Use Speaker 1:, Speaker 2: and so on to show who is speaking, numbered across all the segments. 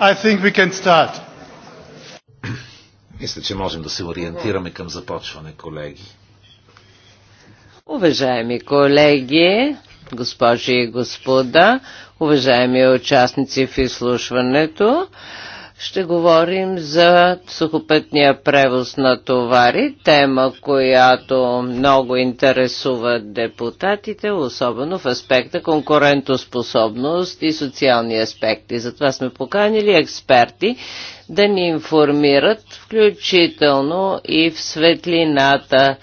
Speaker 1: I
Speaker 2: think we can start.
Speaker 1: Мисля, че можем да се ориентираме към започване, колеги.
Speaker 3: Уважаеми колеги, госпожи и господа, уважаеми участници в изслушването, ще говорим за сухопътния превоз на товари, тема, която много интересува депутатите, особено в аспекта конкурентоспособност и социални аспекти. Затова сме поканили експерти да ни информират, включително и в светлината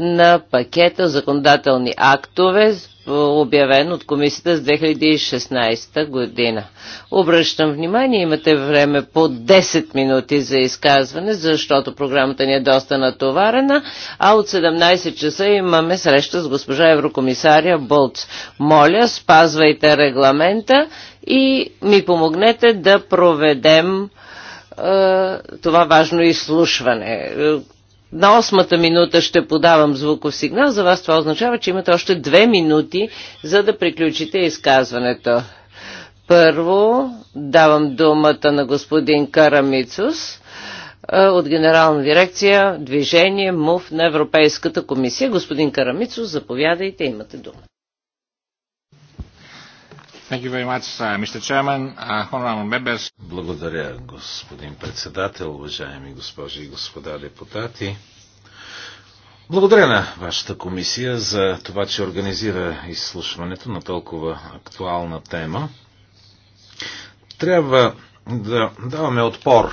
Speaker 3: на пакета законодателни актове, обявен от комисията с 2016 година. Обръщам внимание, имате време по 10 минути за изказване, защото програмата ни е доста натоварена, а от 17 часа имаме среща с госпожа Еврокомисария Болц. Моля, спазвайте регламента и ми помогнете да проведем е, това важно изслушване, на осмата минута ще подавам звуков сигнал. За вас това означава, че имате още две минути, за да приключите изказването. Първо давам думата на господин Карамицус е, от Генерална дирекция Движение Муф на Европейската комисия. Господин Карамицус, заповядайте, имате дума.
Speaker 1: Uh, uh, Благодаря, господин председател, уважаеми госпожи и господа депутати. Благодаря на вашата комисия за това, че организира изслушването на толкова актуална тема. Трябва да даваме отпор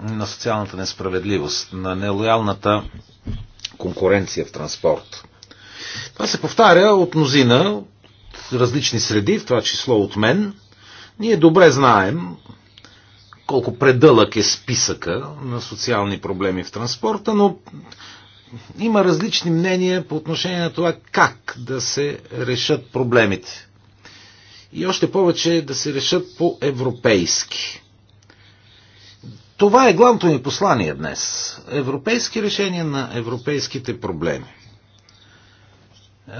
Speaker 1: на социалната несправедливост, на нелоялната конкуренция в транспорт. Това се повтаря от мнозина различни среди, в това число от мен, ние добре знаем колко предълъг е списъка на социални проблеми в транспорта, но има различни мнения по отношение на това как да се решат проблемите. И още повече да се решат по-европейски. Това е главното ни послание днес. Европейски решения на европейските проблеми.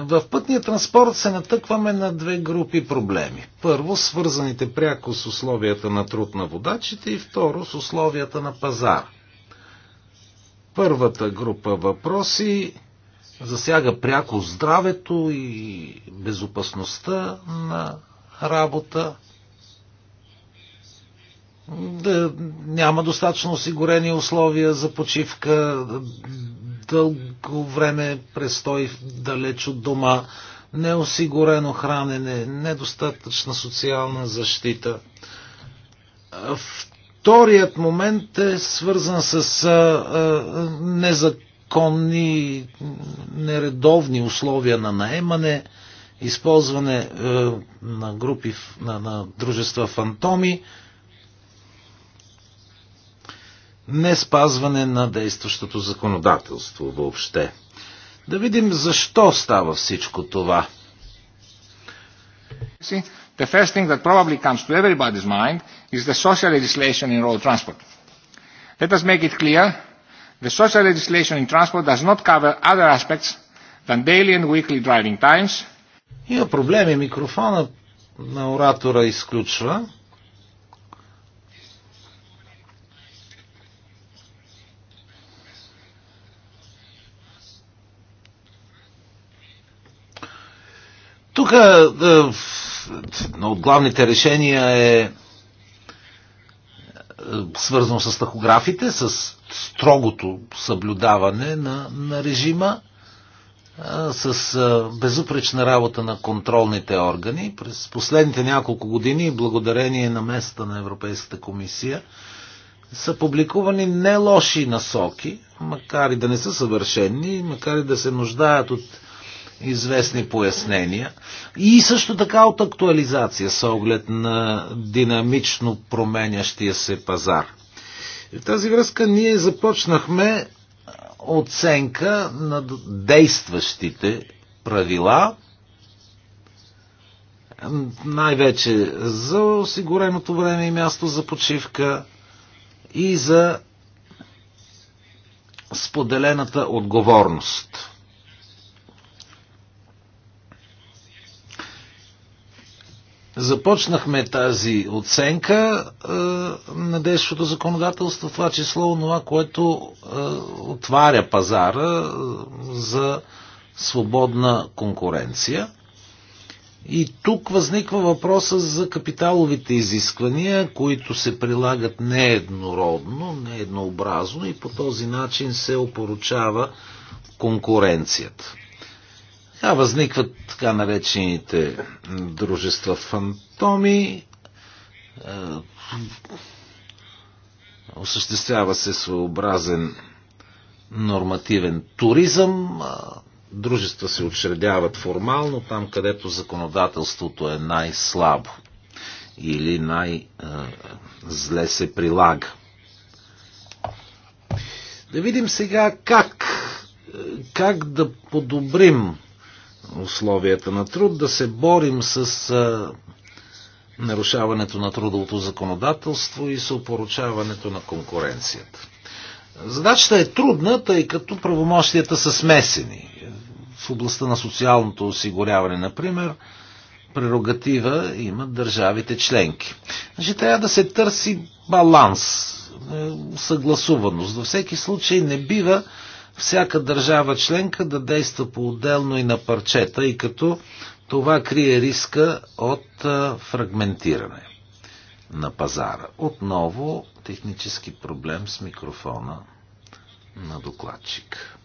Speaker 1: В пътния транспорт се натъкваме на две групи проблеми. Първо, свързаните пряко с условията на труд на водачите и второ, с условията на пазар. Първата група въпроси засяга пряко здравето и безопасността на работа. Да няма достатъчно осигурени условия за почивка, дълго време престой далеч от дома, неосигурено хранене, недостатъчна социална защита. Вторият момент е свързан с незаконни, нередовни условия на наемане, използване на групи, на, на дружества фантоми, не спазване на действащото законодателство въобще. Да видим защо става всичко това. The first thing that probably comes to everybody's mind is the social legislation in road transport. Let us make it clear, the social legislation in transport does not cover other aspects than daily and weekly driving times. Има проблеми, микрофона на оратора изключва. Тук едно от главните решения е, е свързано с тахографите, с строгото съблюдаване на, на режима, е, с е, безупречна работа на контролните органи. През последните няколко години, благодарение на места на Европейската комисия, са публикувани не лоши насоки, макар и да не са съвършени, макар и да се нуждаят от известни пояснения и също така от актуализация с оглед на динамично променящия се пазар. в тази връзка ние започнахме оценка на действащите правила, най-вече за осигуреното време и място за почивка и за споделената отговорност. Започнахме тази оценка е, на действото законодателство, това число това, което е, отваря пазара е, за свободна конкуренция. И тук възниква въпроса за капиталовите изисквания, които се прилагат нееднородно, нееднообразно и по този начин се опоручава конкуренцията. Да, възникват така наречените дружества фантоми. Осъществява се своеобразен нормативен туризъм. Дружества се учредяват формално там, където законодателството е най-слабо или най-зле се прилага. Да видим сега как, как да подобрим условията на труд, да се борим с нарушаването на трудовото законодателство и с опоручаването на конкуренцията. Задачата е трудна, тъй като правомощията са смесени. В областта на социалното осигуряване, например, прерогатива имат държавите членки. Значи трябва да се търси баланс, е, съгласуваност. Във всеки случай не бива всяка държава членка да действа по-отделно и на парчета, и като това крие риска от фрагментиране на пазара. Отново технически проблем с микрофона на докладчик.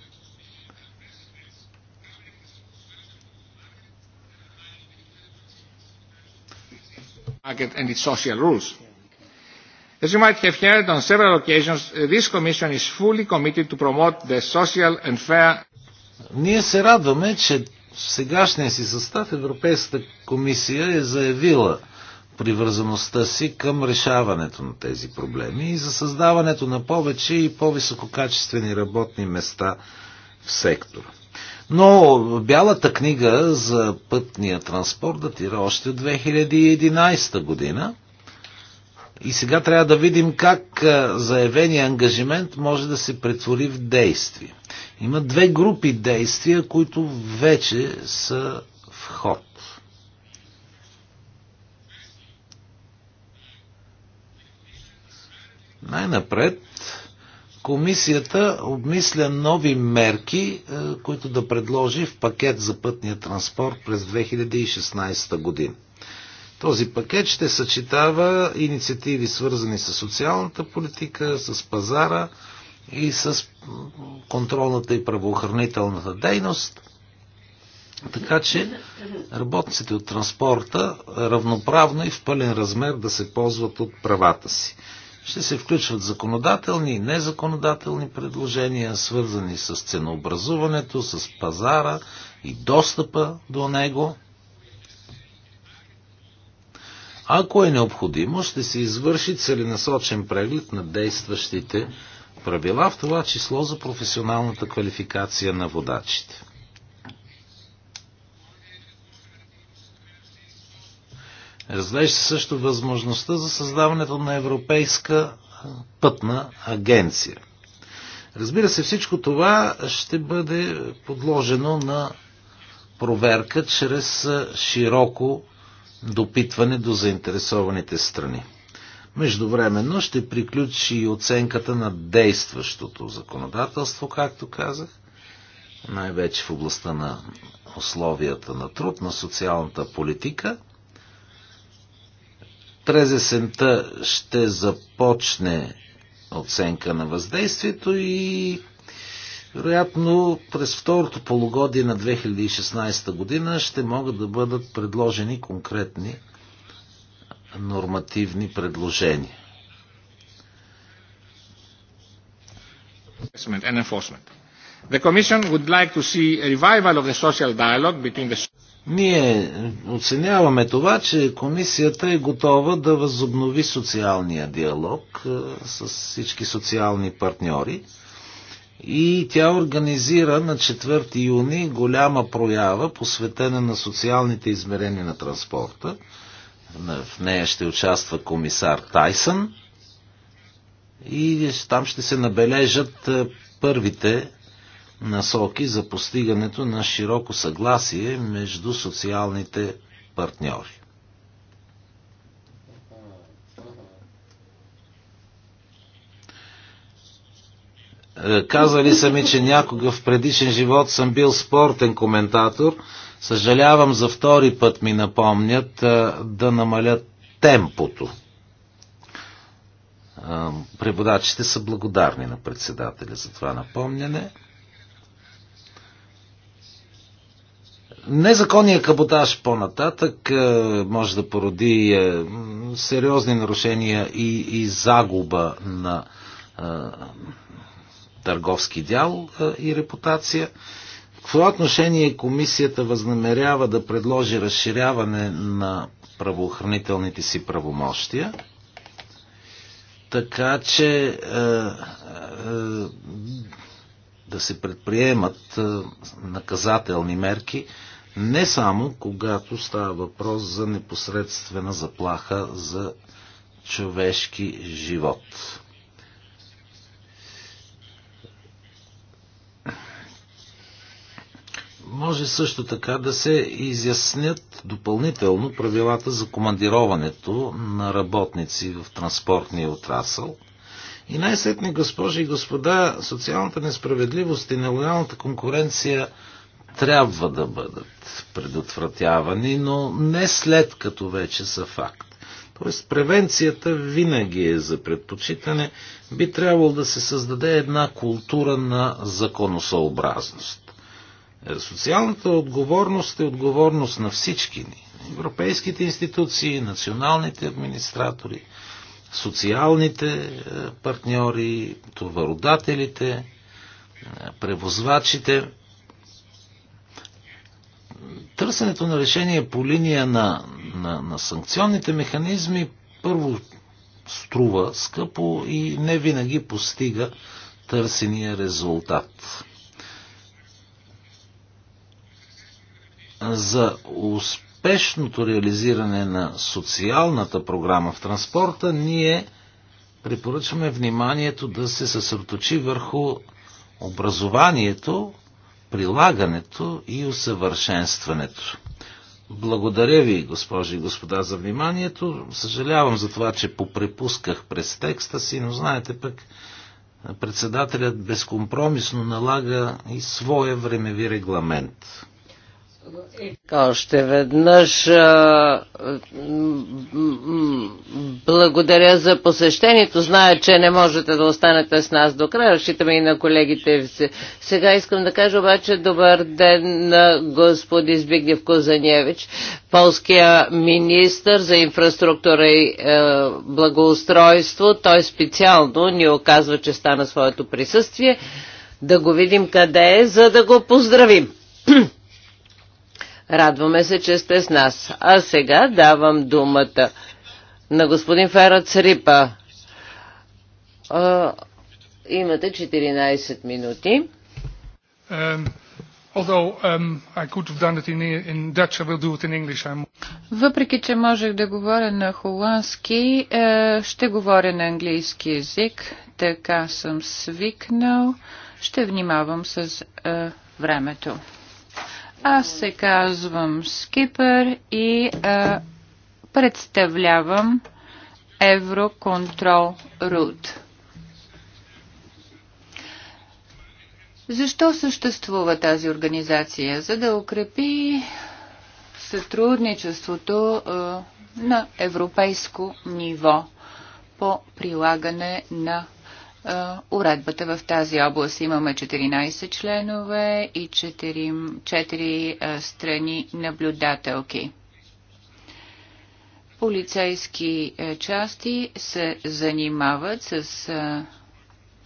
Speaker 1: market and its social rules. As you might have heard on several occasions, this commission is fully committed to promote the social and fair... Ние се радваме, че в сегашния си състав Европейската комисия е заявила привързаността си към решаването на тези проблеми и за създаването на повече и по-висококачествени работни места в сектора. Но Бялата книга за пътния транспорт датира още от 2011 година и сега трябва да видим как заявения ангажимент може да се претвори в действие. Има две групи действия, които вече са в ход. Най-напред комисията обмисля нови мерки, които да предложи в пакет за пътния транспорт през 2016 година. Този пакет ще съчетава инициативи свързани с социалната политика, с пазара и с контролната и правоохранителната дейност. Така че работниците от транспорта равноправно и в пълен размер да се ползват от правата си. Ще се включват законодателни и незаконодателни предложения, свързани с ценообразуването, с пазара и достъпа до него. Ако е необходимо, ще се извърши целенасочен преглед на действащите правила, в това число за професионалната квалификация на водачите. Разглежда се също възможността за създаването на Европейска пътна агенция. Разбира се, всичко това ще бъде подложено на проверка чрез широко допитване до заинтересованите страни. Междувременно ще приключи и оценката на действащото законодателство, както казах, най-вече в областта на условията на труд, на социалната политика. През есента ще започне оценка на въздействието и вероятно през второто полугодие на 2016 година ще могат да бъдат предложени конкретни нормативни предложения. And enforcement. The Commission would like to see a revival of the social dialogue between the ние оценяваме това, че комисията е готова да възобнови социалния диалог с всички социални партньори и тя организира на 4 юни голяма проява, посветена на социалните измерения на транспорта. В нея ще участва комисар Тайсън и там ще се набележат е, първите насоки за постигането на широко съгласие между социалните партньори. Е, казали са ми, че някога в предишен живот съм бил спортен коментатор. Съжалявам, за втори път ми напомнят е, да намалят темпото. Е, преводачите са благодарни на председателя за това напомняне. Незаконният каботаж по-нататък може да породи сериозни нарушения и, и загуба на търговски дял и репутация. В това отношение комисията възнамерява да предложи разширяване на правоохранителните си правомощия, така че е, е, да се предприемат е, наказателни мерки не само когато става въпрос за непосредствена заплаха за човешки живот. може също така да се изяснят допълнително правилата за командироването на работници в транспортния отрасъл. И най-сетне, госпожи и господа, социалната несправедливост и нелоялната конкуренция трябва да бъдат предотвратявани, но не след като вече са факт. Тоест превенцията винаги е за предпочитане, би трябвало да се създаде една култура на законосъобразност. Социалната отговорност е отговорност на всички ни. Европейските институции, националните администратори, социалните е, партньори, товародателите, е, превозвачите. Търсенето на решение по линия на, на, на санкционните механизми първо струва скъпо и не винаги постига търсения резултат. за успешното реализиране на социалната програма в транспорта, ние препоръчваме вниманието да се съсредоточи върху образованието, прилагането и усъвършенстването. Благодаря ви, госпожи и господа, за вниманието. Съжалявам за това, че попрепусках през текста си, но знаете пък, председателят безкомпромисно налага и своя времеви регламент. Още веднъж
Speaker 3: благодаря за посещението. Зная, че не можете да останете с нас до края. Разчитаме и на колегите. Сега искам да кажа обаче добър ден на господи Збигнев Козаневич, полския министр за инфраструктура и е, благоустройство. Той специално ни оказва че на своето присъствие. Да го видим къде е, за да го поздравим. Радваме се, че сте с нас. А сега давам думата на господин Фера Црипа. А, имате 14
Speaker 2: минути. Um... Въпреки, че можех да говоря на холандски, е, ще говоря на английски язик. Така съм свикнал. Ще внимавам с е, времето. Аз се казвам Скипър и а, представлявам Евроконтрол Руд. Защо съществува тази организация? За да укрепи сътрудничеството а, на европейско ниво по прилагане на уредбата в тази област. Имаме 14 членове и 4, 4 страни наблюдателки. Полицейски части се занимават с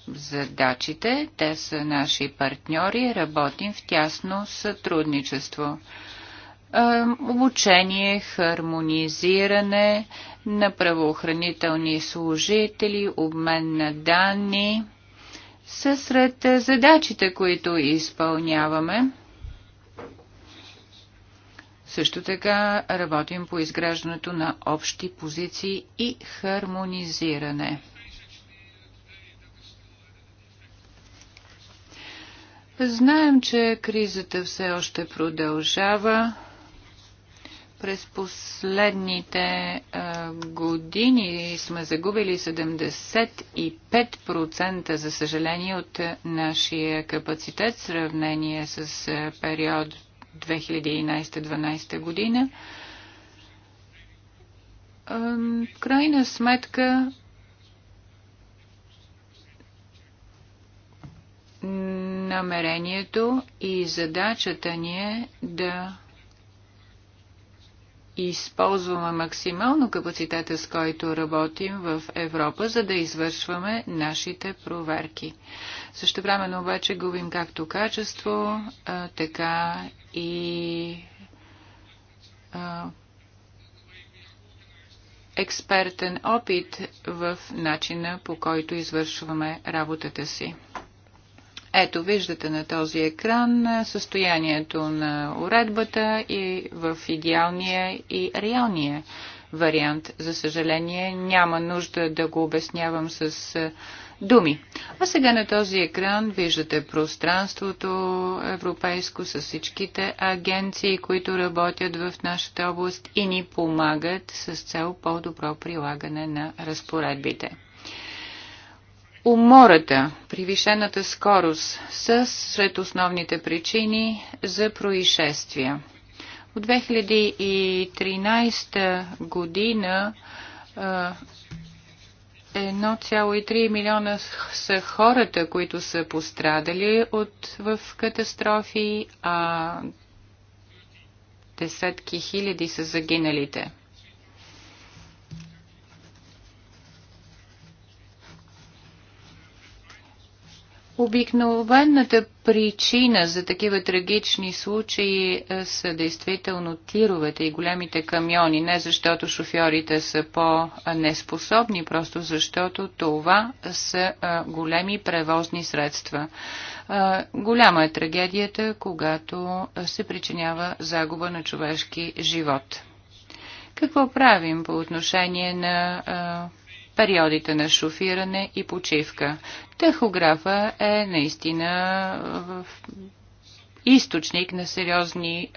Speaker 2: задачите. Те са наши партньори. Работим в тясно сътрудничество. Е, обучение, хармонизиране на правоохранителни служители, обмен на данни са сред задачите, които изпълняваме. Също така работим по изграждането на общи позиции и хармонизиране. Знаем, че кризата все още продължава. През последните а, години сме загубили 75% за съжаление от нашия капацитет в сравнение с а, период 2011-2012 година. в крайна сметка намерението и задачата ни е да използваме максимално капацитета, с който работим в Европа, за да извършваме нашите проверки. Също времено обаче губим както качество, а, така и а, експертен опит в начина по който извършваме работата си. Ето, виждате на този екран е, състоянието на уредбата и в идеалния и реалния вариант. За съжаление, няма нужда да го обяснявам с е, думи. А сега на този екран виждате пространството европейско с всичките агенции, които работят в нашата област и ни помагат с цел по-добро прилагане на разпоредбите. Умората, превишената скорост са сред основните причини за происшествия. От 2013 година 1,3 милиона са хората, които са пострадали от, в катастрофи, а десетки хиляди са загиналите. Обикновената причина за такива трагични случаи е, са действително тировете и големите камиони. Не защото шофьорите са по-неспособни, просто защото това са е, големи превозни средства. Е, голяма е трагедията, когато се причинява загуба на човешки живот. Какво правим по отношение на периодите на шофиране и почивка. Тахографа е наистина източник на сериозни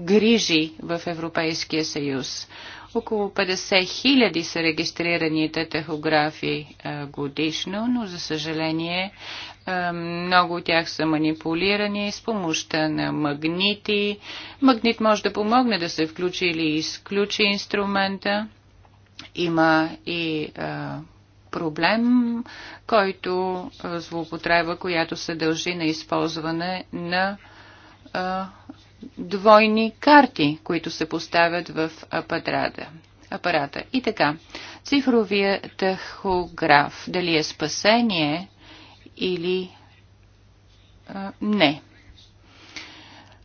Speaker 2: грижи в Европейския съюз. Около 50 хиляди са регистрираните тахографи годишно, но за съжаление много от тях са манипулирани с помощта на магнити. Магнит може да помогне да се включи или изключи инструмента има и а, проблем, който а, злоупотреба, която се дължи на използване на а, двойни карти, които се поставят в апарата. апарата. И така, цифровия тахограф, дали е спасение или а, не.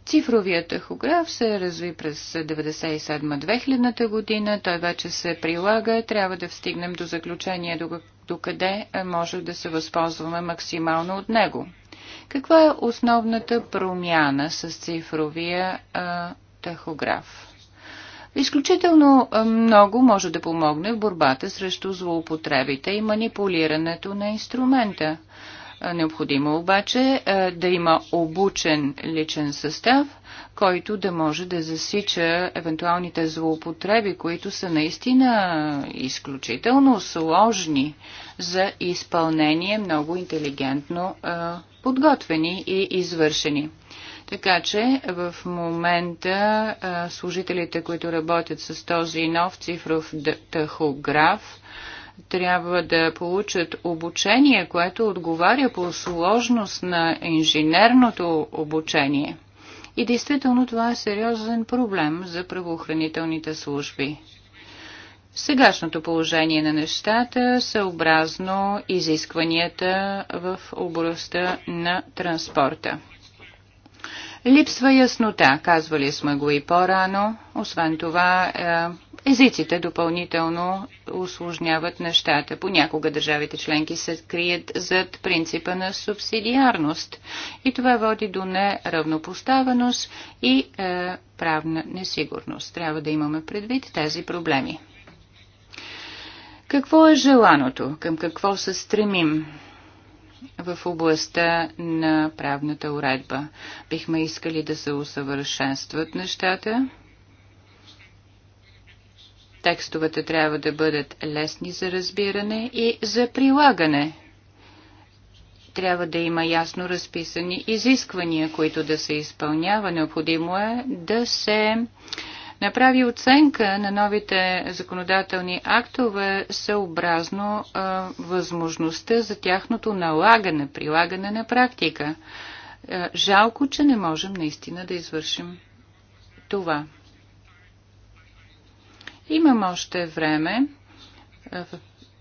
Speaker 2: Цифровият тахограф се разви през 1997-2000 година. Той вече се прилага. Трябва да встигнем до заключение до, къде е, може да се възползваме максимално от него. Каква е основната промяна с цифровия а, тахограф? Изключително много може да помогне в борбата срещу злоупотребите и манипулирането на инструмента. Е, необходимо обаче е, да има обучен личен състав, който да може да засича евентуалните злоупотреби, които са наистина изключително сложни за изпълнение, много интелигентно е, подготвени и извършени. Така че в момента служителите, които работят с този нов цифров тахограф, трябва да получат обучение, което отговаря по сложност на инженерното обучение. И действително това е сериозен проблем за правоохранителните служби. Сегашното положение на нещата съобразно изискванията в областта на транспорта. Липсва яснота, казвали сме го и по-рано. Освен това, е, езиците допълнително усложняват нещата. Понякога държавите членки се крият зад принципа на субсидиарност и това води до неравнопоставеност и е, правна несигурност. Трябва да имаме предвид тези проблеми. Какво е желаното? Към какво се стремим? в областта на правната уредба. Бихме искали да се усъвършенстват нещата, Текстовете трябва да бъдат лесни за разбиране и за прилагане. Трябва да има ясно разписани изисквания, които да се изпълнява. Необходимо е да се направи оценка на новите законодателни актове съобразно а, възможността за тяхното налагане, прилагане на практика. А, жалко, че не можем наистина да извършим това. Имам още време,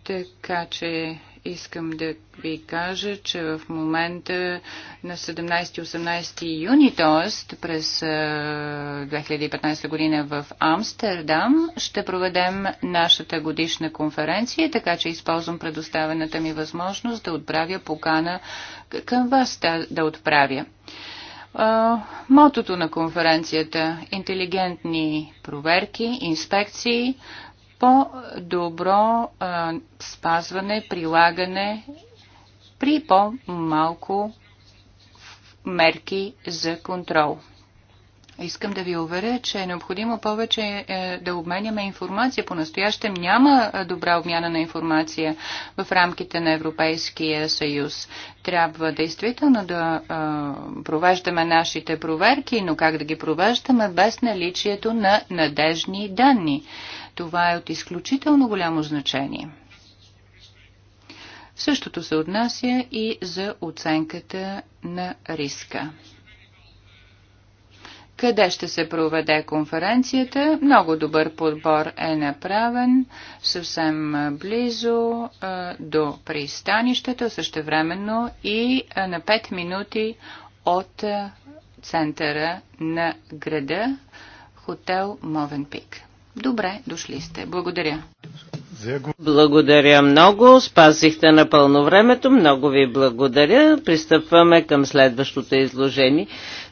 Speaker 2: така че искам да ви кажа, че в момента на 17-18 юни, т.е. през 2015 година в Амстердам, ще проведем нашата годишна конференция, така че използвам предоставената ми възможност да отправя покана към вас да, да отправя мотото на конференцията – интелигентни проверки, инспекции, по-добро спазване, прилагане при по-малко мерки за контрол. Искам да ви уверя, че е необходимо повече е, да обменяме информация. По-настоящем няма е, добра обмяна на информация в рамките на Европейския съюз. Трябва действително да е, провеждаме нашите проверки, но как да ги провеждаме без наличието на надежни данни. Това е от изключително голямо значение. Същото се отнася и за оценката на риска къде ще се проведе конференцията. Много добър подбор е направен, съвсем близо до пристанището, същевременно и на 5 минути от центъра на града, хотел Мовен Пик. Добре, дошли сте. Благодаря.
Speaker 3: Благодаря много. Спасихте напълно времето. Много ви благодаря. Пристъпваме към следващото изложение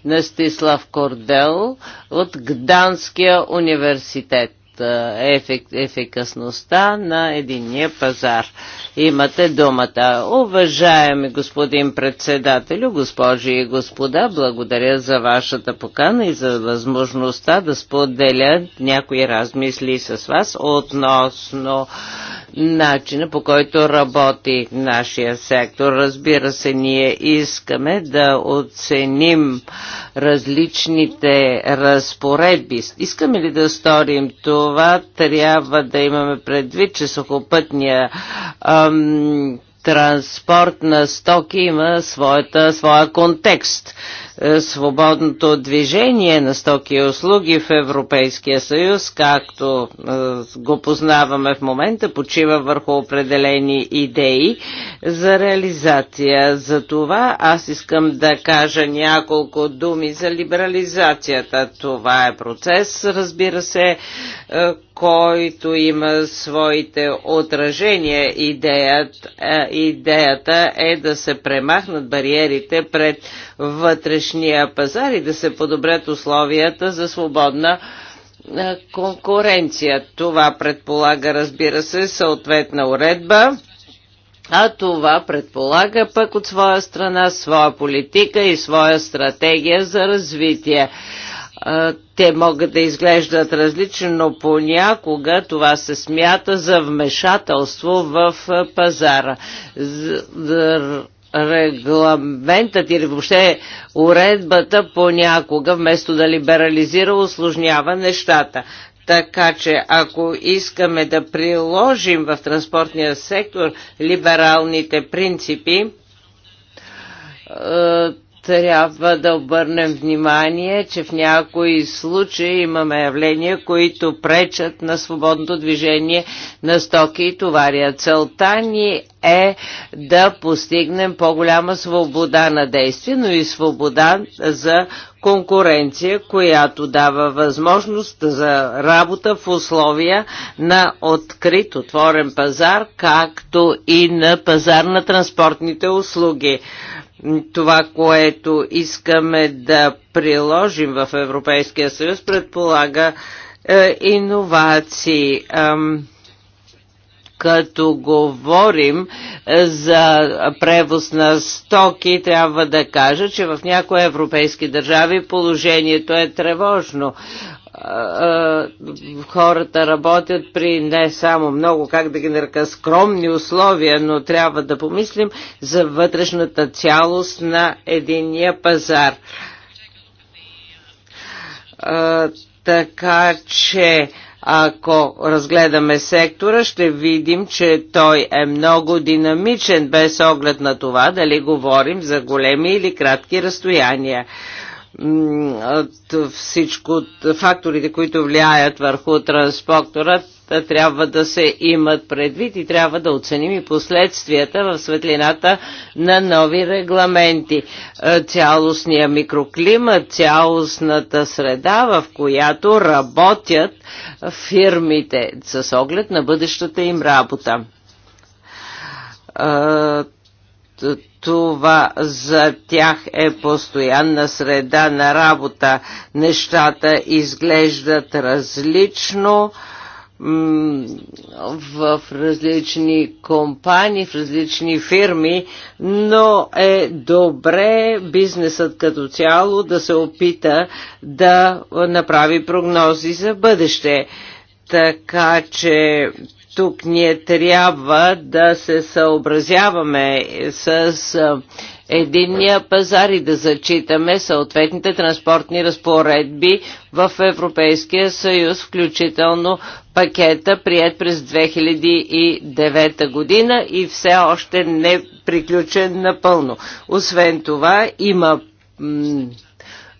Speaker 3: на Стислав Кордел от Гданския университет. Е, ефек, ефикасността на единния пазар. Имате думата. Уважаеми господин председателю, госпожи и господа, благодаря за вашата покана и за възможността да споделя някои размисли с вас относно начина по който работи нашия сектор. Разбира се, ние искаме да оценим различните разпоредби. Искаме ли да сторим то това трябва да имаме предвид, че сухопътния ам, транспорт на стоки има своята, своя контекст. Е, свободното движение на стоки и услуги в Европейския съюз, както е, го познаваме в момента, почива върху определени идеи за реализация. За това аз искам да кажа няколко думи за либерализацията. Това е процес, разбира се, е, който има своите отражения. Идеят, е, идеята е да се премахнат бариерите пред вътрешния пазар и да се подобрят условията за свободна е, конкуренция. Това предполага, разбира се, съответна уредба. А това предполага пък от своя страна своя политика и своя стратегия за развитие те могат да изглеждат различно, но понякога това се смята за вмешателство в пазара. Регламентът или въобще уредбата понякога, вместо да либерализира, осложнява нещата. Така че ако искаме да приложим в транспортния сектор либералните принципи, трябва да обърнем внимание, че в някои случаи имаме явления, които пречат на свободното движение на стоки и товари. Целта ни е да постигнем по-голяма свобода на действие, но и свобода за конкуренция, която дава възможност за работа в условия на открит, отворен пазар, както и на пазар на транспортните услуги това, което искаме да приложим в Европейския съюз, предполага е, иновации. Е, като говорим е, за превоз на стоки, трябва да кажа, че в някои европейски държави положението е тревожно хората работят при не само много, как да ги нарека, скромни условия, но трябва да помислим за вътрешната цялост на единия пазар. Така че ако разгледаме сектора, ще видим, че той е много динамичен, без оглед на това дали говорим за големи или кратки разстояния от всичко от факторите, които влияят върху транспортера, трябва да се имат предвид и трябва да оценим и последствията в светлината на нови регламенти. Е, цялостния микроклимат, цялостната среда, в която работят фирмите с оглед на бъдещата им работа е, това за тях е постоянна среда на работа. Нещата изглеждат различно в различни компании, в различни фирми, но е добре бизнесът като цяло да се опита да направи прогнози за бъдеще. Така че тук ние трябва да се съобразяваме с единния пазар и да зачитаме съответните транспортни разпоредби в Европейския съюз, включително пакета, прият през 2009 година и все още не приключен напълно. Освен това има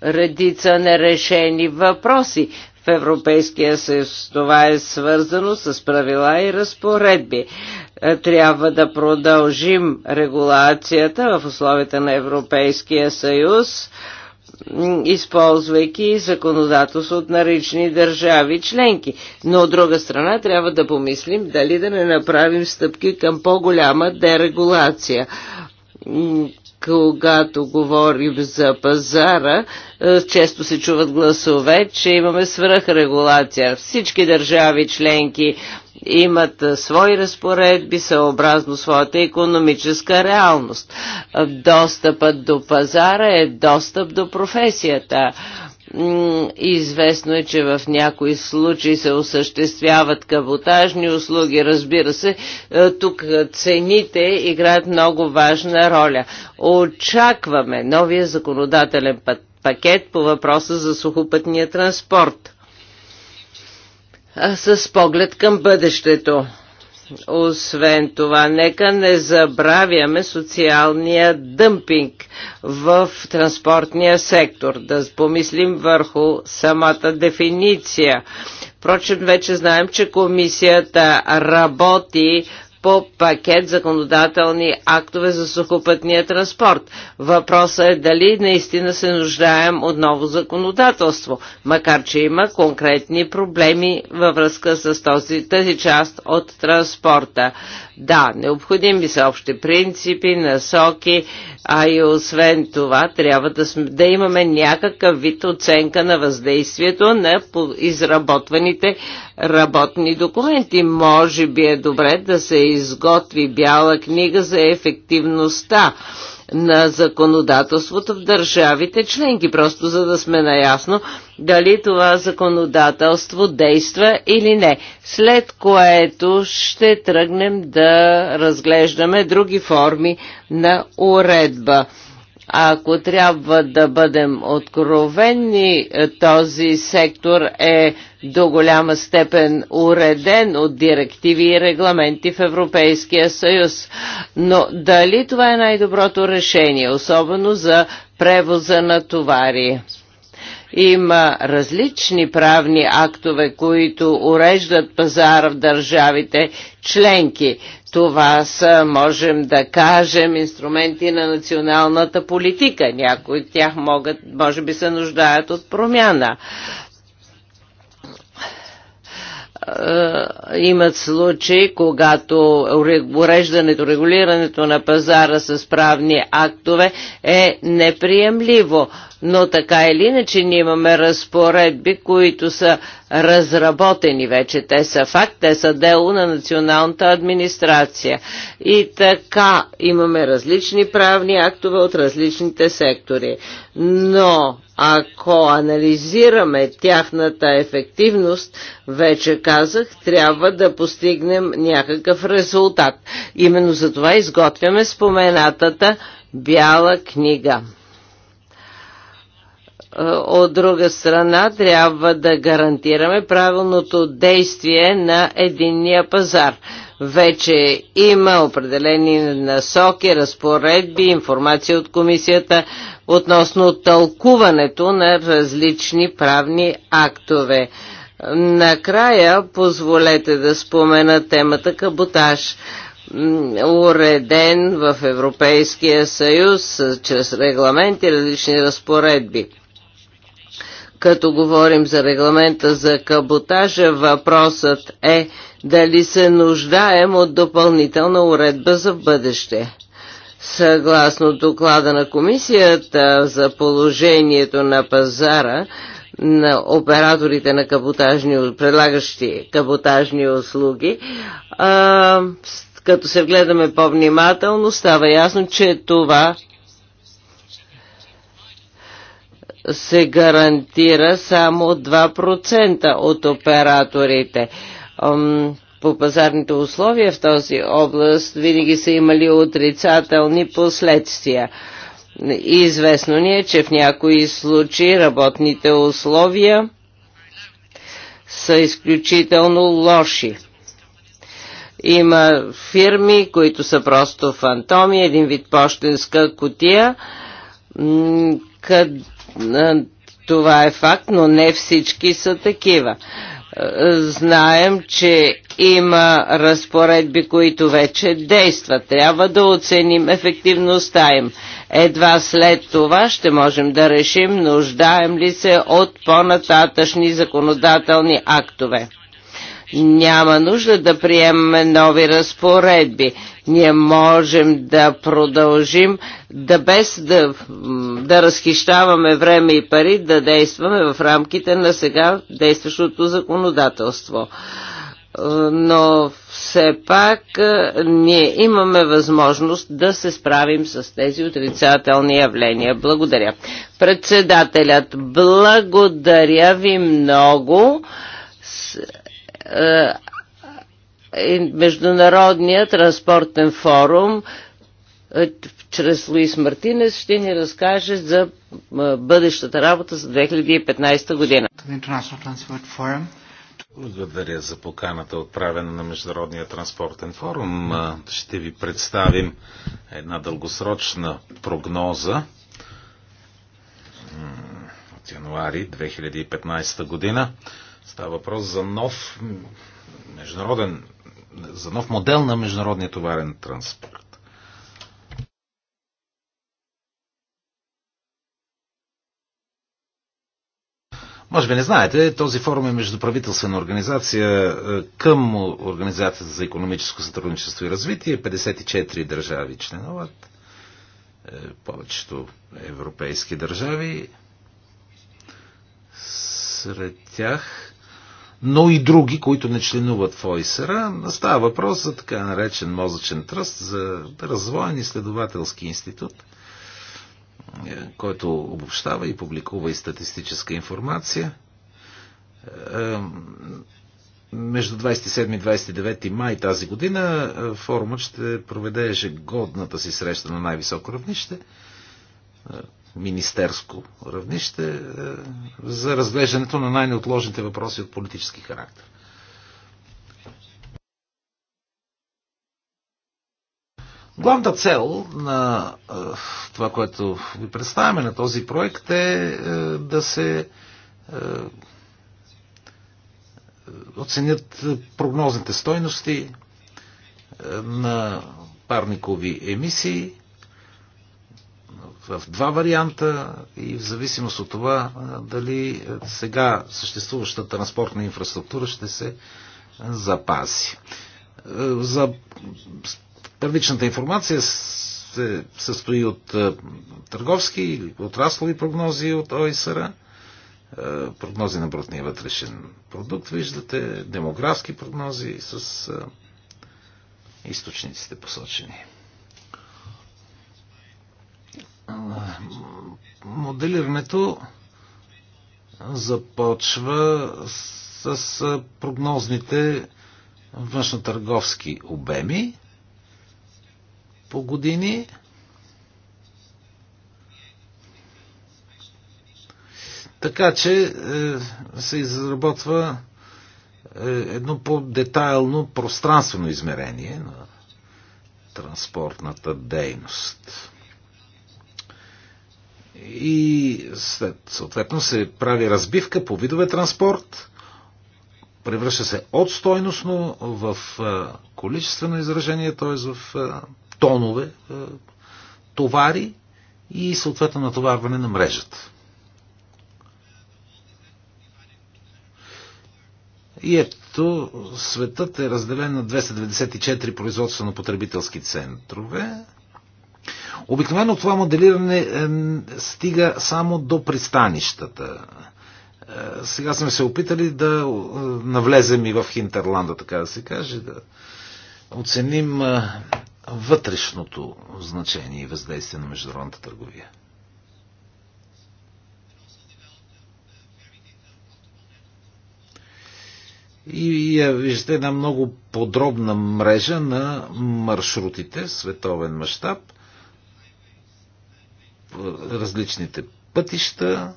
Speaker 3: редица нерешени въпроси в Европейския съюз. Това е свързано с правила и разпоредби. Е, трябва да продължим регулацията в условията на Европейския съюз използвайки законодателство от нарични държави членки. Но от друга страна трябва да помислим дали да не направим стъпки към по-голяма дерегулация когато говорим за пазара, е, често се чуват гласове, че имаме свръхрегулация. Всички държави членки имат е, свои разпоредби съобразно своята економическа реалност. Е, достъпът до пазара е достъп до професията Известно е, че в някои случаи се осъществяват каботажни услуги. Разбира се, е, тук цените играят много важна роля. Очакваме новия законодателен пакет по въпроса за сухопътния транспорт. С поглед към бъдещето освен това, нека не забравяме социалния дъмпинг в транспортния сектор. Да помислим върху самата дефиниция. Впрочем, вече знаем, че комисията работи по пакет законодателни актове за сухопътния транспорт. Въпросът е дали наистина се нуждаем от ново законодателство, макар че има конкретни проблеми във връзка с този, тази част от транспорта. Да, необходими са общи принципи, насоки, а и освен това трябва да, сме, да имаме някакъв вид оценка на въздействието на изработваните работни документи. Може би е добре да се изготви бяла книга за ефективността на законодателството в държавите членки, просто за да сме наясно дали това законодателство действа или не. След което ще тръгнем да разглеждаме други форми на уредба ако трябва да бъдем откровенни, е, този сектор е до голяма степен уреден от директиви и регламенти в Европейския съюз. Но дали това е най-доброто решение, особено за превоза на товари? Има различни правни актове, които уреждат пазара в държавите членки, това са, можем да кажем, инструменти на националната политика. Някои от тях могат, може би се нуждаят от промяна е, имат случаи, когато уреждането, регулирането на пазара с правни актове е неприемливо но така или иначе ние имаме разпоредби, които са разработени вече. Те са факт, те са дело на националната администрация. И така имаме различни правни актове от различните сектори. Но ако анализираме тяхната ефективност, вече казах, трябва да постигнем някакъв резултат. Именно за това изготвяме споменатата бяла книга. Е, от друга страна трябва да гарантираме правилното действие на единния пазар. Вече има определени насоки, разпоредби, информация от комисията относно тълкуването на различни правни актове. Накрая позволете да спомена темата каботаж уреден в Европейския съюз чрез регламенти и различни разпоредби. Като говорим за регламента за каботажа, въпросът е дали се нуждаем от допълнителна уредба за бъдеще. Съгласно доклада на комисията за положението на пазара, на операторите на каботажни, предлагащи каботажни услуги. А, като се гледаме по-внимателно, става ясно, че това се гарантира само 2% от операторите по пазарните условия в този област винаги са имали отрицателни последствия. Известно ни е, че в някои случаи работните условия са изключително лоши. Има фирми, които са просто фантоми, един вид почтенска котия, това е факт, но не всички са такива. Е, знаем, че има разпоредби, които вече действат. Трябва да оценим ефективността им. Едва след това ще можем да решим нуждаем ли се от по-нататъчни законодателни актове. Няма нужда да приемаме нови разпоредби. Ние можем да продължим да без да, да разхищаваме време и пари, да действаме в рамките на сега действащото законодателство но все пак е, ние имаме възможност да се справим с тези отрицателни явления. Благодаря. Председателят, благодаря ви много. Е, е, международният транспортен форум е, чрез Луис Мартинес ще ни разкаже за бъдещата работа за 2015 година.
Speaker 1: Благодаря за поканата, отправена на Международния транспортен форум. Ще ви представим една дългосрочна прогноза от януари 2015 година Става въпрос за нов международен, за нов модел на международния товарен транспорт. Може би не знаете, този форум е междуправителствена организация е, към Организацията за економическо сътрудничество и развитие. 54 държави членуват, е, повечето европейски държави. Сред тях но и други, които не членуват в ОИСР. Става въпрос за така наречен мозъчен тръст, за развоен изследователски институт, е, който обобщава и публикува и статистическа информация. Е, между 27 и 29 май тази година е, форумът ще проведе ежегодната си среща на най-високо равнище министерско равнище е, за разглеждането на най-неотложните въпроси от политически характер. Главната цел на е, това, което ви представяме на този проект е, е да се оценят прогнозните стойности на парникови емисии в два варианта и в зависимост от това дали е, сега съществуващата транспортна инфраструктура ще се запази. Е, за първичната информация се състои от е, търговски или отраслови прогнози от ОИСР, прогнози на брутния вътрешен продукт, виждате, демографски прогнози с източниците посочени моделирането започва с прогнозните външно-търговски обеми по години. Така че е, се изработва е, едно по-детайлно пространствено измерение на транспортната дейност и след, съответно се прави разбивка по видове транспорт, превръща се от стойностно в количествено изражение, т.е. в тонове товари и съответно натоварване на мрежата. И ето, светът е разделен на 294 производствено-потребителски центрове, Обикновено това моделиране е, стига само до пристанищата. Е, сега сме се опитали да е, навлезем и в Хинтерланда, така да се каже, да оценим вътрешното значение и въздействие на международната търговия. И виждате една много подробна мрежа на маршрутите, световен мащаб – различните пътища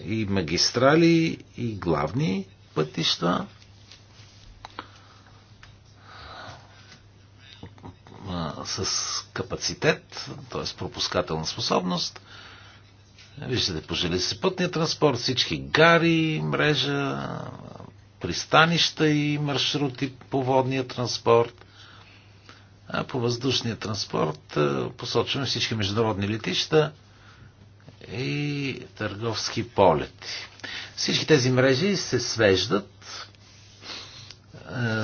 Speaker 1: и магистрали и главни пътища. с капацитет, т.е. пропускателна способност. Виждате, по пътния транспорт, всички гари, мрежа, пристанища и маршрути по водния транспорт по въздушния транспорт посочваме всички международни летища и търговски полети. Всички тези мрежи се свеждат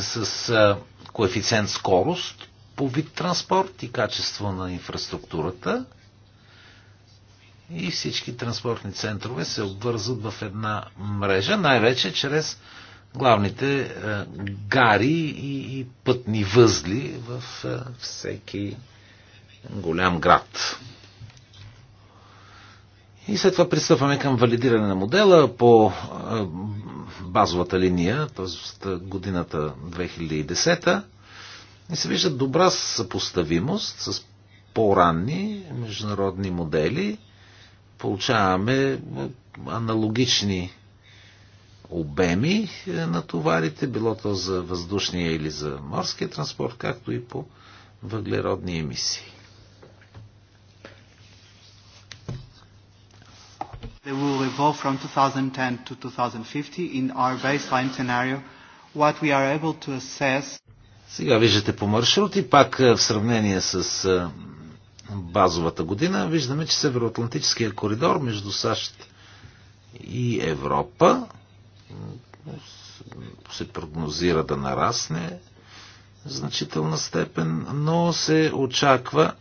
Speaker 1: с коефициент скорост по вид транспорт и качество на инфраструктурата. И всички транспортни центрове се обвързват в една мрежа, най-вече чрез главните е, гари и пътни възли в е, всеки голям град. И след това пристъпваме към валидиране на модела по е, базовата линия, т.е. годината 2010. И се вижда добра съпоставимост с по-ранни международни модели. Получаваме аналогични обеми е, на товарите, било то за въздушния или за морския транспорт, както и по въглеродни емисии.
Speaker 2: They will evolve from 2010 to 2050 in our baseline scenario. What we are able to assess...
Speaker 1: Сега виждате по маршрути, пак е, в сравнение с е, базовата година, виждаме, че Североатлантическия коридор между САЩ и Европа се прогнозира да нарасне значителна степен, но се очаква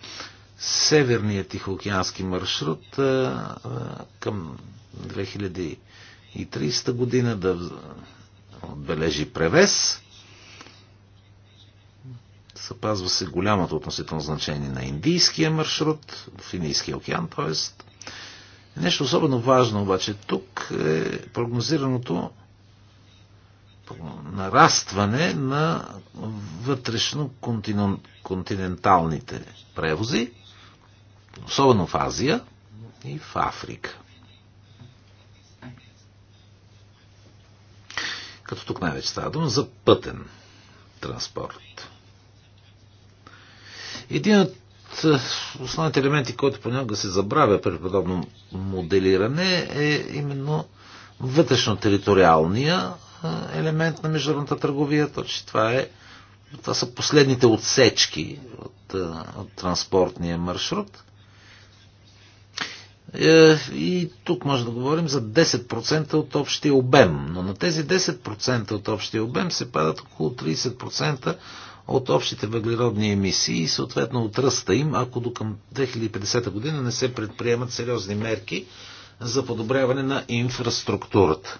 Speaker 1: северният тихоокеански маршрут към 2030 година да отбележи превес. Съпазва се голямото относително значение на индийския маршрут в Индийския океан, т.е. Нещо особено важно обаче тук е прогнозираното нарастване на вътрешно континенталните превози, особено в Азия и в Африка. Като тук най-вече става дума за пътен транспорт. Един от е, основните елементи, който понякога се забравя при подобно моделиране е именно вътрешно-териториалния елемент на международната търговия, то че това е това са последните отсечки от, от транспортния маршрут. Е, и тук може да говорим за 10% от общия обем. Но на тези 10% от общия обем се падат около 30% от общите въглеродни емисии и съответно от ръста им, ако до към 2050 година не се предприемат сериозни мерки за подобряване на инфраструктурата.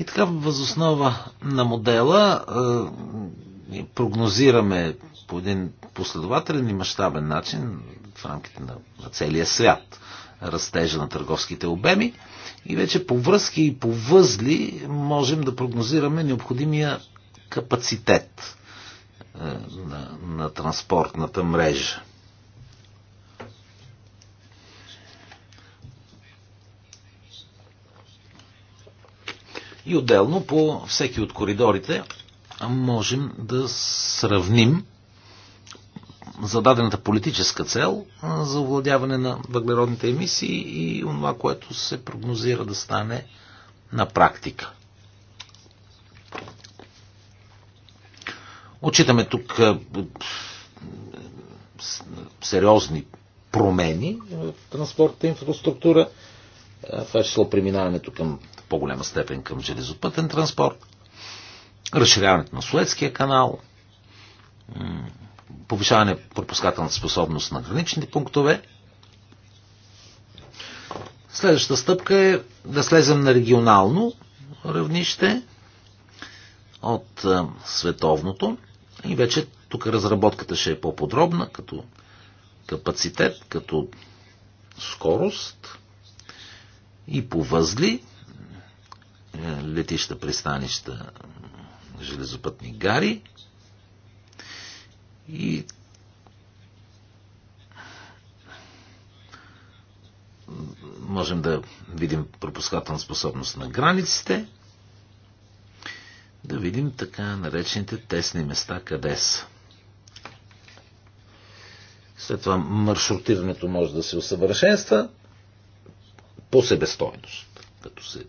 Speaker 1: И така, възоснова на модела е, прогнозираме по един последователен и мащабен начин в рамките на, на целия свят растежа на търговските обеми и вече по връзки и по възли можем да прогнозираме необходимия капацитет на, на транспортната мрежа. И отделно по всеки от коридорите можем да сравним зададената политическа цел за овладяване на въглеродните емисии и това, което се прогнозира да стане на практика. Отчитаме тук сериозни промени в транспортната инфраструктура, това е число преминаването към по-голяма степен към железопътен транспорт, разширяването на Суетския канал, повишаване пропускателната способност на граничните пунктове. Следващата стъпка е да слезем на регионално равнище от световното и вече тук разработката ще е по-подробна, като капацитет, като скорост и по възли, е, летища, пристанища, железопътни гари. И можем да видим пропускателна способност на границите, да видим така наречените тесни места къде са. След това маршрутирането може да се усъвършенства по себестойност, като се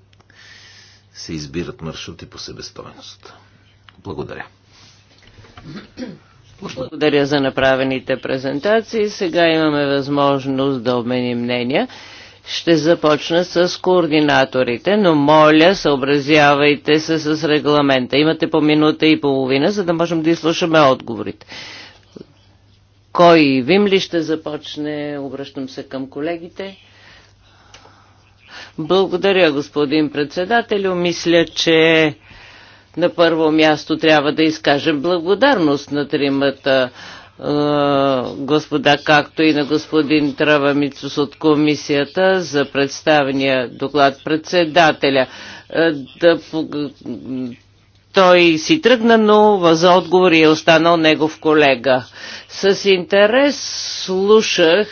Speaker 1: се избират маршрути по себестойност. Благодаря.
Speaker 3: Благодаря за направените презентации. Сега имаме възможност да обменим мнения. Ще започна с координаторите, но моля, съобразявайте се с регламента. Имате по минута и половина, за да можем да изслушаме отговорите. Кой вим ли ще започне? Обръщам се към
Speaker 2: колегите.
Speaker 3: Благодаря, господин председател, Мисля, че на първо място трябва да изкажем благодарност на тримата е, господа, както и на господин Травамицус от комисията за представения доклад председателя. Е, да, той си тръгна, но за отговор е останал негов колега. С интерес слушах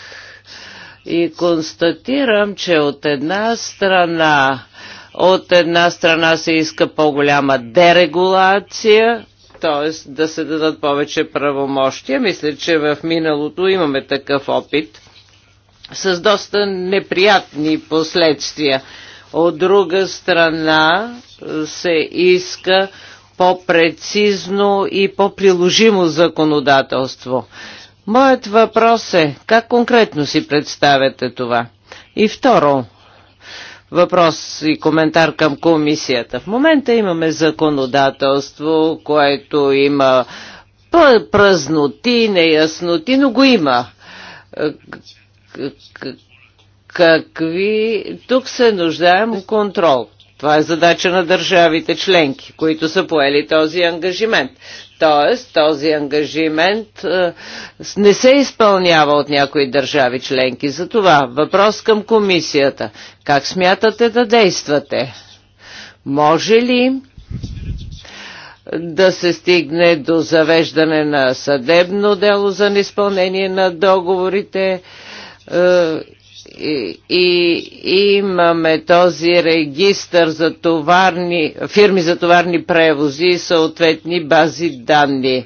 Speaker 3: и констатирам, че от една страна от една страна се иска по-голяма дерегулация, т.е. да се дадат повече правомощия. Мисля, че в миналото имаме такъв опит с доста неприятни последствия. От друга страна се иска по-прецизно и по-приложимо законодателство. Моят въпрос е, как конкретно си представяте това? И второ, въпрос и коментар към комисията. В момента имаме законодателство, което има празноти, неясноти, но го има. Е, какви... Тук се нуждаем контрол. Това е задача на държавите членки, които са поели този ангажимент. Тоест, този ангажимент е, не се изпълнява от някои държави членки. Затова въпрос към комисията. Как смятате да действате? Може ли да се стигне до завеждане на съдебно дело за неизпълнение на договорите е, и, и имаме този регистър за товарни, фирми за товарни превози и съответни бази данни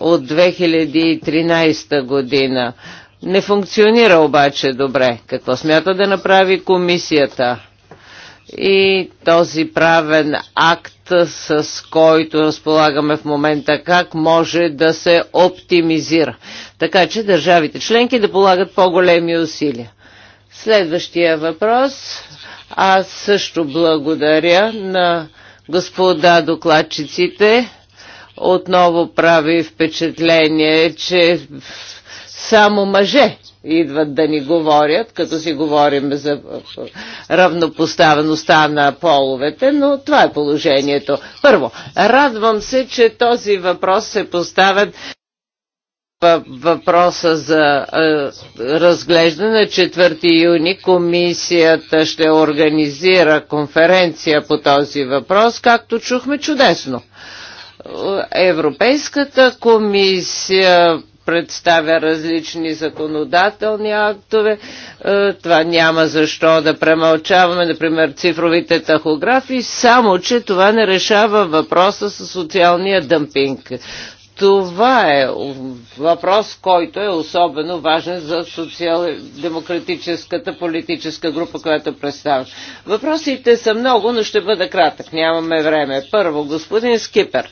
Speaker 3: от 2013 година. Не функционира обаче добре. Какво смята да направи комисията? И този правен акт с който разполагаме в момента, как може да се оптимизира, така че държавите членки да полагат по-големи усилия. Следващия въпрос. Аз също благодаря на господа докладчиците. Отново прави впечатление, че само мъже идват да ни говорят, като си говорим за равнопоставеността на половете, но това е положението. Първо, радвам се, че този въпрос се поставя въпроса за е, разглеждане на 4 юни комисията ще организира конференция по този въпрос, както чухме чудесно. Европейската комисия представя различни законодателни актове. Е, това няма защо да премълчаваме, например, цифровите тахографи, само че това не решава въпроса с социалния дъмпинг. Това е въпрос, който е особено важен за социал-демократическата политическа група, която представя. Въпросите са много, но ще бъда кратък. Нямаме време. Първо, господин Скипер.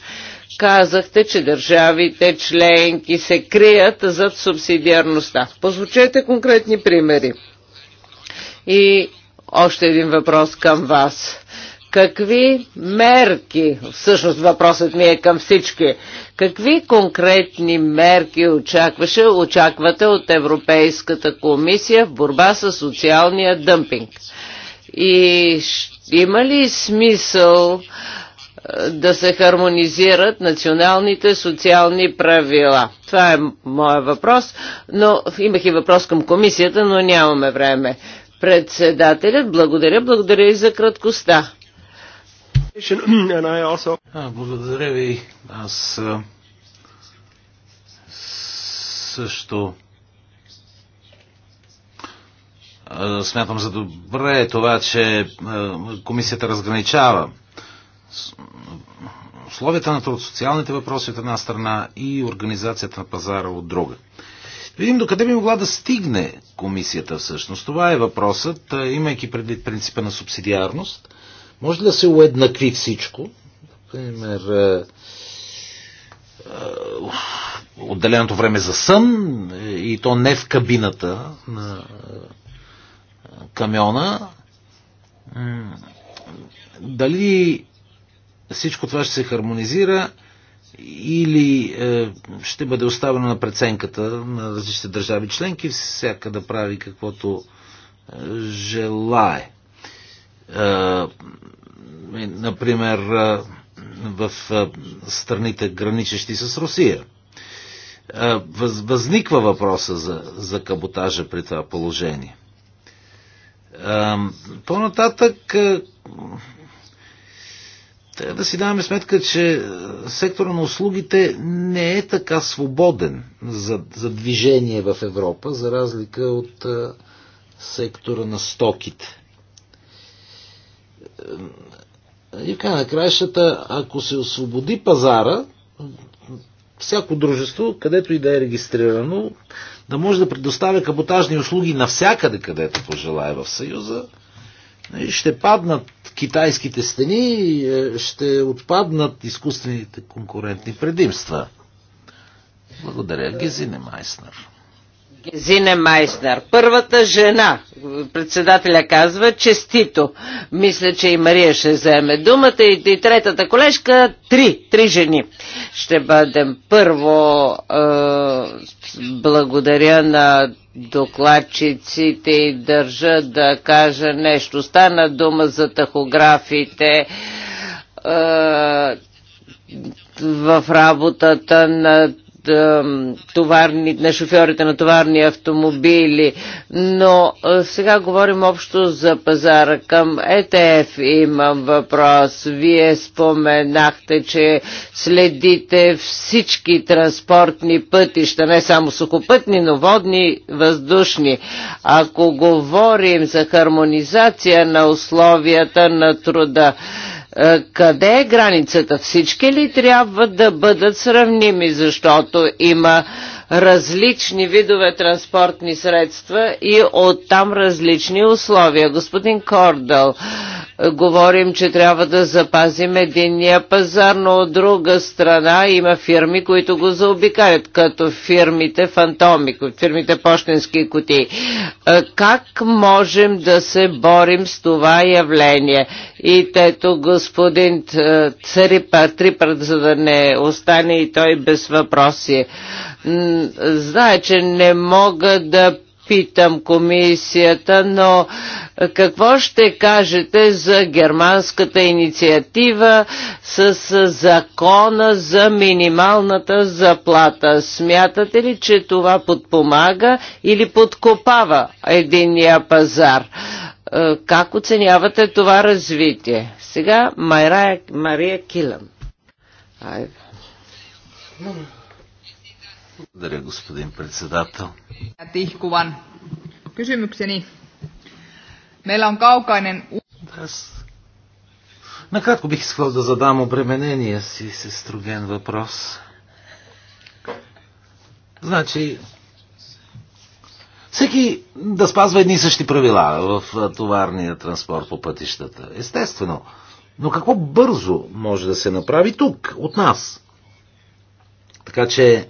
Speaker 3: Казахте, че държавите членки се крият зад субсидиарността. Позвучете конкретни примери. И още един въпрос към вас. Какви мерки, всъщност въпросът ми е към всички, какви конкретни мерки очакваше, очаквате от Европейската комисия в борба с социалния дъмпинг? И има ли смисъл да се хармонизират националните социални правила. Това е моят въпрос, но имах и въпрос към комисията, но нямаме време. Председателят, благодаря, благодаря и за краткостта.
Speaker 1: Благодаря ви. Аз също смятам за добре това, че комисията разграничава условията на труд, социалните въпроси от една страна и организацията на пазара от друга. Видим докъде би могла да стигне комисията всъщност. Това е въпросът, имайки предвид принципа на субсидиарност. Може ли да се уеднакви всичко? Например, отделеното време за сън и то не в кабината на камиона. Дали всичко това ще се хармонизира или е, ще бъде оставено на преценката на различните държави членки, всяка да прави каквото е, желае. Е, например, е, в е, страните граничещи с Русия. Е, въз, възниква въпроса за, за каботажа при това положение. Е, по-нататък е, трябва да си даваме сметка, че е, сектора на услугите не е така свободен за, за движение в Европа, за разлика от а, е, сектора на стоките. Е, и в на краищата, ако се освободи пазара, всяко дружество, където и да е регистрирано, да може да предоставя каботажни услуги навсякъде, където пожелая в Съюза, ще паднат китайските стени е, ще отпаднат изкуствените конкурентни предимства. Благодаря, Гезине Майснер. Зине Майснер. Първата
Speaker 3: жена, председателя казва, честито. Мисля, че и Мария ще вземе думата. И, и третата колежка, три, три жени. Ще бъдем първо е, благодаря на докладчиците и държа да кажа нещо. Стана дума за тахографите. Е, в работата на товарни, на шофьорите на товарни автомобили, но сега говорим общо за пазара. Към ЕТФ имам въпрос. Вие споменахте, че следите всички транспортни пътища, не само сухопътни, но водни, въздушни. Ако говорим за хармонизация на условията на труда, е, къде е границата? Всички ли трябва да бъдат сравними, защото има различни видове транспортни средства и оттам различни условия. Господин Кордал, говорим, че трябва да запазим единния пазар, но от друга страна има фирми, които го заобикалят, като фирмите фантоми, фирмите почтенски кутии. Е, как можем да се борим с това явление? И тето господин Цари Трипар, за да не остане и той без въпроси. Знае, че не мога да питам комисията, но какво ще кажете за германската инициатива с закона за минималната заплата? Смятате ли, че това подпомага или подкопава единния пазар? Е, как оценявате това развитие? Сега Мария, Мария Килан. Айде.
Speaker 1: Благодаря, господин председател.
Speaker 2: Тихкуван. Meillä on kaukainen... Аз...
Speaker 1: Накратко бих искал да задам обременения си с строген въпрос. Значи, всеки да спазва едни и същи правила в товарния транспорт по пътищата. Естествено. Но какво бързо може да се направи тук, от нас? Така че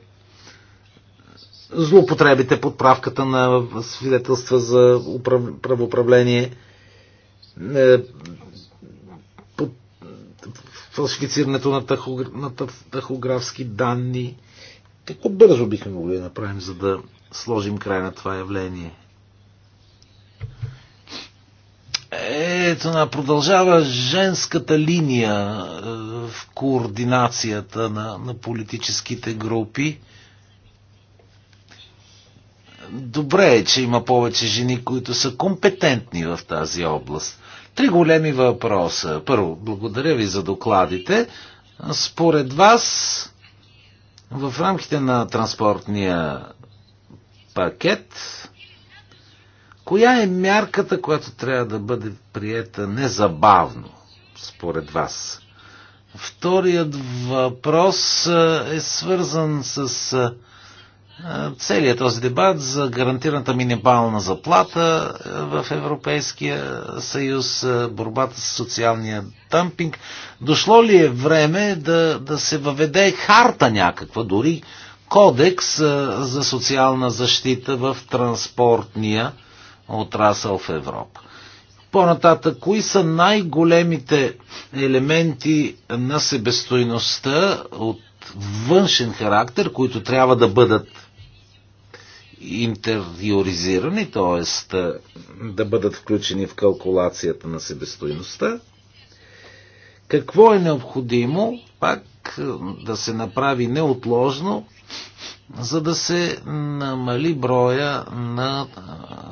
Speaker 1: злоупотребите, подправката на свидетелства за управ... правоуправление, е, под... фалшифицирането на, тахогр... на тахографски данни. Какво бързо бихме могли да направим, за да сложим край на това явление? Ето на продължава женската линия е, в координацията на, на политическите групи. Добре е, че има повече жени, които са компетентни в тази област. Три големи въпроса. Първо, благодаря ви за докладите. Според вас, в рамките на транспортния пакет, коя е мярката, която трябва да бъде приета незабавно, според вас? Вторият въпрос е свързан с целият този дебат за гарантираната минимална заплата е, в Европейския съюз, е, борбата с социалния тампинг. Дошло ли е време да, да се въведе харта някаква, дори кодекс е, за социална защита в транспортния отрасъл в Европа? По-нататък, кои са най-големите елементи на себестойността от външен характер, които трябва да бъдат интериоризирани, т.е. да бъдат включени в калкулацията на себестоиността. Какво е необходимо, пак да се направи неотложно, за да се намали броя на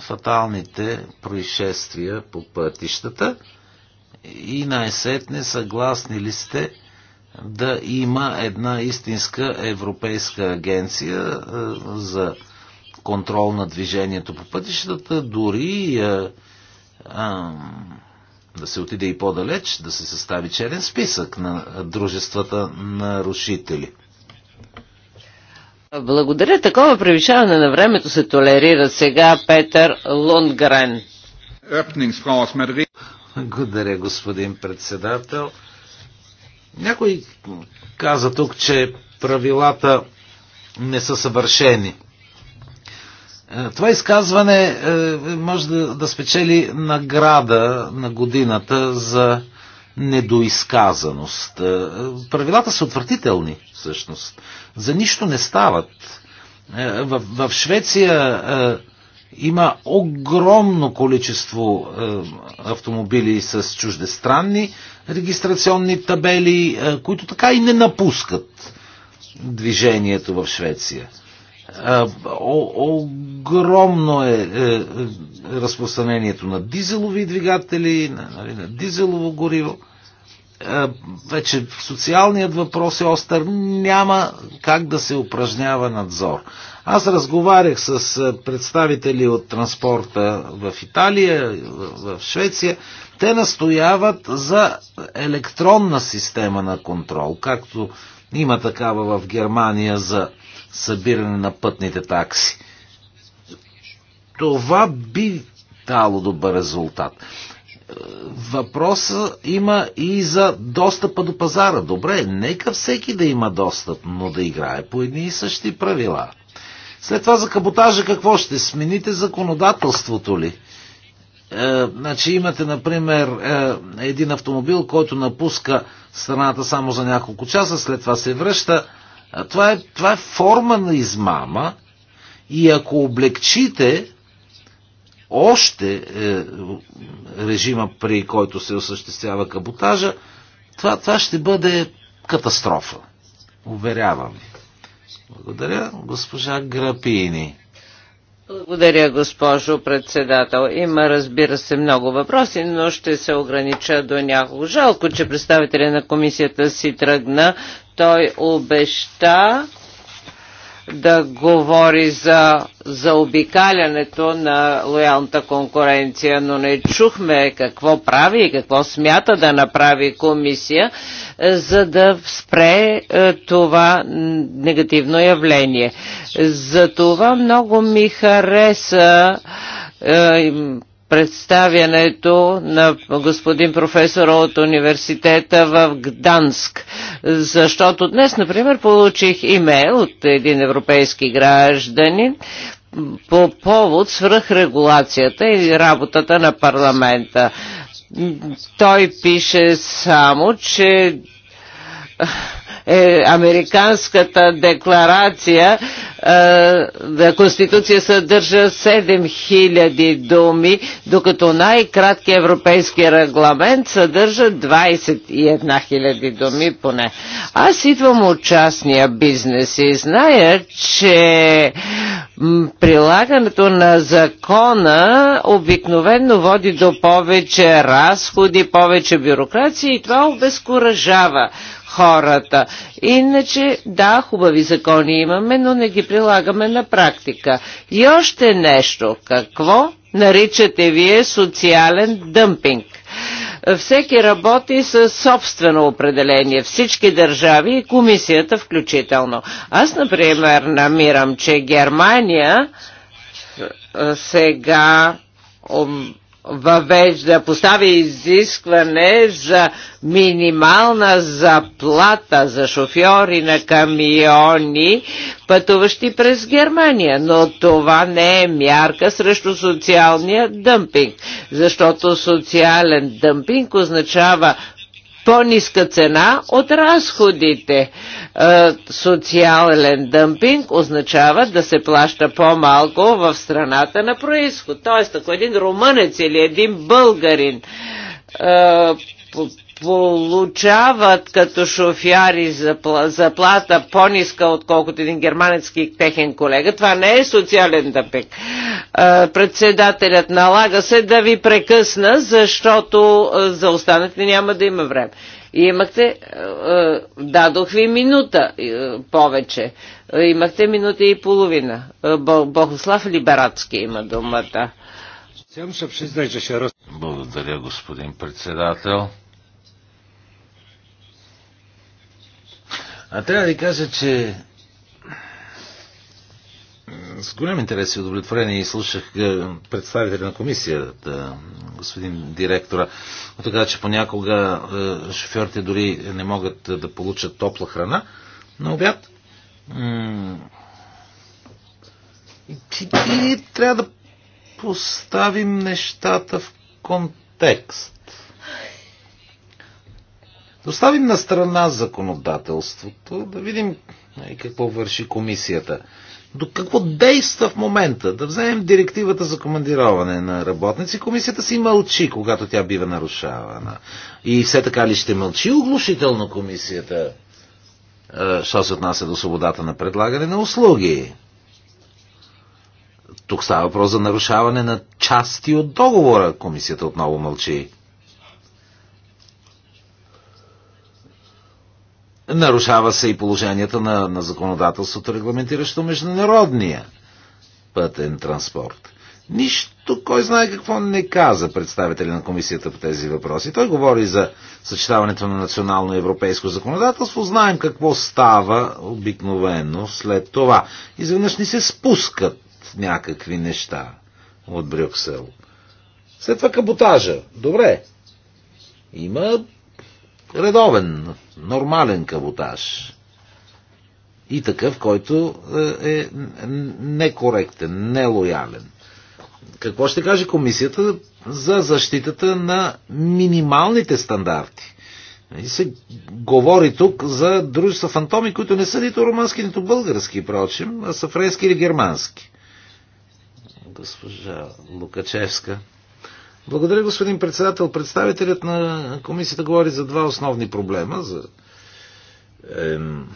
Speaker 1: фаталните происшествия по пътищата и най-сетне съгласни ли сте да има една истинска европейска агенция за контрол на движението по пътищата, дори а, е, а, да се отиде и по-далеч, да се състави черен списък на дружествата на рушители.
Speaker 3: Благодаря. Такова превишаване на времето се толерира сега Петър Лундгрен.
Speaker 1: Благодаря, господин председател. Някой каза тук, че правилата не са съвършени. Е, това изказване е, може да, да спечели награда на годината за недоизказаност. Е, правилата са отвратителни, всъщност. За нищо не стават. В, в Швеция има огромно количество автомобили с чуждестранни регистрационни табели, които така и не напускат движението в Швеция. О, огромно е, е, е разпространението на дизелови двигатели, на, нали, на дизелово гориво. Е, вече социалният въпрос е остър. Няма как да се упражнява надзор. Аз разговарях с представители от транспорта в Италия, в Швеция. Те настояват за електронна система на контрол, както има такава в Германия за събиране на пътните такси. Това би дало добър резултат. Е, Въпросът има и за достъпа до пазара. Добре, нека всеки да има достъп, но да играе по едни и същи правила. След това за каботажа какво ще? Смените законодателството ли? Е, значи имате, например, е, един автомобил, който напуска страната само за няколко часа, след това се връща това е, това е форма на измама и ако облегчите още е, режима, при който се осъществява каботажа, това, това ще бъде катастрофа. Уверявам ви. Благодаря, госпожа Грапини.
Speaker 3: Благодаря, госпожо председател. Има, разбира се, много въпроси, но ще се огранича до няколко. Жалко, че представителя на комисията си тръгна, той обеща да говори за, за обикалянето на лоялната конкуренция, но не чухме какво прави и какво смята да направи комисия, е, за да спре е, това негативно явление. За това много ми хареса е, представянето на господин професор от университета в Гданск. Защото днес, например, получих имейл от един европейски гражданин, по повод свръхрегулацията и работата на парламента. Той пише само, че е, Американската декларация, е, Конституция съдържа 7000 думи, докато най-кратки европейски регламент съдържа 21 000 думи поне. Аз идвам от частния бизнес и зная, че прилагането на закона обикновенно води до повече разходи, повече бюрокрация и това обезкуражава хората. Иначе, да, хубави закони имаме, но не ги прилагаме на практика. И още нещо. Какво наричате вие социален дъмпинг? Всеки работи със собствено определение, всички държави и комисията включително. Аз, например, намирам, че Германия сега въвежда, постави изискване за минимална заплата за шофьори на камиони, пътуващи през Германия. Но това не е мярка срещу социалния дъмпинг, защото социален дъмпинг означава по-ниска цена от разходите. Е, социален дъмпинг означава да се плаща по-малко в страната на происход. Тоест, ако един румънец или един българин е, получават като шофьори заплата по-ниска, отколкото един германецки техен колега. Това не е социален дъпек. Председателят налага се да ви прекъсна, защото за останалите няма да има време. И имахте, дадох ви минута повече. Имахте минута и половина. Богослав Либератски има думата.
Speaker 1: Благодаря, господин председател. А трябва да ви кажа, че с голям интерес и удовлетворение слушах е, представителя на комисията, господин директора, от така, че понякога е, шофьорите дори не могат да получат топла храна на обяд. И трябва да поставим нещата в контекст. Да оставим на страна законодателството, да видим нали, какво върши комисията. До какво действа в момента? Да вземем директивата за командироване на работници. Комисията си мълчи, когато тя бива нарушавана. И все така ли ще мълчи оглушително комисията, що се отнася до свободата на предлагане на услуги? Тук става въпрос за нарушаване на части от договора. Комисията отново мълчи. Нарушава се и положението на, на законодателството, регламентиращо международния пътен транспорт. Нищо, кой знае какво не каза представители на комисията по тези въпроси. Той говори за съчетаването на национално и европейско законодателство. Знаем какво става обикновено след това. Изведнъж ни се спускат някакви неща от Брюксел. След това каботажа. Добре. Има редовен, нормален каботаж. И такъв, който е, е некоректен, нелоялен. Какво ще каже комисията за защитата на минималните стандарти? И се говори тук за дружества фантоми, които не са нито румънски, нито български, прочим, а са френски или германски. Госпожа Лукачевска. Благодаря, господин председател. Представителят на комисията говори за два основни проблема. За ем,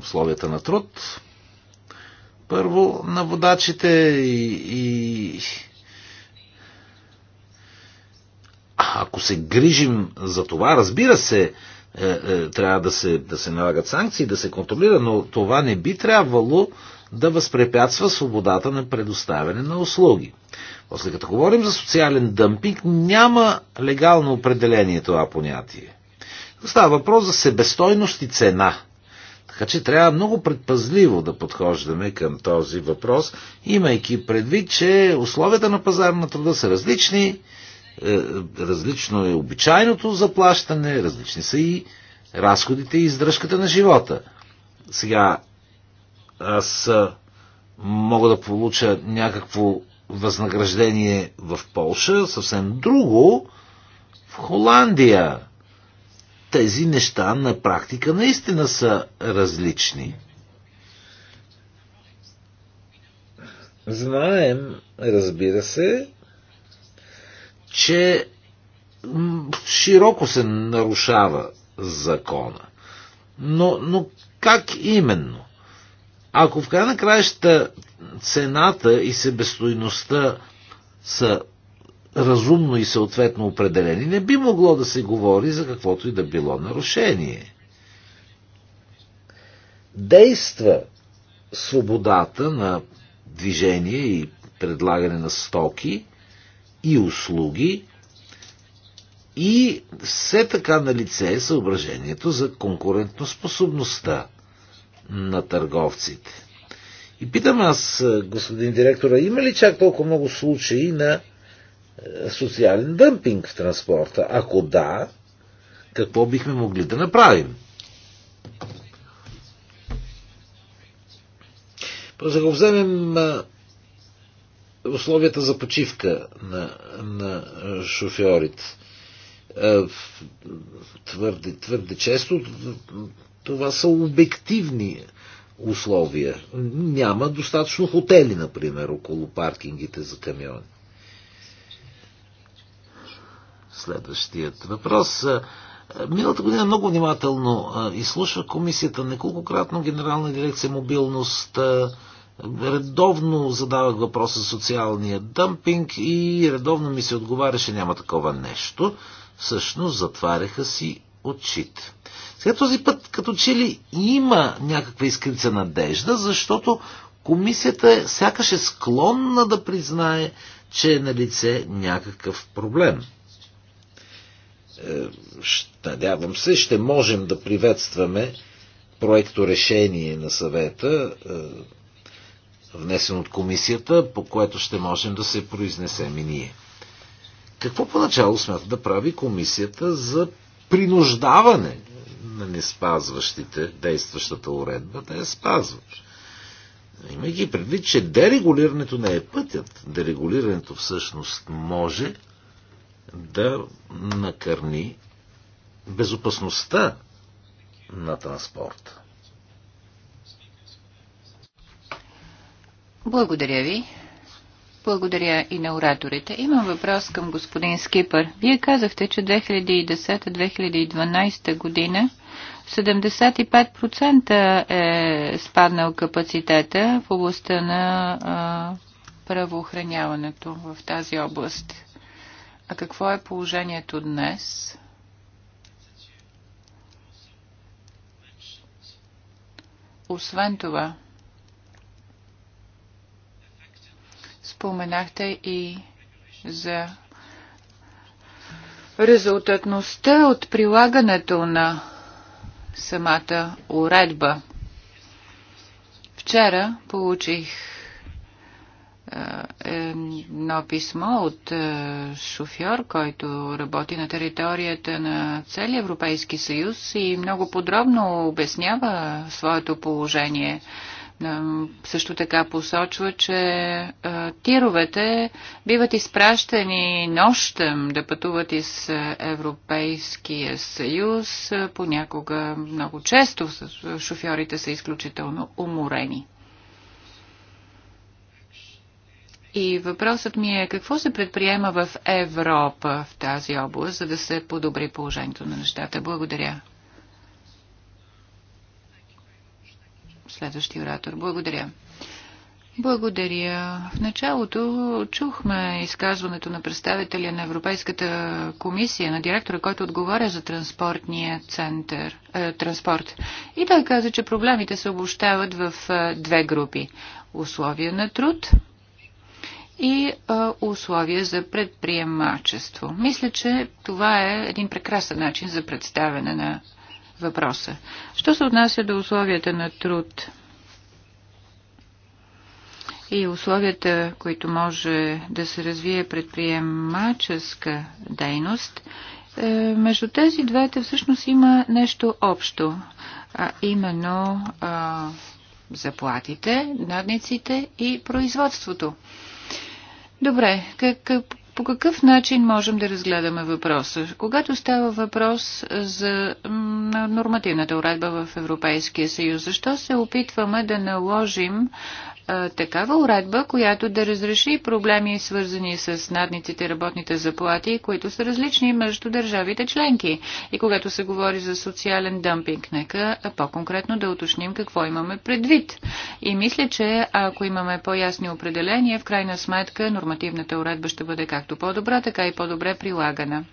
Speaker 1: условията на труд. Първо, на водачите и, и... Ако се грижим за това, разбира се, е, е, трябва да се, да се налагат санкции, да се контролира, но това не би трябвало да възпрепятства свободата на предоставяне на услуги. После като говорим за социален дъмпинг, няма легално определение това понятие. Става въпрос за себестойност и цена. Така че трябва много предпазливо да подхождаме към този въпрос, имайки предвид, че условията на пазар на труда са различни, е, различно е обичайното заплащане, различни са и разходите и издръжката на живота. Сега аз е, мога да получа някакво възнаграждение в Полша, съвсем друго в Холандия. Тези неща на практика наистина са различни. Знаем, разбира се, че широко се нарушава закона. Но, но как именно? Ако в край на краища цената и себестойността са разумно и съответно определени, не би могло да се говори за каквото и да било нарушение. Действа свободата на движение и предлагане на стоки и услуги и все така на лице е съображението за конкурентоспособността на търговците. И питам аз, е, господин директора, има ли чак толкова много случаи на е, социален дъмпинг в транспорта? Ако да, какво бихме могли да направим? Просто го вземем е, условията за почивка на, на шофьорите, твърде, твърде често това са обективни условия. Няма достатъчно хотели, например, около паркингите за камиони. Следващият въпрос. Миналата година много внимателно изслушва комисията неколкократно Генерална дирекция мобилност редовно задавах въпроса за социалния дъмпинг и редовно ми се отговаряше няма такова нещо. Всъщност затваряха си очите. Сега този път като че ли има някаква искрица надежда, защото комисията е, сякаш е склонна да признае, че е на лице някакъв проблем. Е, надявам се, ще можем да приветстваме проекто решение на съвета, е, внесен от комисията, по което ще можем да се произнесем и ние. Какво поначало смята да прави комисията за принуждаване на неспазващите действащата уредба да я спазват. Имайки предвид, че дерегулирането не е пътят. Дерегулирането всъщност може да накърни безопасността на транспорта.
Speaker 2: Благодаря ви. Благодаря и на ораторите. Имам въпрос към господин Скипър. Вие казахте, че 2010-2012 година 75% е спаднал капацитета в областта на а, правоохраняването в тази област. А какво е положението днес? Освен това, Споменахте и за резултатността от прилагането на самата уредба. Вчера получих едно писмо от шофьор, който работи на територията на целия Европейски съюз и много подробно обяснява своето положение. Също така посочва, че тировете биват изпращани нощем да пътуват из Европейския съюз. Понякога много често шофьорите са изключително уморени. И въпросът ми е какво се предприема в Европа в тази област, за да се подобри положението на нещата. Благодаря. Следващия оратор. Благодаря. Благодаря. В началото чухме изказването на представителя на Европейската комисия, на директора, който отговаря за транспортния център, е, транспорт. И той каза, че проблемите се обобщават в е, две групи. Условия на труд и е, условия за предприемачество. Мисля, че това е един прекрасен начин за представяне на въпроса. Що се отнася до условията на труд? и условията, които може да се развие предприемаческа дейност, е, между тези двете всъщност има нещо общо, а именно а, заплатите, надниците и производството. Добре, как, по какъв начин можем да разгледаме въпроса? Когато става въпрос за нормативната уредба в Европейския съюз, защо се опитваме да наложим а, такава уредба, която да разреши проблеми, свързани с надниците и работните заплати, които са различни между държавите членки. И когато се говори за социален дъмпинг, нека по-конкретно да уточним какво имаме предвид. И мисля, че ако имаме по-ясни определения, в крайна сметка нормативната уредба ще бъде както по-добра, така и по-добре прилагана.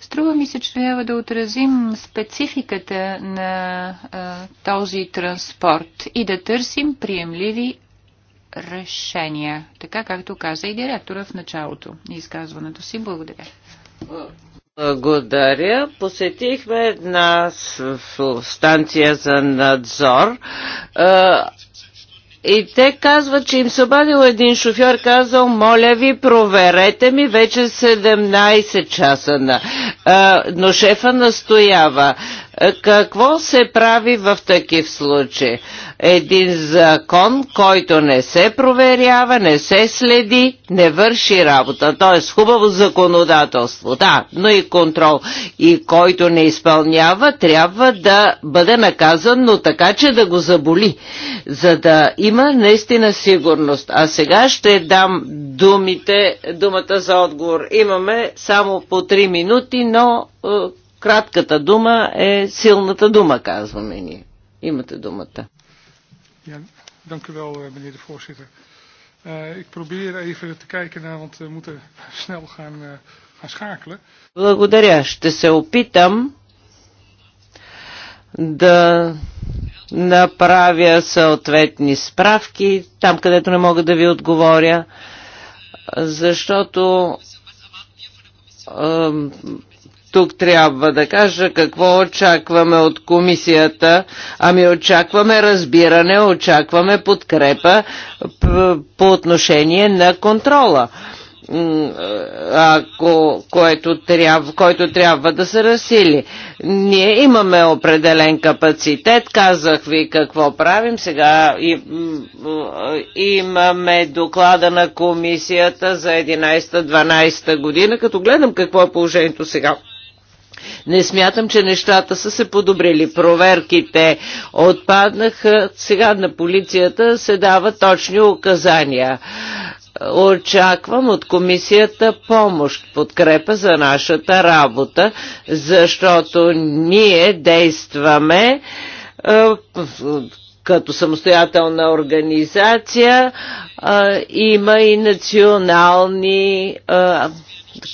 Speaker 2: Струва ми се, че трябва да отразим спецификата на а, този транспорт и да търсим приемливи решения, така както каза и директора в началото на изказването си. Благодаря.
Speaker 3: Благодаря. Посетихме една станция за надзор и те казват, че им се обадил един шофьор, казал, моля ви, проверете ми, вече 17 часа на... А, но шефа настоява. Какво се прави в такив случай? Един закон, който не се проверява, не се следи, не върши работа. Тоест хубаво законодателство, да, но и контрол. И който не изпълнява, трябва да бъде наказан, но така, че да го заболи, за да има наистина сигурност. А сега ще дам думите, думата за отговор. Имаме само по 3 минути, но е, Кратката дума е силната дума, казваме ние. Имате думата.
Speaker 1: Ja, dank u wel, eh, meneer de voorzitter. Uh, ik probeer even te kijken naar, want we moeten snel gaan, uh, gaan schakelen.
Speaker 3: Благодаря. Ще се опитам да направя съответни справки, там където не мога да ви отговоря, защото тук трябва да кажа какво очакваме от комисията. Ами очакваме разбиране, очакваме подкрепа по отношение на контрола ако, което трябва, който трябва да се разсили. Ние имаме определен капацитет, казах ви какво правим, сега имаме доклада на комисията за 11-12 година, като гледам какво е положението сега не смятам, че нещата са се подобрили. Проверките отпаднаха. Сега на полицията се дават точни указания. Очаквам от комисията помощ, подкрепа за нашата работа, защото ние действаме е, като самостоятелна организация е, има и национални е,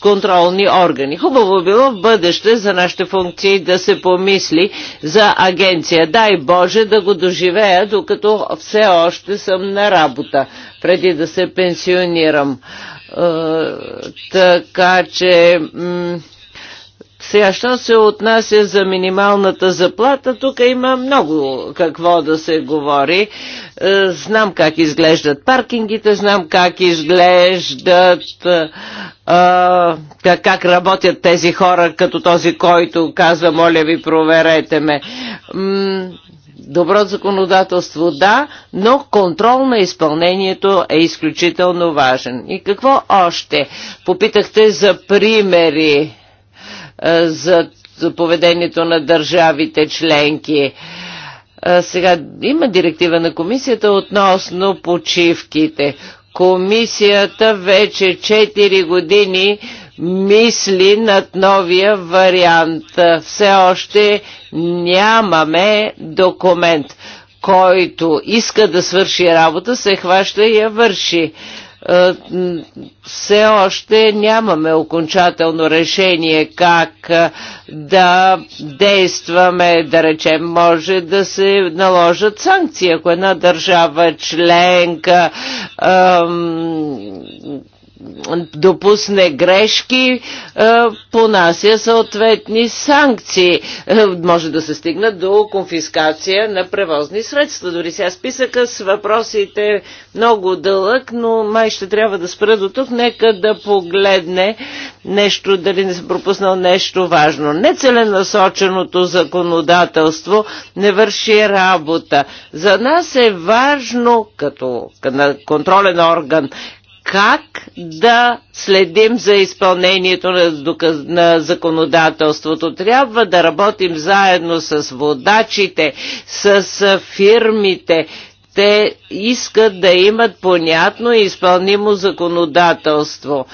Speaker 3: контролни органи. Хубаво било в бъдеще за нашите функции да се помисли за агенция. Дай Боже да го доживея, докато все още съм на работа, преди да се пенсионирам. Е, така че... Сега, що се отнася за минималната заплата, тук има много какво да се говори. Е, знам как изглеждат паркингите, знам как изглеждат, е, как работят тези хора, като този, който казва, моля ви, проверете ме. Добро законодателство, да, но контрол на изпълнението е изключително важен. И какво още? Попитахте за примери е, за поведението на държавите членки. Сега има директива на комисията относно почивките. Комисията вече 4 години мисли над новия вариант. Все още нямаме документ. Който иска да свърши работа, се хваща и я върши. Е, все още нямаме окончателно решение как е, да действаме, да речем, може да се наложат санкции, ако една държава членка ам, допусне грешки, е, понася съответни санкции. Е, може да се стигна до конфискация на превозни средства. Дори сега списъка с въпросите е много дълъг, но май ще трябва да спра до тук. Нека да погледне нещо, дали не съм пропуснал нещо важно. Нецеленасоченото законодателство не върши работа. За нас е важно, като контролен орган, как да следим за изпълнението на, на законодателството. Трябва да работим заедно с водачите, с фирмите. Те искат да имат понятно и изпълнимо законодателство.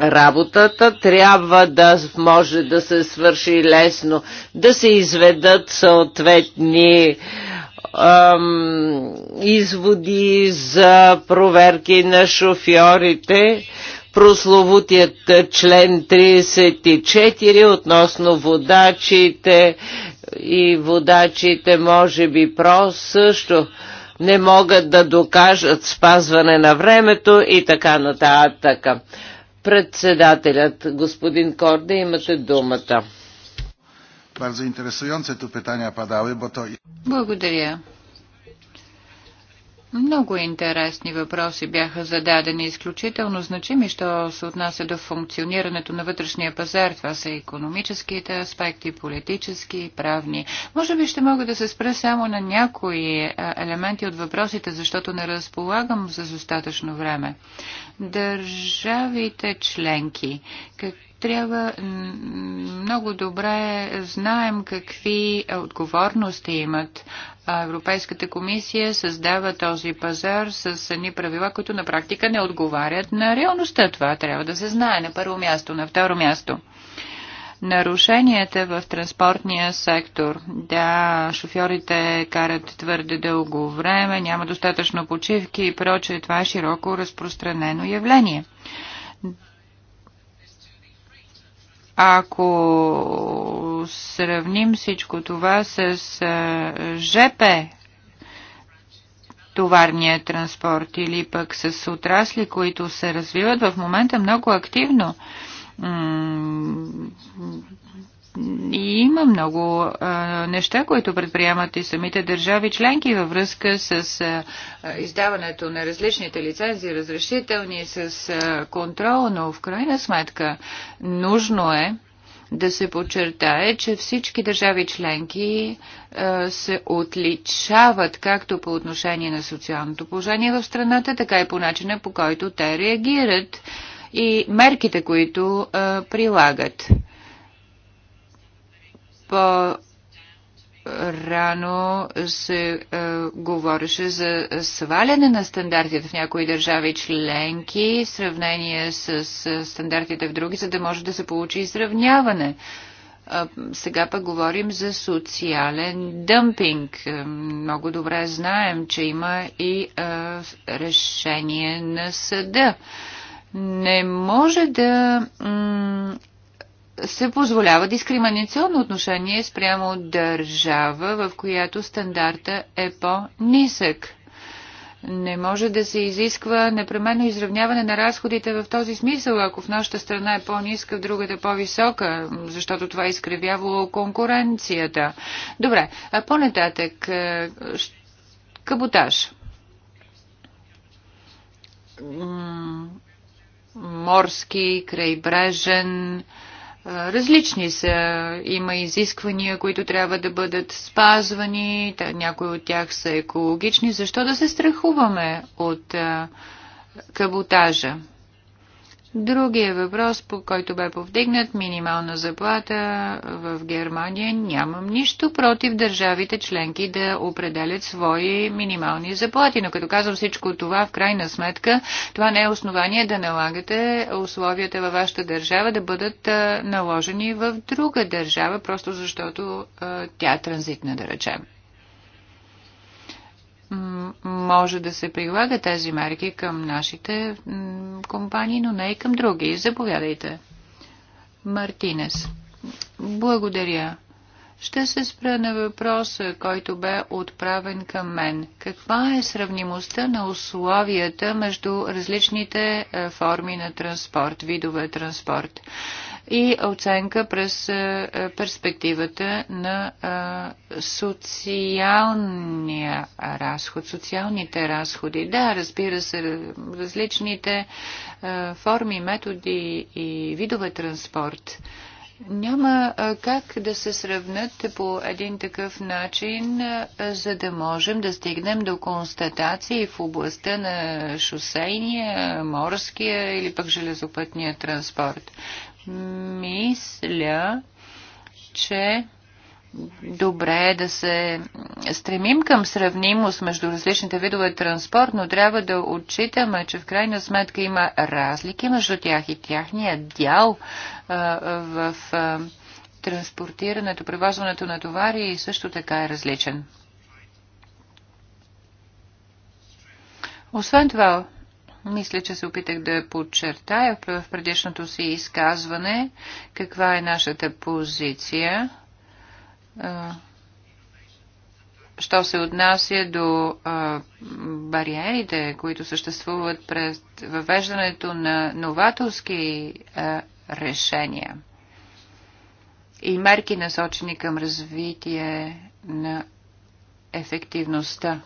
Speaker 3: Работата трябва да може да се свърши лесно, да се изведат съответни а, ам, изводи за проверки на шофьорите, прословутият член 34 относно водачите и водачите може би про също не могат да докажат спазване на времето и така нататък. Председателят, господин Корде, имате думата.
Speaker 1: Bardzo interesujące tu pytania padały, bo to...
Speaker 2: Благодаря. Много интересни въпроси бяха зададени, изключително значими, що се отнася до функционирането на вътрешния пазар. Това са економическите аспекти, политически и правни. Може би ще мога да се спра само на някои е, елементи от въпросите, защото не разполагам за достатъчно време. Държавите членки. Как трябва много добре знаем какви е, отговорности имат а Европейската комисия създава този пазар с едни правила, които на практика не отговарят на реалността. Това трябва да се знае на първо място. На второ място. Нарушенията в транспортния сектор. Да, шофьорите карат твърде дълго време, няма достатъчно почивки и прочее. Това е широко разпространено явление. Ако сравним всичко това с ЖП, товарния транспорт или пък с отрасли, които се развиват в момента много активно, и има много а, неща, които предприемат и самите държави членки във връзка с а, издаването на различните лицензии, разрешителни, с а, контрол, но в крайна сметка нужно е да се подчертае, че всички държави членки а, се отличават както по отношение на социалното положение в страната, така и по начина по който те реагират и мерките, които а, прилагат по рано се е, говореше за сваляне на стандартите в някои държави членки в сравнение с, е, стандартите в други, за да може да се получи изравняване. Е, сега пък говорим за социален дъмпинг. Е, много добре знаем, че има и а, решение на съда. Не може да се позволява дискриминационно отношение спрямо държава, в която стандарта е по-нисък. Не може да се изисква непременно изравняване на разходите в този смисъл, ако в нашата страна е по-ниска, в другата по-висока, защото това изкривява конкуренцията. Добре, а по-нататък е, каботаж. Морски, крайбрежен, различни са. Има изисквания, които трябва да бъдат спазвани, някои от тях са екологични. Защо да се страхуваме от каботажа? Другия въпрос, по който бе повдигнат, минимална заплата в Германия, нямам нищо против държавите членки да определят свои минимални заплати. Но като казвам всичко това, в крайна сметка, това не е основание да налагате условията във вашата държава да бъдат наложени в друга държава, просто защото тя е транзитна, да речем може да се прилага тези мерки към нашите компании, но не и към други. Заповядайте. Мартинес. Благодаря. Ще се спра на въпроса, който бе отправен към мен. Каква е сравнимостта на условията между различните е, форми на транспорт, видове транспорт? и оценка през е, перспективата на е, социалния разход, социалните разходи. Да, разбира се, различните е, форми, методи и видове транспорт няма как да се сравнат по един такъв начин, за да можем да стигнем до констатации в областта на шосейния, морския или пък железопътния транспорт мисля, че добре е да се стремим към сравнимост между различните видове транспорт, но трябва да отчитаме, че в крайна сметка има разлики между тях и тяхния дял а, в а, транспортирането, превозването на товари и също така е различен. Освен това, мисля, че се опитах да подчертая в предишното си изказване каква е нашата позиция що се отнася до бариерите, които съществуват през въвеждането на новаторски решения и мерки насочени към развитие на ефективността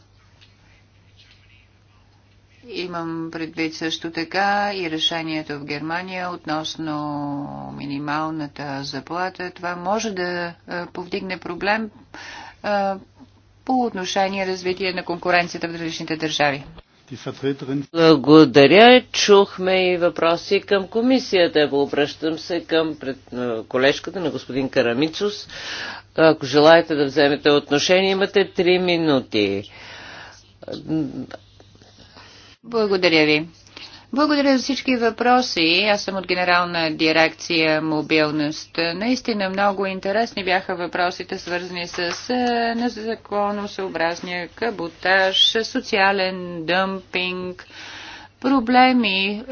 Speaker 2: Имам предвид също така и решението в Германия относно минималната заплата. Това може да повдигне проблем по отношение развитие на конкуренцията в различните държави.
Speaker 3: Благодаря. Чухме и въпроси към комисията. Обръщам се към пред, колежката на господин Карамицус. Ако желаете да вземете отношение, имате 3 минути
Speaker 2: благодаря ви. Благодаря за всички въпроси. Аз съм от Генерална дирекция мобилност. Наистина много интересни бяха въпросите, свързани с е, незаконосъобразния каботаж, социален дъмпинг, проблеми, е,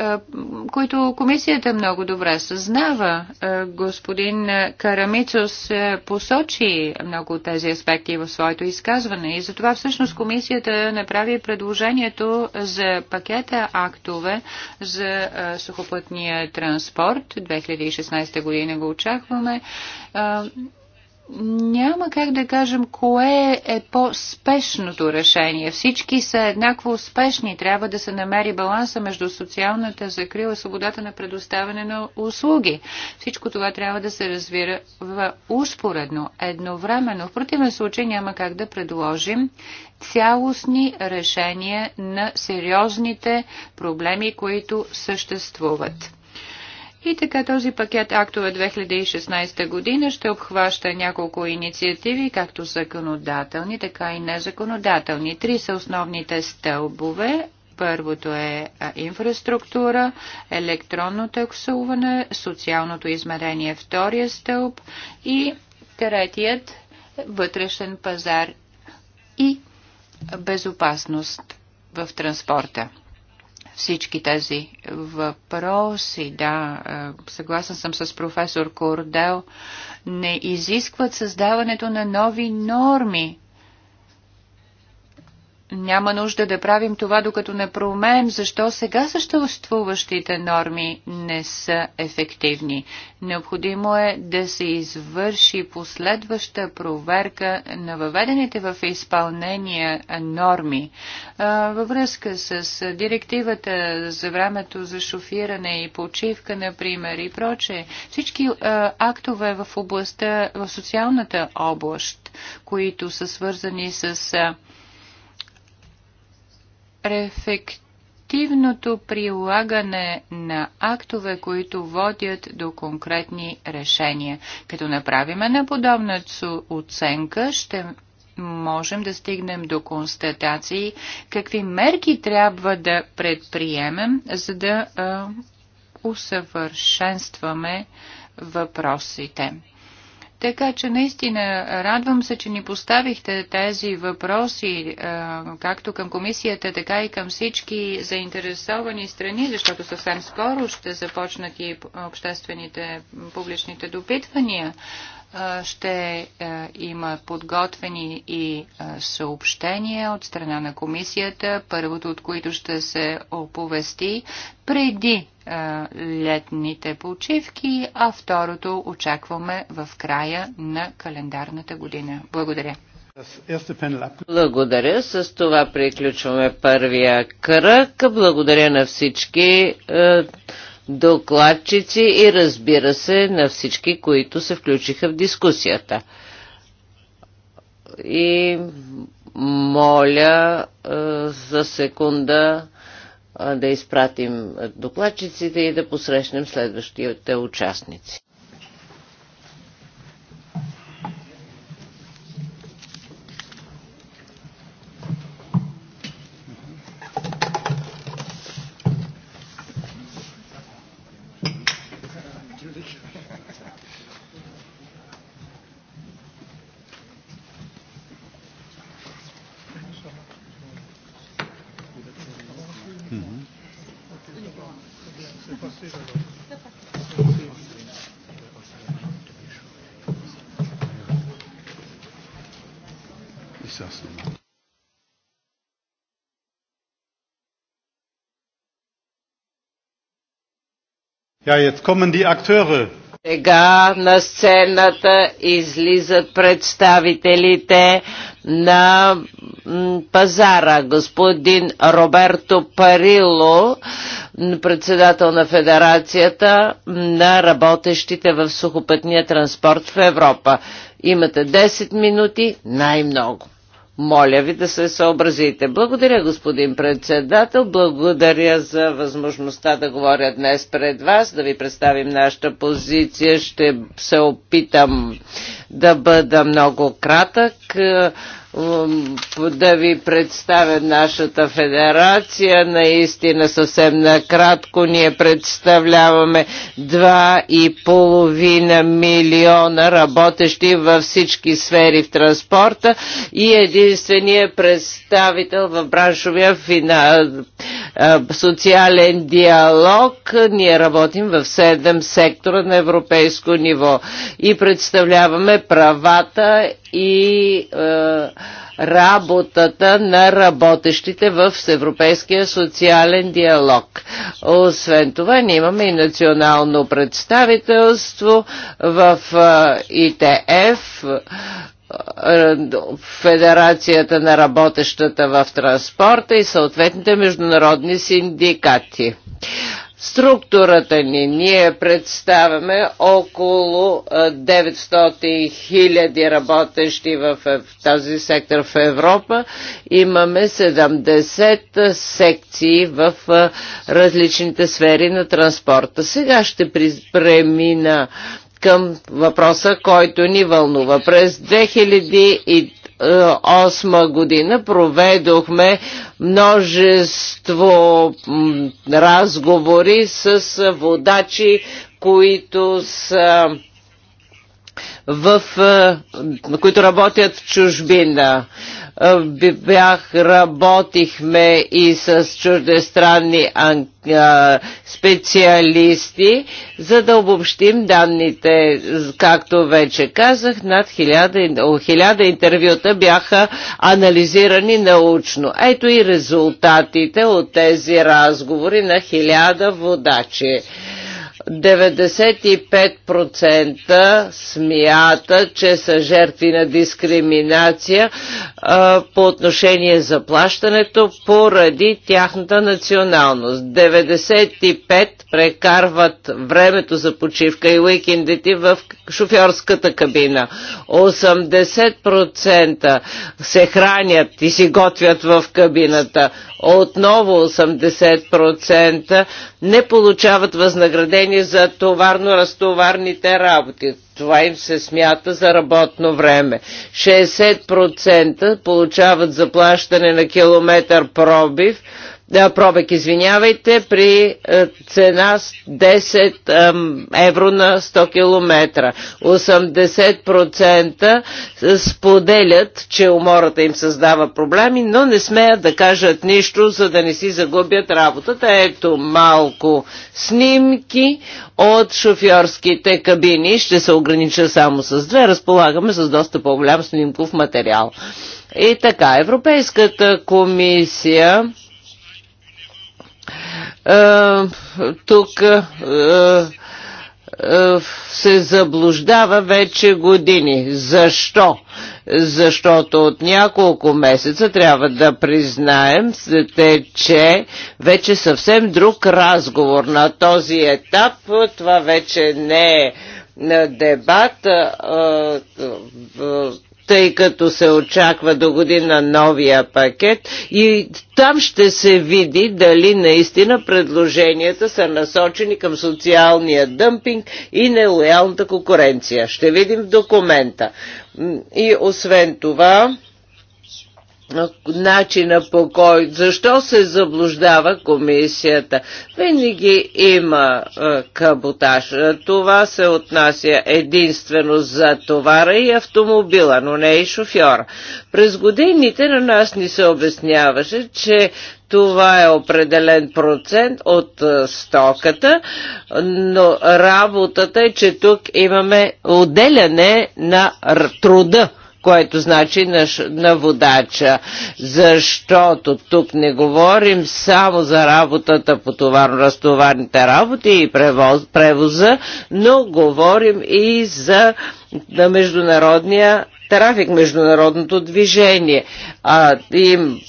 Speaker 2: които комисията много добре съзнава. Е, господин Карамицос е, посочи много от тези аспекти в своето изказване и затова всъщност комисията направи предложението за пакета актове за сухопътния транспорт. 2016 година го очакваме няма как да кажем кое е по-спешното решение. Всички са еднакво успешни. Трябва да се намери баланса между социалната закрила и свободата на предоставяне на услуги. Всичко това трябва да се развира в успоредно, едновременно. В противен случай няма как да предложим цялостни решения на сериозните проблеми, които съществуват. И така този пакет актове 2016 година ще обхваща няколко инициативи, както законодателни, така и незаконодателни. Три са основните стълбове. Първото е инфраструктура, електронно таксуване, социалното измерение втория стълб и третият вътрешен пазар и безопасност в транспорта всички тези въпроси, да, е, съгласен съм с професор Кордел, не изискват създаването на нови норми, няма нужда да правим това, докато не проумеем защо сега съществуващите норми не са ефективни. Необходимо е да се извърши последваща проверка на въведените в изпълнение норми. Във връзка с директивата за времето за шофиране и почивка, например, и прочее, всички актове в областта, в социалната област, които са свързани с ефективното прилагане на актове, които водят до конкретни решения. Като направиме на подобна оценка, ще можем да стигнем до констатации какви мерки трябва да предприемем, за да усъвършенстваме въпросите. Така че наистина радвам се, че ни поставихте тези въпроси, е, както към комисията, така и към всички заинтересовани страни, защото съвсем скоро ще започнат и обществените публичните допитвания ще има подготвени и съобщения от страна на комисията, първото от които ще се оповести преди летните почивки, а второто очакваме в края на календарната година. Благодаря.
Speaker 3: Благодаря. С това приключваме първия кръг. Благодаря на всички е, докладчици и разбира се на всички, които се включиха в дискусията. И моля е, за секунда е, да изпратим докладчиците и да посрещнем следващите участници.
Speaker 2: Ja, jetzt kommen die Akteure.
Speaker 3: Сега на сцената излизат представителите на пазара. Господин Роберто Парило, председател на Федерацията на работещите в сухопътния транспорт в Европа. Имате 10 минути най-много. Моля ви да се съобразите. Благодаря, господин председател. Благодаря за възможността да говоря днес пред вас, да ви представим нашата позиция. Ще се опитам да бъда много кратък да ви представя нашата федерация. Наистина съвсем накратко ние представляваме 2,5 милиона работещи във всички сфери в транспорта и единствения представител в браншовия фина... социален диалог. Ние работим в 7 сектора на европейско ниво и представляваме правата и е, работата на работещите в Европейския социален диалог. Освен това, ние имаме и национално представителство в е, ИТФ, е, Федерацията на работещата в транспорта и съответните международни синдикати. Структурата ни ние представяме около 900 000 работещи в този сектор в Европа. Имаме 70 секции в различните сфери на транспорта. Сега ще премина към въпроса, който ни вълнува. През 2008 година проведохме множество разговори с водачи, които са в, е, които работят в чужбина. Е, бях, работихме и с чуждестранни специалисти, за да обобщим данните, както вече казах, над хиляда, хиляда интервюта бяха анализирани научно. Ето и резултатите от тези разговори на хиляда водачи. 95% смята, че са жертви на дискриминация а, по отношение за плащането поради тяхната националност. 95% прекарват времето за почивка и уикендите в шофьорската кабина. 80% се хранят и си готвят в кабината. Отново 80% не получават възнаграждение години за товарно-разтоварните работи. Това им се смята за работно време. 60% получават заплащане на километър пробив, пробег, извинявайте, при е, цена 10 евро на 100 км. 80% споделят, че умората им създава проблеми, но не смеят да кажат нищо, за да не си загубят работата. Ето малко снимки от шофьорските кабини. Ще се огранича само с две. Разполагаме с доста по-голям снимков материал. И така, Европейската комисия е, тук е, е, се заблуждава вече години. Защо? Защото от няколко месеца трябва да признаем, че вече съвсем друг разговор на този етап. Това вече не е дебат тъй като се очаква до година новия пакет и там ще се види дали наистина предложенията са насочени към социалния дъмпинг и нелоялната конкуренция. Ще видим в документа. И освен това, начина по кой, защо се заблуждава комисията. Винаги има е, каботаж. Това се отнася единствено за товара и автомобила, но не и шофьора. През годините на нас ни се обясняваше, че това е определен процент от е, стоката, но работата е, че тук имаме отделяне на труда което значи на, на водача. Защото тук не говорим само за работата по товарно-разтоварните работи и превоз, превоза, но говорим и за на международния трафик, международното движение. А, им,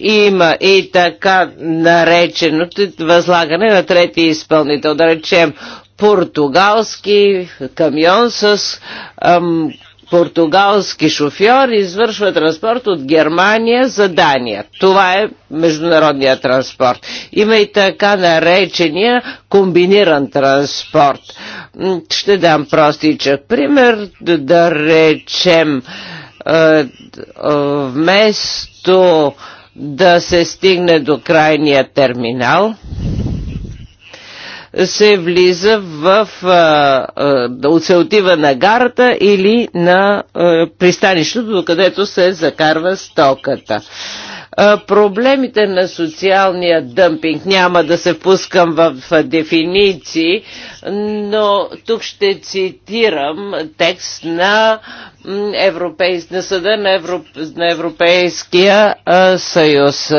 Speaker 3: има и така нареченото възлагане на трети изпълнител, да речем португалски камион с ам, португалски шофьор извършва транспорт от Германия за Дания. Това е международния транспорт. Има и така наречения комбиниран транспорт. Ще дам простичък пример, да, да речем е, е, вместо да се стигне до крайния терминал, се влиза в... се отива на гарата или на пристанището, където се закарва стоката проблемите на социалния дъмпинг. Няма да се впускам в дефиниции, но тук ще цитирам текст на, Европейс, на Съда на, Европ, на Европейския съюз.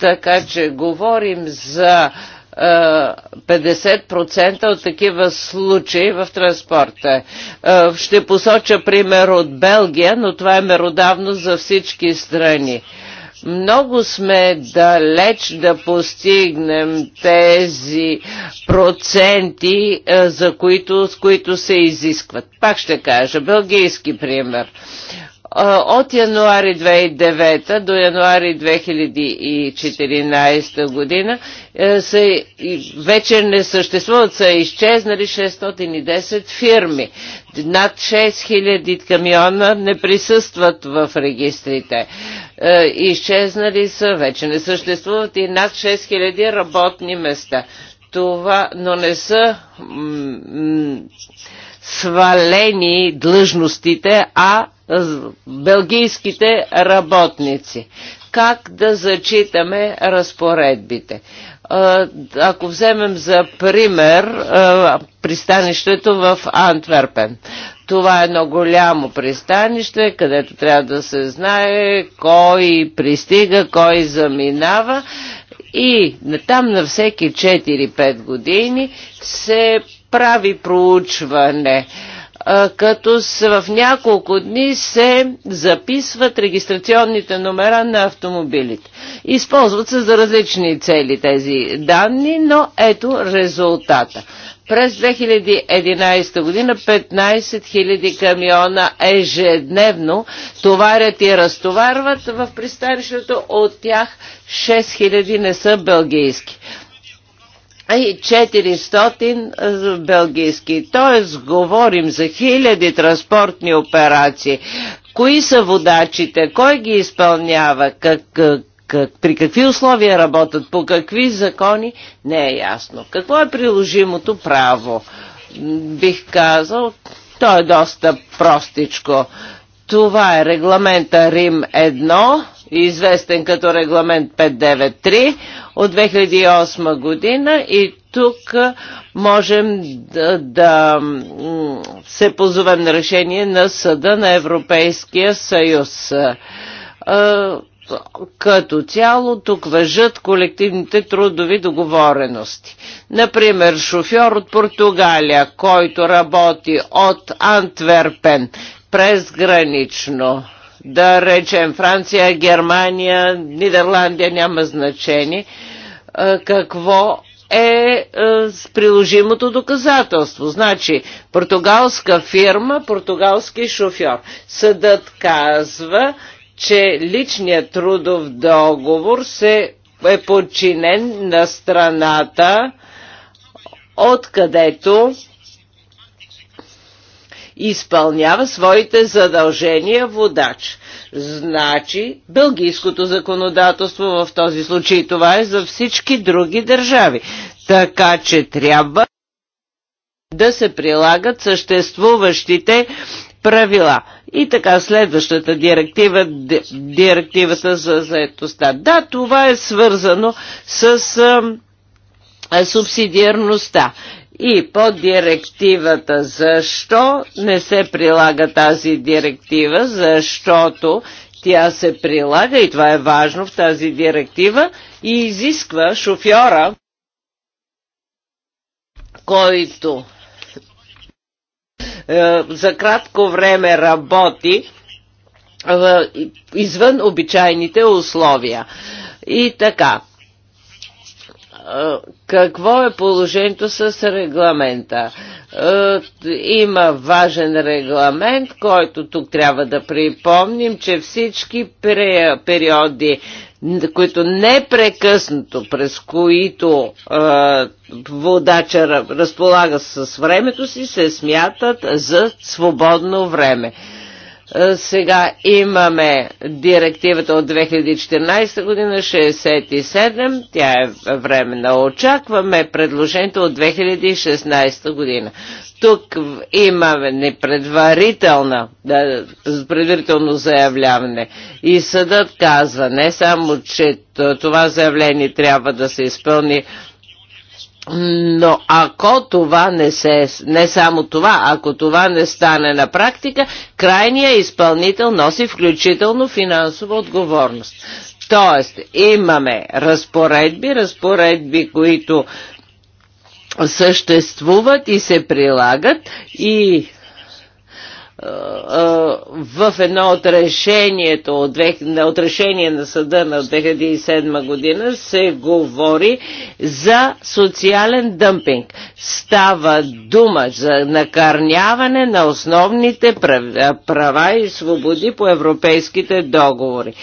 Speaker 3: Така че говорим за 50% е, от такива случаи в транспорта. Е, ще посоча пример от Белгия, но това е меродавно за всички страни. Много сме далеч да постигнем тези проценти, е, за които, с които се изискват. Пак ще кажа, бългийски пример от януари 2009 до януари 2014 година е, са, вече не съществуват, са изчезнали 610 фирми. Над 6000 камиона не присъстват в регистрите. Е, изчезнали са, вече не съществуват и над 6000 работни места. Това, но не са свалени длъжностите, а белгийските работници. Как да зачитаме разпоредбите? Ако вземем за пример пристанището в Антверпен. Това е едно голямо пристанище, където трябва да се знае кой пристига, кой заминава. И там на всеки 4-5 години се прави проучване като в няколко дни се записват регистрационните номера на автомобилите. Използват се за различни цели тези данни, но ето резултата. През 2011 година 15 000 камиона ежедневно товарят и разтоварват в пристанището, от тях 6 000 не са бългийски и 400 белгийски. Тоест, говорим за хиляди транспортни операции. Кои са водачите? Кой ги изпълнява? Как, как, при какви условия работят? По какви закони? Не е ясно. Какво е приложимото право? Бих казал, то е доста простичко. Това е регламента Рим 1 известен като регламент 593 от 2008 година и тук можем да, да се позовем на решение на Съда на Европейския съюз. Като цяло тук въжат колективните трудови договорености. Например, шофьор от Португалия, който работи от Антверпен гранично да речем Франция, Германия, Нидерландия, няма значение, е, какво е, е приложимото доказателство. Значи, португалска фирма, португалски шофьор. Съдът казва, че личният трудов договор се е подчинен на страната, откъдето изпълнява своите задължения водач. Значи, бългийското законодателство в този случай това е за всички други държави. Така че трябва да се прилагат съществуващите правила. И така следващата директива, директивата за заетостта. Да, това е свързано с е, субсидиарността и по директивата. Защо не се прилага тази директива? Защото тя се прилага и това е важно в тази директива и изисква шофьора, който е, за кратко време работи е, извън обичайните условия. И така, какво е положението с регламента. Има важен регламент, който тук трябва да припомним, че всички периоди, които непрекъснато, през които водача разполага с времето си, се смятат за свободно време. Е, сега имаме директивата от 2014 година 67, тя е времена. Очакваме предложението от 2016 година. Тук имаме да, е, предварително заявляване и съдът казва не само, че това заявление трябва да се изпълни но ако това не се, не само това, ако това не стане на практика, крайният изпълнител носи включително финансова отговорност. Тоест, имаме разпоредби, разпоредби, които съществуват и се прилагат и в едно от решението, от решение на съда на 2007 година се говори за социален дъмпинг. Става дума за накърняване на основните права и свободи по европейските договори.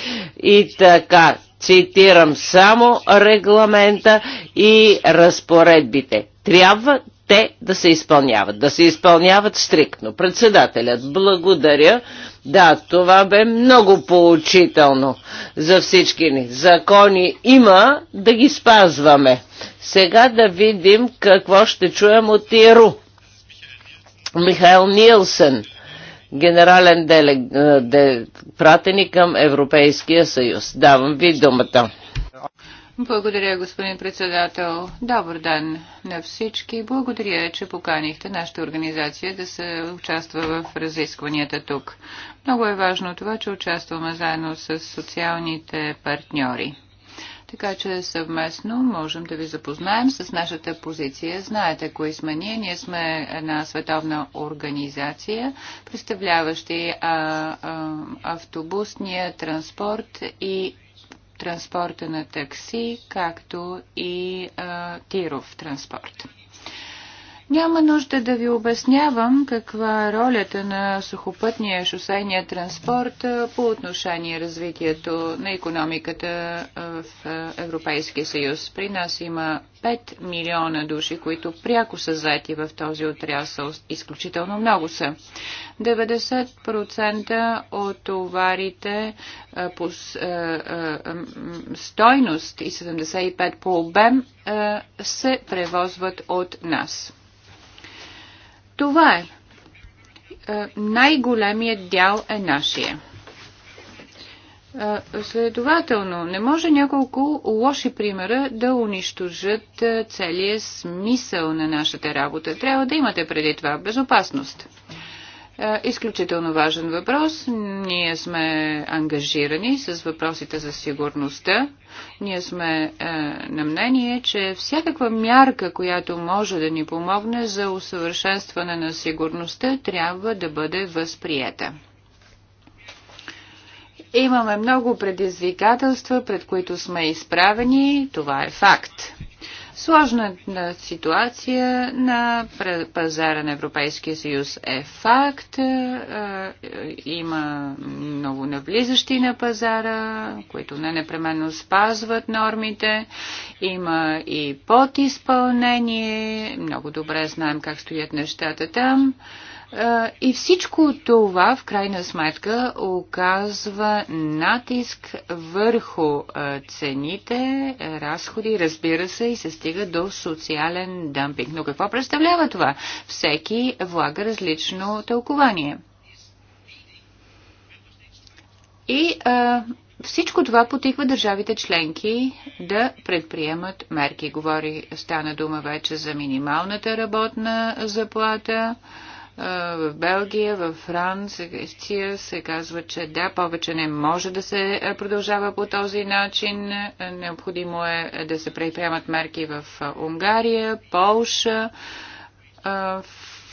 Speaker 3: И така, цитирам само регламента и разпоредбите. Трябва те да се изпълняват, да се изпълняват стриктно. Председателят, благодаря. Да, това бе много поучително за всички ни. Закони има, да ги спазваме. Сега да видим какво ще чуем от Иру. Михаил Нилсен, генерален делег... де... пратеник към Европейския съюз. Давам ви думата.
Speaker 2: Благодаря, господин председател. Добър ден на всички. Благодаря, че поканихте нашата организация да се участва в разискванията тук. Много е важно това, че участваме заедно с социалните партньори. Така че съвместно можем да ви запознаем с нашата позиция. Знаете кои сме ние. Ние сме една световна организация, представляващи а, а, автобусния транспорт и транспорта на такси, както и тиров транспорт. Няма нужда да ви обяснявам каква е ролята на сухопътния шосейния транспорт по отношение развитието на економиката в Европейския съюз. При нас има 5 милиона души, които пряко са заети в този отрясъл. Изключително много са. 90% от товарите по стойност и 75% по обем се превозват от нас. Това е. е. Най-големият дял е нашия. Е, следователно, не може няколко лоши примера да унищожат е, целият смисъл на нашата работа. Трябва да имате преди това безопасност. Е, изключително важен въпрос. Ние сме ангажирани с въпросите за сигурността. Ние сме е, на мнение, че всякаква мярка, която може да ни помогне за усъвършенстване на сигурността, трябва да бъде възприета. Имаме много предизвикателства, пред които сме изправени. Това е факт. Сложната ситуация на пазара на Европейския съюз е факт. Е, е, има много навлизащи на пазара, които не непременно спазват нормите. Има и подизпълнение. Много добре знаем как стоят нещата там. И всичко това, в крайна сметка, оказва натиск върху цените, разходи, разбира се, и се стига до социален дъмпинг. Но какво представлява това? Всеки влага различно тълкование. И а, всичко това потиква държавите членки да предприемат мерки. Говори, стана дума вече за минималната работна заплата. А, в Белгия, в Франция се казва, че да, повече не може да се продължава по този начин. Необходимо е да се предприемат мерки в Унгария, Полша.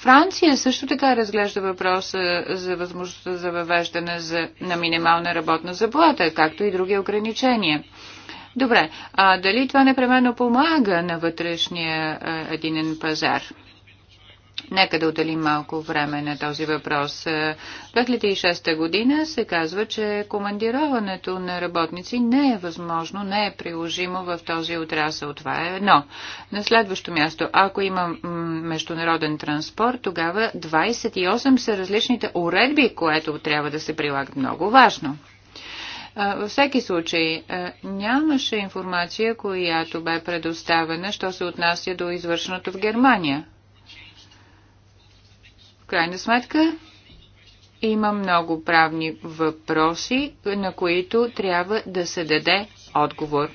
Speaker 2: Франция също така разглежда въпроса за възможността за въвеждане за, на минимална работна заплата, както и други ограничения. Добре, а дали това непременно помага на вътрешния единен пазар? Нека да отделим малко време на този въпрос. 2006 година се казва, че командироването на работници не е възможно, не е приложимо в този отрасъл. Това е едно. На следващо място, ако има международен транспорт, тогава 28 са различните уредби, което трябва да се прилагат. Много важно. Във всеки случай, нямаше информация, която бе предоставена, що се отнася до извършеното в Германия крайна сметка има много правни въпроси, на които трябва да се даде отговор.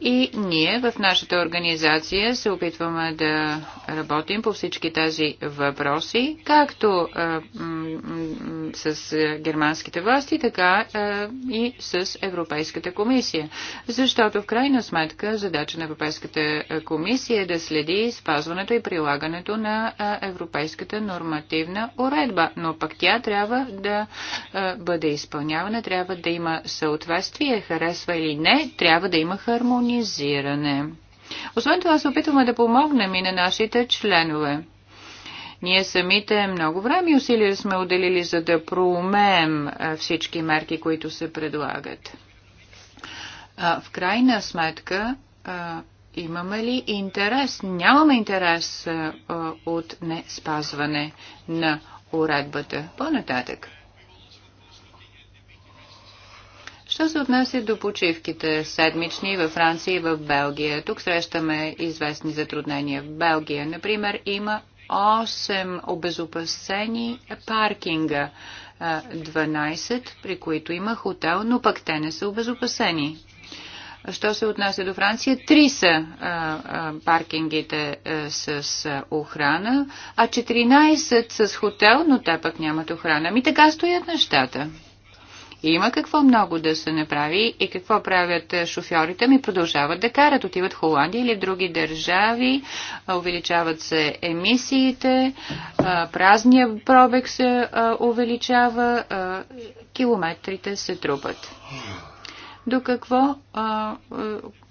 Speaker 2: И ние в нашата организация се опитваме да работим по всички тези въпроси, както а, с германските власти, така а, и с Европейската комисия. Защото в крайна сметка задача на Европейската комисия е да следи спазването и прилагането на европейската нормативна уредба. Но пък тя трябва да а, бъде изпълнявана, трябва да има съответствие, харесва или не, трябва да има хармония хармонизиране. Освен това се опитваме да помогнем и на нашите членове. Ние самите много време и усилия сме отделили, за да проумеем всички мерки, които се предлагат. В крайна сметка, имаме ли интерес? Нямаме интерес от не спазване на уредбата. По-нататък. Що се отнася до почивките седмични във Франция и в Белгия? Тук срещаме известни затруднения. В Белгия, например, има 8 обезопасени паркинга, 12, при които има хотел, но пък те не са обезопасени. Що се отнася до Франция, три са а, а, паркингите а, с а, охрана, а 14 с хотел, но те пък нямат охрана. Ми така стоят нещата. Има какво много да се направи и какво правят е, шофьорите ми? Продължават да карат, отиват в Холандия или в други държави, увеличават се емисиите, празния пробег се увеличава, километрите се трупат. До какво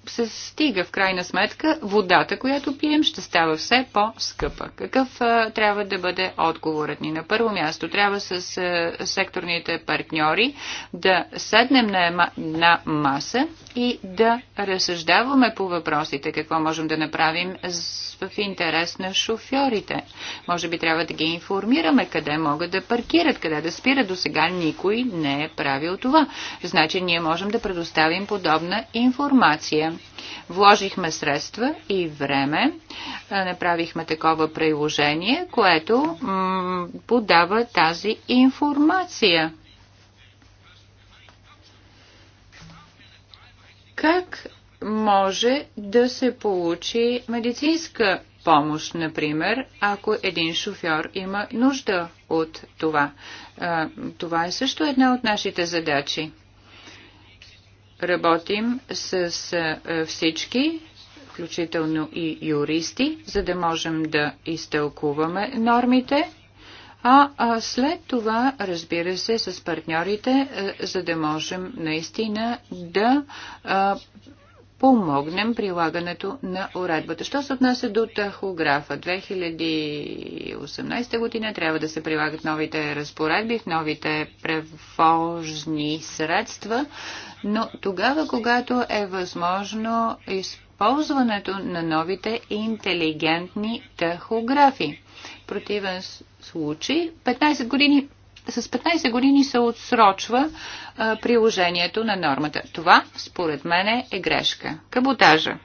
Speaker 2: се стига в крайна сметка, водата, която пием, ще става все по-скъпа. Какъв а, трябва да бъде отговорът ни? На първо място трябва с а, секторните партньори да седнем на, на маса и да разсъждаваме по въпросите, какво можем да направим в интерес на шофьорите. Може би трябва да ги информираме къде могат да паркират, къде да спират. До сега никой не е правил това. Значи ние можем да предоставим подобна информация Вложихме средства и време, направихме такова приложение, което подава тази информация. Как може да се получи медицинска помощ, например, ако един шофьор има нужда от това. Това е също една от нашите задачи работим с всички, включително и юристи, за да можем да изтълкуваме нормите, а след това, разбира се, с партньорите, за да можем наистина да помогнем прилагането на уредбата. Що се отнася до тахографа? 2018 година трябва да се прилагат новите разпоредби, новите превожни средства, но тогава, когато е възможно използването на новите интелигентни тахографи. В противен случай 15 години с 15 години се отсрочва а, приложението на нормата. Това, според мен, е грешка. Каботажа.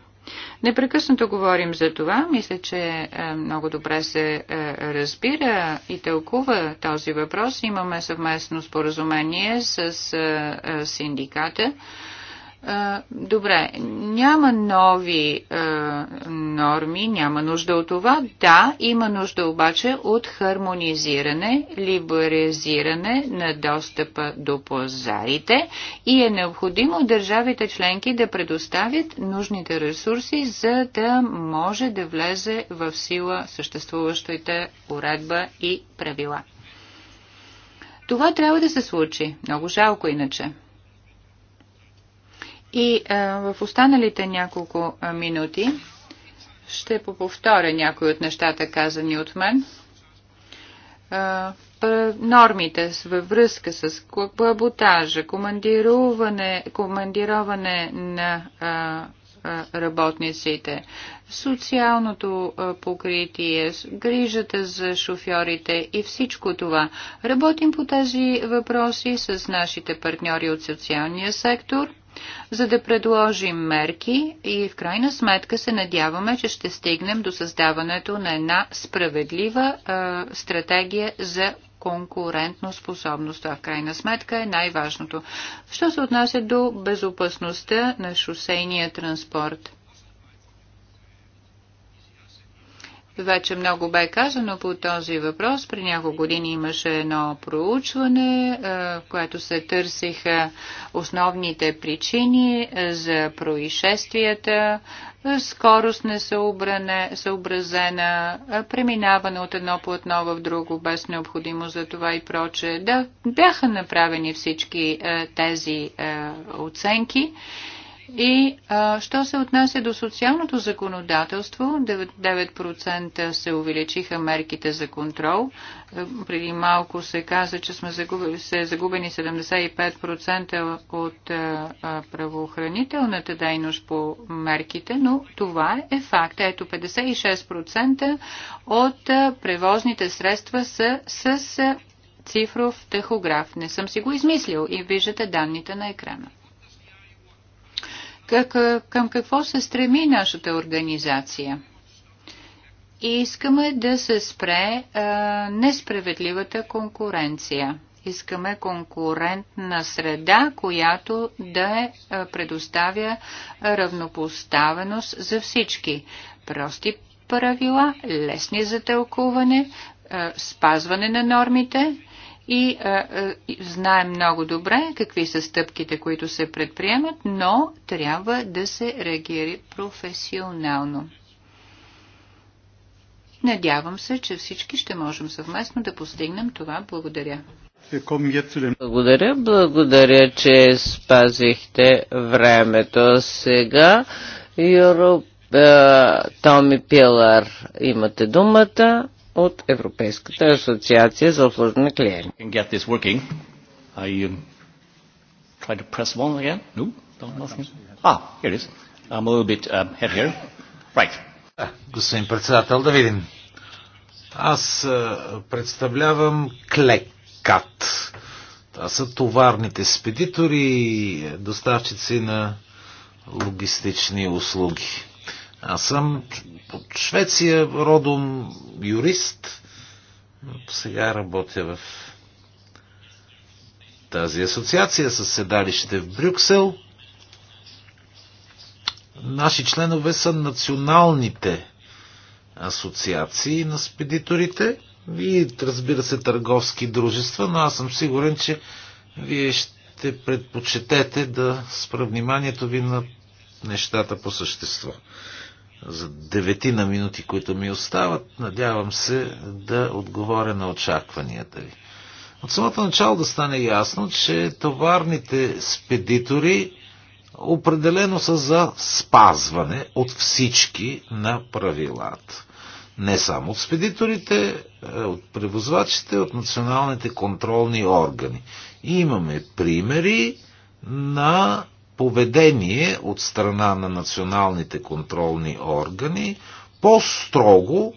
Speaker 2: Непрекъснато говорим за това. Мисля, че много добре се разбира и тълкува този въпрос. Имаме съвместно споразумение с синдиката Добре, няма нови норми, няма нужда от това. Да, има нужда обаче от хармонизиране, либерализиране на достъпа до пазарите и е необходимо държавите членки да предоставят нужните ресурси, за да може да влезе в сила съществуващите уредба и правила. Това трябва да се случи. Много жалко иначе. И а, в останалите няколко а, минути ще поповторя някои от нещата, казани от мен. А, нормите във връзка с каботажа, командироване, командироване на а, работниците, социалното покритие, грижата за шофьорите и всичко това. Работим по тези въпроси с нашите партньори от социалния сектор – за да предложим мерки и в крайна сметка се надяваме, че ще стигнем до създаването на една справедлива а, стратегия за конкурентно способност. Това в крайна сметка е най-важното. Що се отнася до безопасността на шосейния транспорт? Вече много бе казано по този въпрос. При няколко години имаше едно проучване, е, в което се търсиха основните причини е, за происшествията, е, скорост несъобразена, преминаване от едно платно в друго без необходимо за това и проче. Да, бяха направени всички тези оценки и а, що се отнася до социалното законодателство, 9% се увеличиха мерките за контрол. Е, преди малко се каза, че сме загубили, се загубени 75% от а, е, е, правоохранителната дейност по мерките, но това е факт. Ето 56% от а, превозните средства са с цифров тахограф. Не съм си го измислил и виждате данните на екрана към какво се стреми нашата организация. И искаме да се спре а, несправедливата конкуренция. Искаме конкурентна среда, която да предоставя равнопоставеност за всички. Прости правила, лесни за тълкуване, спазване на нормите, и а, а, знаем много добре какви са стъпките, които се предприемат, но трябва да се реагири професионално. Надявам се, че всички ще можем съвместно да постигнем това. Благодаря.
Speaker 3: Благодаря, благодаря, че спазихте времето сега. Юро, Томи Пилар, имате думата от Европейската асоциация за обслужване на клиенти.
Speaker 1: Um, try to press one again? No? Don't, nothing? Ah, here it is. I'm a little bit um, head Right. Ah, господин председател, да видим. Аз е, представлявам Клекат. Това са товарните спедитори, и доставчици на логистични услуги. Аз съм от Швеция, родом юрист. Сега работя в тази асоциация с седалище в Брюксел. Наши членове са националните асоциации на спедиторите и разбира се търговски дружества, но аз съм сигурен, че вие ще предпочетете да спра вниманието ви на нещата по същество за деветина минути, които ми остават, надявам се да отговоря на очакванията ви. От самото начало да стане ясно, че товарните спедитори определено са за спазване от всички на правилата. Не само от спедиторите, от превозвачите, от националните контролни органи. И имаме примери на поведение от страна на националните контролни органи по-строго,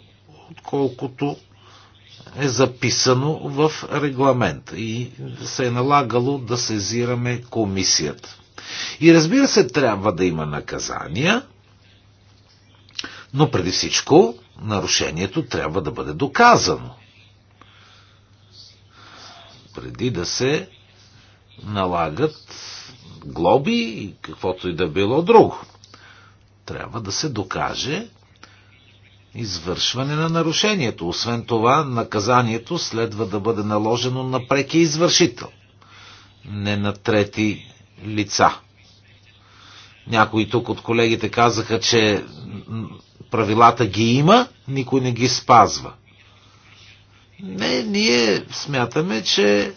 Speaker 1: отколкото е записано в регламент и се е налагало да сезираме комисията. И разбира се, трябва да има наказания, но преди всичко нарушението трябва да бъде доказано. Преди да се налагат глоби и каквото и да било друго. Трябва да се докаже извършване на нарушението. Освен това, наказанието следва да бъде наложено на преки извършител, не на трети лица. Някои тук от колегите казаха, че правилата ги има, никой не ги спазва. Не, ние смятаме, че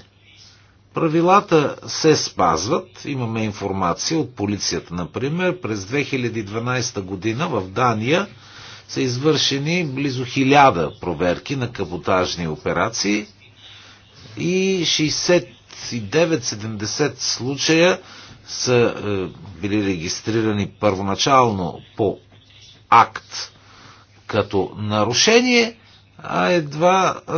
Speaker 1: Правилата се спазват. Имаме информация от полицията, например. През 2012 година в Дания са извършени близо 1000 проверки на каботажни операции и 69-70 случая са е, били регистрирани първоначално по акт като нарушение, а едва е,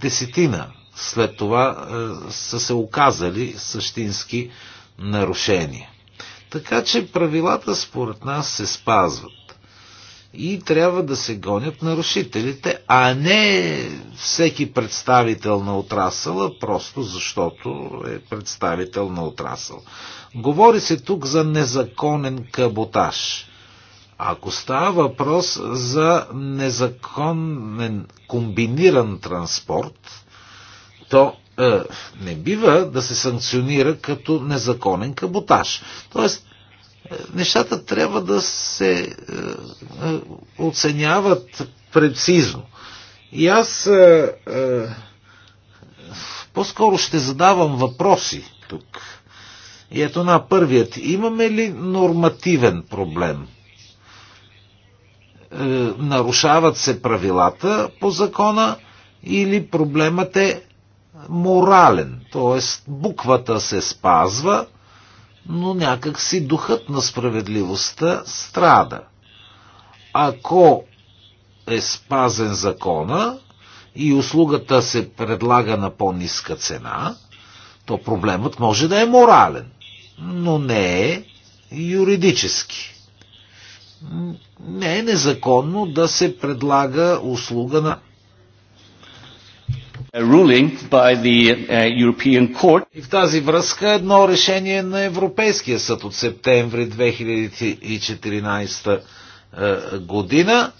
Speaker 1: десетина след това е, са се оказали същински нарушения. Така че правилата според нас се спазват. И трябва да се гонят нарушителите, а не всеки представител на отрасъла, просто защото е представител на отрасъл. Говори се тук за незаконен каботаж. Ако става въпрос за незаконен комбиниран транспорт, то е, не бива да се санкционира като незаконен каботаж. Тоест, е, нещата трябва да се е, е, оценяват прецизно. И аз е, е, по-скоро ще задавам въпроси тук. И ето на първият. Имаме ли нормативен проблем? Е, нарушават се правилата по закона или проблемът е морален. Тоест, буквата се спазва, но някак си духът на справедливостта страда. Ако е спазен закона и услугата се предлага на по-ниска цена, то проблемът може да е морален, но не е юридически. Не е незаконно да се предлага услуга на Uh, И в тази връзка едно решение на Европейския съд от септември 2014 е, година,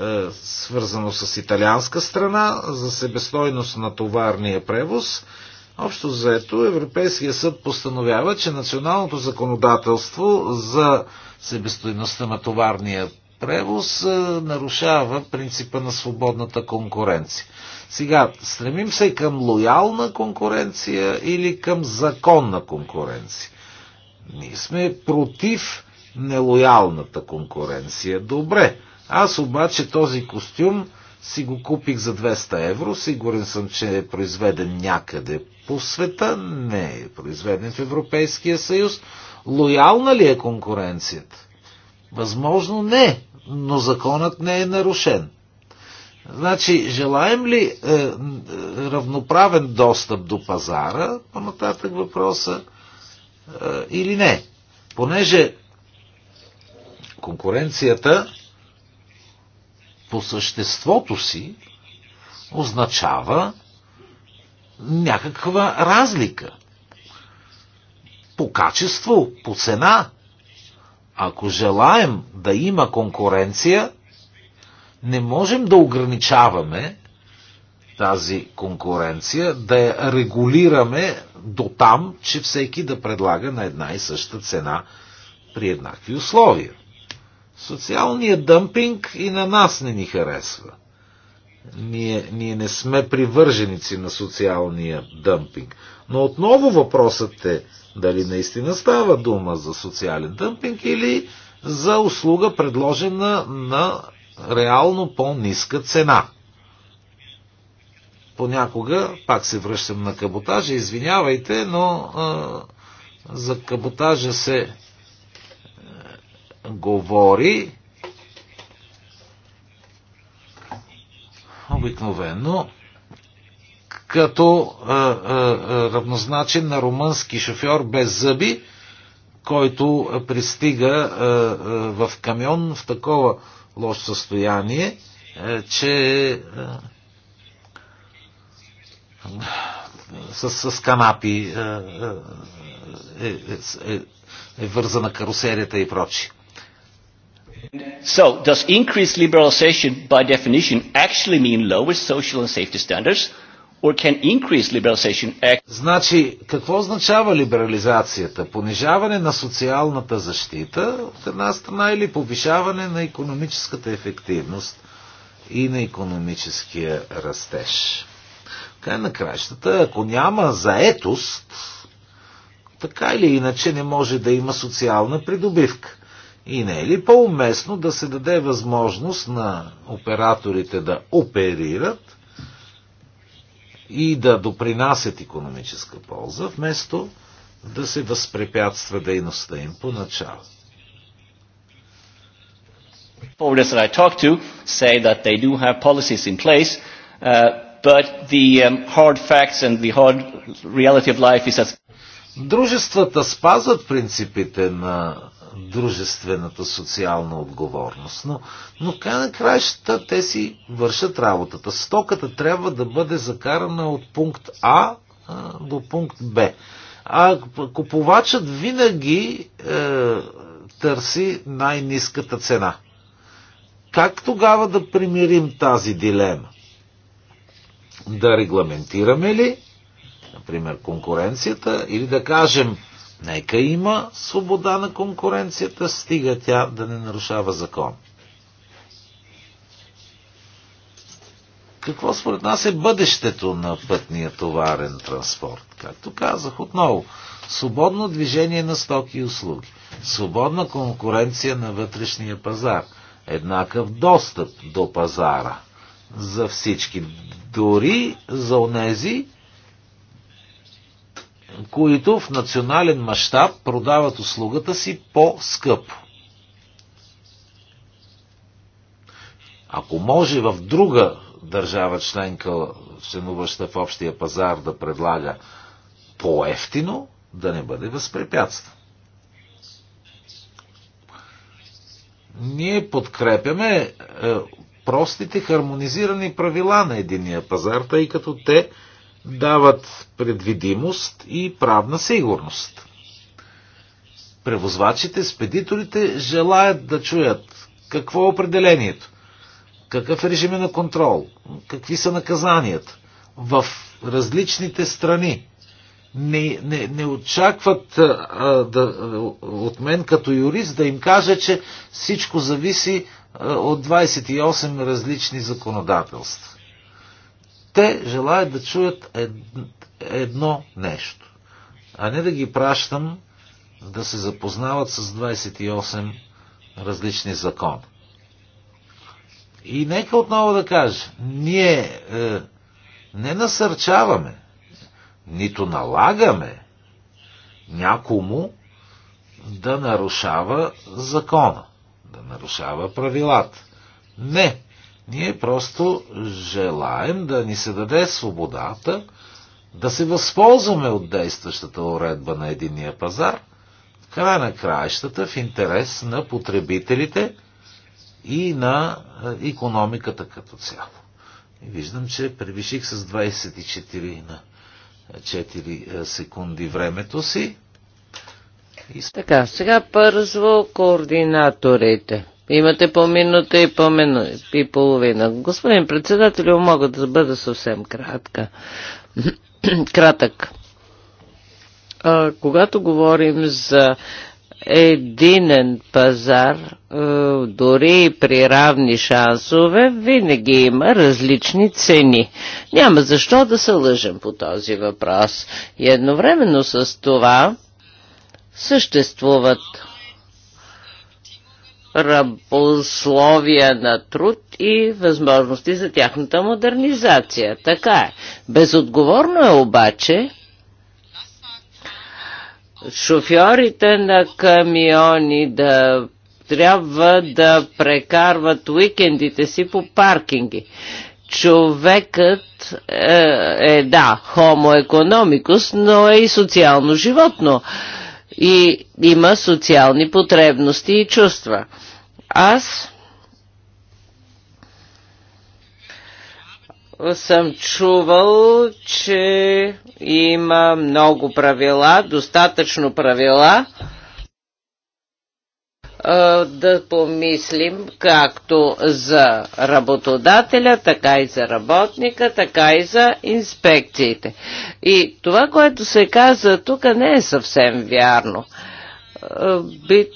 Speaker 1: е, свързано с италианска страна, за себестойност на товарния превоз. Общо заето Европейския съд постановява, че националното законодателство за себестойността на товарния превоз нарушава принципа на свободната конкуренция. Сега, стремим се към лоялна конкуренция или към законна конкуренция? Ние сме против нелоялната конкуренция. Добре, аз обаче този костюм си го купих за 200 евро. Сигурен съм, че е произведен някъде по света. Не е произведен в Европейския съюз. Лоялна ли е конкуренцията? Възможно не но законът не е нарушен. Значи, желаем ли е, е, равноправен достъп до пазара, по-нататък въпроса, е, или не? Понеже конкуренцията по съществото си означава някаква разлика по качество, по цена, ако желаем да има конкуренция, не можем да ограничаваме тази конкуренция, да я регулираме до там, че всеки да предлага на една и съща цена при еднакви условия. Социалният дъмпинг и на нас не ни харесва. Ние, ние не сме привърженици на социалния дъмпинг. Но отново въпросът е дали наистина става дума за социален дъмпинг или за услуга предложена на реално по-ниска цена. Понякога, пак се връщам на каботажа, извинявайте, но а, за каботажа се а, е, говори обикновено като а, а, равнозначен на румънски шофьор без зъби, който пристига а, а, в камион в такова лошо състояние, а, че а, с, с канапи а, е, е, е, е вързана карусерията и прочи. So, does increased liberalization by definition actually mean lower social and safety standards? or can increase liberalization act. Значи, какво означава либерализацията? Понижаване на социалната защита от една страна или повишаване на економическата ефективност и на економическия растеж. Край на краищата, ако няма заетост, така или иначе не може да има социална придобивка. И не е ли по-уместно да се даде възможност на операторите да оперират – и да допринасят економическа полза, вместо да се възпрепятства дейността им поначало. Forwarders that I talk to say that they do have policies in place, uh, but the um, hard facts and the hard reality of life is Дружествата спазват принципите на дружествената социална отговорност. Но, но край на краищата те си вършат работата. Стоката трябва да бъде закарана от пункт А до пункт Б. А купувачът винаги е, търси най-низката цена. Как тогава да примирим тази дилема? Да регламентираме ли, например, конкуренцията или да кажем Нека има свобода на конкуренцията, стига тя да не нарушава закон. Какво според нас е бъдещето на пътния товарен транспорт? Както казах отново, свободно движение на стоки и услуги, свободна конкуренция на вътрешния пазар, еднакъв достъп до пазара за всички, дори за онези, които в национален мащаб продават услугата си по-скъпо. Ако може в друга държава членка, членуваща в общия пазар, да предлага по-ефтино, да не бъде възпрепятстван. Ние подкрепяме е, простите хармонизирани правила на единия пазар, тъй като те дават предвидимост и правна сигурност. Превозвачите, спедиторите желаят да чуят какво е определението, какъв е режима на контрол, какви са наказанията в различните страни. Не, не, не очакват а, да, от мен като юрист да им кажа, че всичко зависи а, от 28 различни законодателства. Те желаят да чуят едно нещо, а не да ги пращам да се запознават с 28 различни закона. И нека отново да кажа, ние е, не насърчаваме, нито налагаме някому да нарушава закона, да нарушава правилата. Не. Ние просто желаем да ни се даде свободата да се възползваме от действащата уредба на единния пазар, в край на краищата в интерес на потребителите и на економиката като цяло. И виждам, че превиших с 24 на 4 е, секунди времето си. И...
Speaker 3: Така, сега първо координаторите. Имате по минута и по минута и половина. Господин председател, мога да бъда съвсем кратка. Кратък. А, когато говорим за единен пазар, е, дори и при равни шансове, винаги има различни цени. Няма защо да се лъжем по този въпрос. И едновременно с това съществуват условия на труд и възможности за тяхната модернизация. Така е. Безотговорно е обаче шофьорите на камиони да трябва да прекарват уикендите си по паркинги. Човекът е, е да, хомо економикус, но е и социално животно. Е, и има социални потребности и чувства. Аз съм чувал, че има много правила, достатъчно правила, да помислим както за работодателя, така и за работника, така и за инспекциите. И това, което се каза тук, не е съвсем вярно. Би,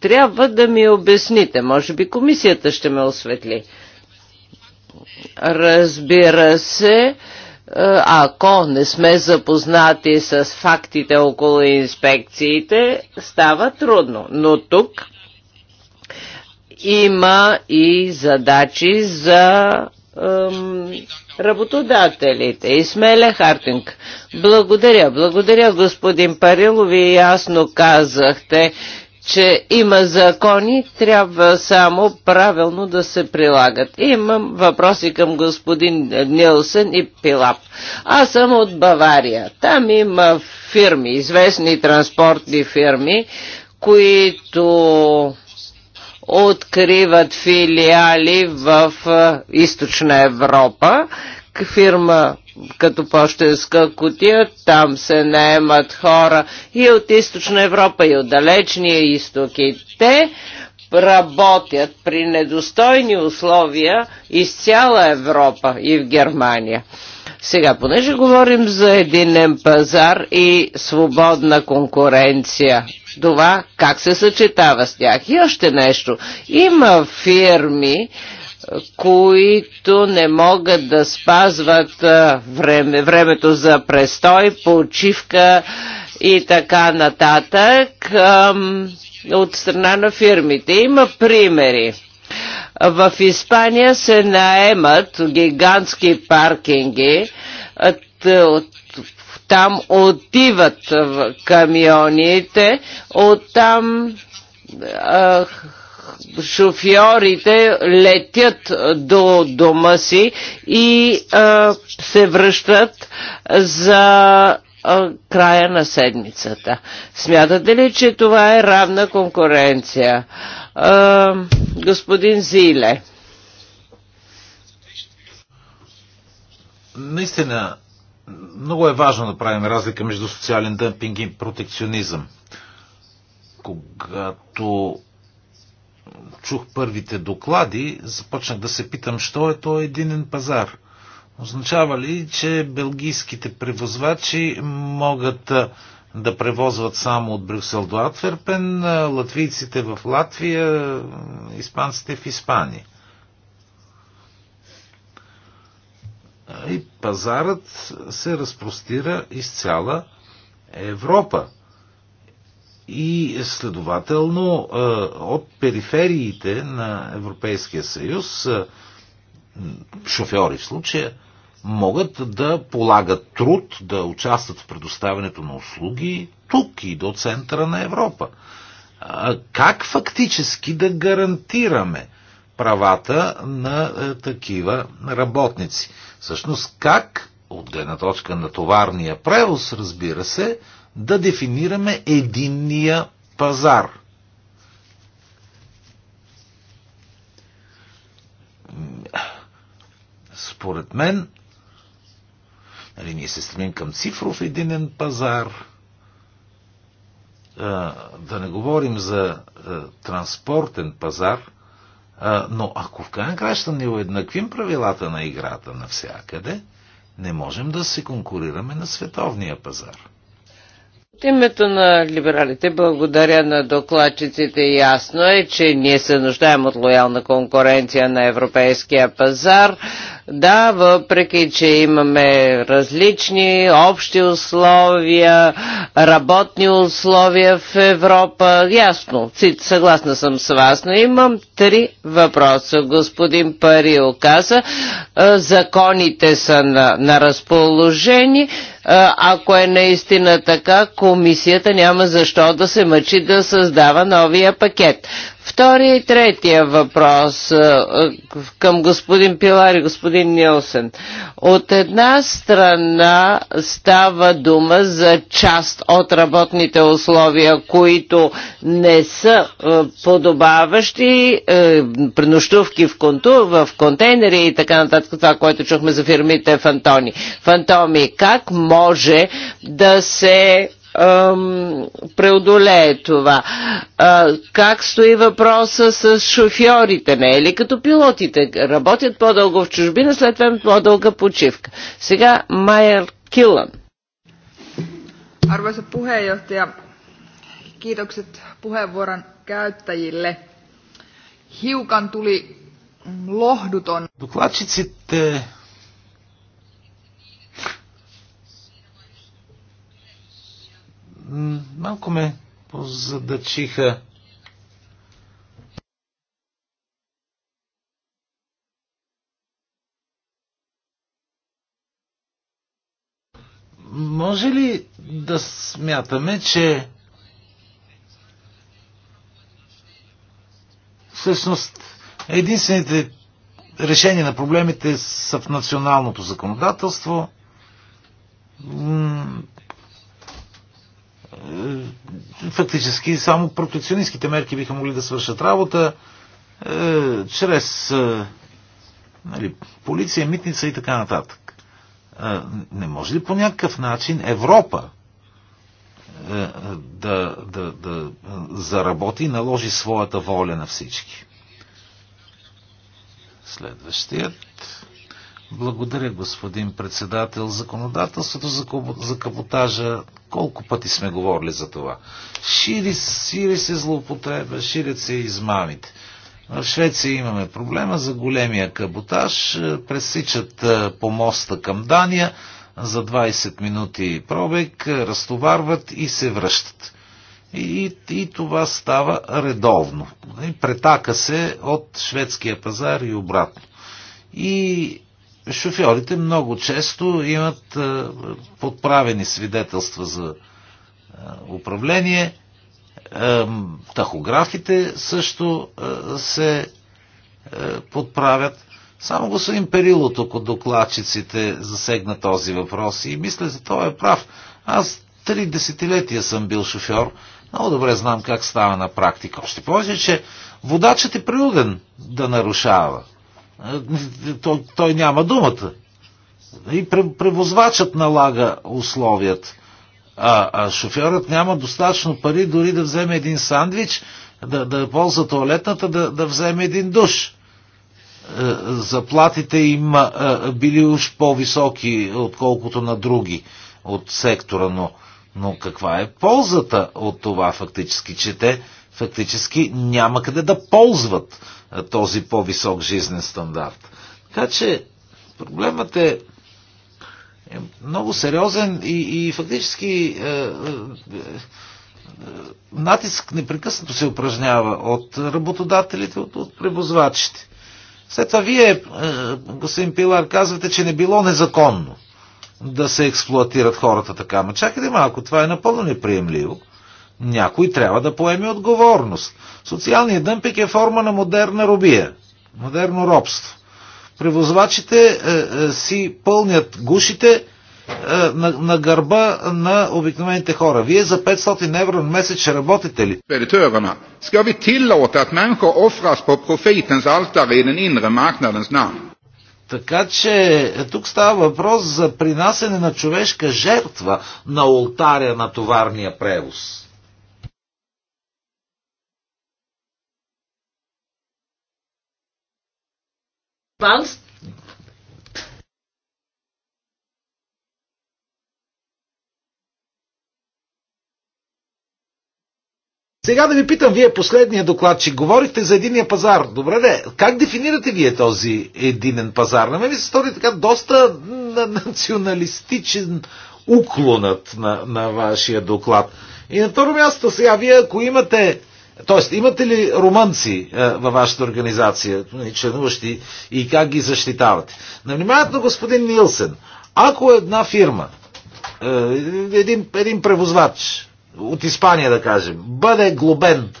Speaker 3: трябва да ми обясните, може би комисията ще ме осветли. Разбира се, е, ако не сме запознати с фактите около инспекциите, става трудно. Но тук има и задачи за ем, работодателите. Исмеле Хартинг. Благодаря, благодаря господин Парило. Вие ясно казахте, че има закони, трябва само правилно да се прилагат. Имам въпроси към господин Нилсен и Пилап. Аз съм от Бавария. Там има фирми, известни транспортни фирми, които откриват филиали в източна Европа. Фирма като Пощенска котия. Там се наемат хора и от източна Европа, и от далечния изток. И те работят при недостойни условия из цяла Европа и в Германия. Сега, понеже говорим за единен пазар и свободна конкуренция, това как се съчетава с тях? И още нещо. Има фирми, които не могат да спазват време, времето за престой, почивка и така нататък от страна на фирмите. Има примери. В Испания се наемат гигантски паркинги, там отиват камионите, оттам шофьорите летят до дома си и а, се връщат за края на седмицата. Смятате ли, че това е равна конкуренция? А, господин Зиле.
Speaker 1: Наистина, много е важно да правим разлика между социален дъмпинг и протекционизъм. Когато чух първите доклади, започнах да се питам, що е то единен пазар. Означава ли, че белгийските превозвачи могат да превозват само от Брюксел до Атверпен, латвийците в Латвия, испанците в Испания? И пазарът се разпростира из цяла Европа и следователно е, от перифериите на Европейския съюз е, шофьори в случая могат да полагат труд, да участват в предоставянето на услуги тук и до центъра на Европа. Е, как фактически да гарантираме правата на такива работници? Всъщност как, от гледна точка на товарния превоз, разбира се, да дефинираме единния пазар. Според мен, нали, ние се стремим към цифров единен пазар, да не говорим за транспортен пазар, но ако в крайна краща не уеднаквим правилата на играта навсякъде, не можем да се конкурираме на световния пазар.
Speaker 3: От името на либералите благодаря на докладчиците. Ясно е, че ние се нуждаем от лоялна конкуренция на европейския пазар да, въпреки, че имаме различни общи условия, работни условия в Европа, ясно, съгласна съм с вас, но имам три въпроса. Господин Парио каза, законите са на, на разположение, ако е наистина така, комисията няма защо да се мъчи да създава новия пакет. Втория и третия въпрос е, към господин Пилар и господин Нилсен. От една страна става дума за част от работните условия, които не са е, подобаващи, е, пренощувки в, конту, в контейнери и така нататък, това, което чухме за фирмите Фантони. Фантоми, как може да се преодолее това. Как стои въпроса с шофьорите? Не е ли като пилотите? Работят по-дълго в чужбина, след това по-дълга почивка. Сега Майер Килан.
Speaker 2: Арваса puheenjohtaja, kiitokset puheenvuoron käyttäjille. Hiukan tuli lohduton.
Speaker 1: Докладчиците малко ме позадачиха Може ли да смятаме, че всъщност единствените решения на проблемите са в националното законодателство, е, фактически само протекционистските мерки биха могли да свършат работа е, чрез е, нали, полиция, митница и така нататък. Е, не може ли по някакъв начин Европа е, е да, да, да заработи и наложи своята воля на всички? Следващият. Благодаря, господин председател. Законодателството за, за каботажа, колко пъти сме говорили за това? Шири, шири се злоупотреба, ширят се измамите. В Швеция имаме проблема за големия каботаж. Пресичат по моста към Дания за 20 минути пробег, разтоварват и се връщат. И, и това става редовно. Претака се от шведския пазар и обратно. И шофьорите много често имат е, подправени свидетелства за е, управление. Тахографите също е, се подправят. Само господин Перило тук от докладчиците засегна този въпрос и мисля, че той е прав. Аз три десетилетия съм бил шофьор. Много добре знам как става на практика. Още повече, че водачът е принуден да нарушава е, той, той няма думата. И превозвачът налага условията. А, а шофьорът няма достатъчно пари дори да вземе един сандвич, да, да ползва туалетната, да, да вземе един душ. Е, заплатите им е, били уж по-високи, отколкото на други от сектора, но, но каква е ползата от това фактически, че те фактически няма къде да ползват този по-висок жизнен стандарт. Така че проблемът е, е много сериозен и, и фактически е, е, е, натиск непрекъснато се упражнява от работодателите, от, от превозвачите. След това вие, е, господин Пилар, казвате, че не било незаконно да се експлуатират хората така. Ма чакайте малко, това е напълно неприемливо. Някой трябва да поеме отговорност. Социалният дъмпик е форма на модерна робия, модерно робство. Превозвачите е, е, си пълнят гушите е, на, на гърба на обикновените хора. Вие за 500 евро на месец ще работите ли? Speditörerna. Ska vi tillåta att människor офрас по profitens алтар и den инре marknadens namn? Така че е, тук става въпрос за принасене на човешка жертва на ултаря на товарния превоз. Балс. Сега да ви питам, вие последния доклад, че говорихте за единия пазар. Добре де, как дефинирате вие този единен пазар? На мен ми се стори така доста националистичен уклонът на, на вашия доклад. И на второ място сега, вие ако имате Тоест, имате ли румънци е, във вашата организация, нали, членуващи и как ги защитавате? На вниманието на господин Нилсен, ако една фирма, е, един, един превозвач от Испания, да кажем, бъде глобен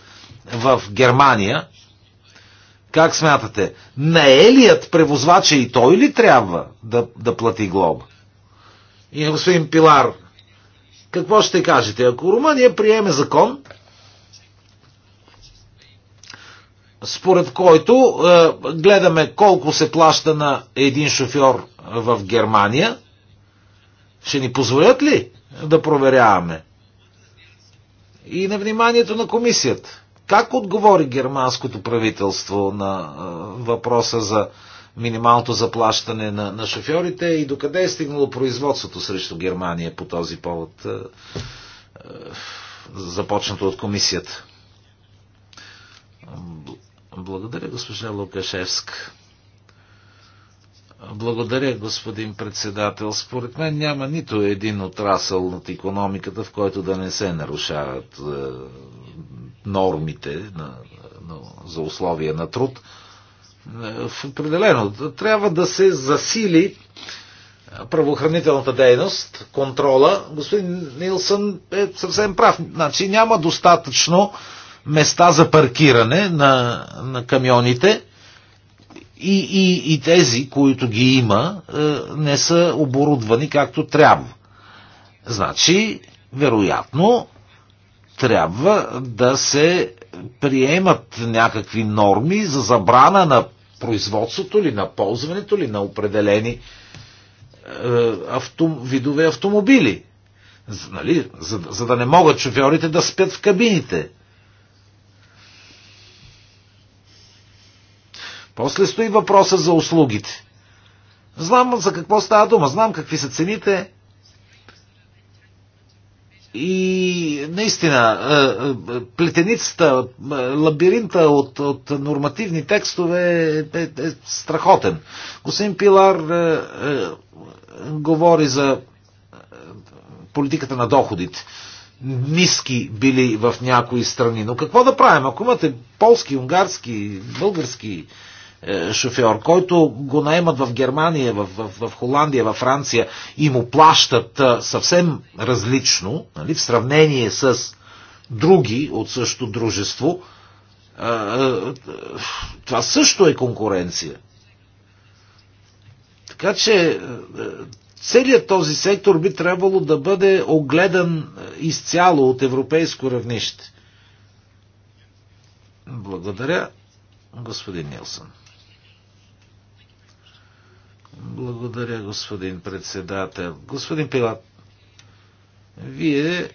Speaker 1: в Германия, как смятате, наелият превозвача е и той ли трябва да, да плати глоба? И господин Пилар, какво ще кажете? Ако Румъния приеме закон, според който е, гледаме колко се плаща на един шофьор в Германия. Ще ни позволят ли да проверяваме? И на вниманието на комисията. Как отговори германското правителство на е, въпроса за минималното заплащане на, на шофьорите и докъде е стигнало производството срещу Германия по този повод, е, е, започнато от комисията? Благодаря, госпожа Лукашевск. Благодаря, господин председател. Според мен няма нито един отрасъл от економиката, в който да не се нарушават е, нормите на, на, за условия на труд. Е, в определено трябва да се засили правоохранителната дейност, контрола. Господин Нилсън е съвсем прав. Значи няма достатъчно е, места за паркиране на, на камионите и, и, и тези, които ги има, е, не са оборудвани както трябва. Значи, вероятно, трябва да се приемат някакви норми за забрана на производството ли, на ползването ли на определени е, авто, видове автомобили. За, нали, за, за да не могат шофьорите да спят в кабините. После стои въпроса за услугите. Знам за какво става дума, знам какви са цените. И наистина, е, е, плетеницата, е, лабиринта от, от нормативни текстове е, е, е страхотен. Господин Пилар е, е, говори за политиката на доходите. Ниски били в някои страни. Но какво да правим? Ако имате полски, унгарски, български е, шофьор, който го наемат в Германия, в, в, в Холандия, в Франция и му плащат е, съвсем различно, нали, в сравнение с други от същото дружество, е, това също е конкуренция. Така че целият този сектор би трябвало да бъде огледан изцяло от европейско равнище. Благодаря, господин Нилсън. Благодаря, господин председател. Господин Пилат, вие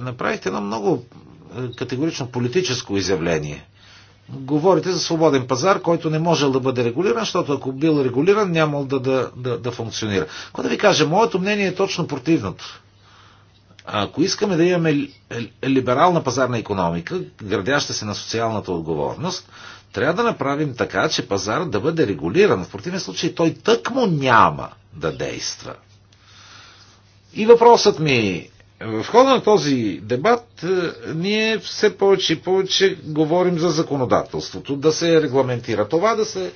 Speaker 1: направихте едно много е, категорично политическо изявление. Говорите за свободен пазар, който не може да бъде регулиран, защото ако бил регулиран, нямал да, да, да, да функционира. Какво да ви кажа, моето мнение е точно противното. Ако искаме да имаме либерална пазарна економика, градяща се на социалната отговорност, трябва да направим така, че пазарът да бъде регулиран. В противен случай той тъкмо няма да действа. И въпросът ми в хода на този дебат е, ние все повече и повече говорим за законодателството, да се регламентира това, да се е,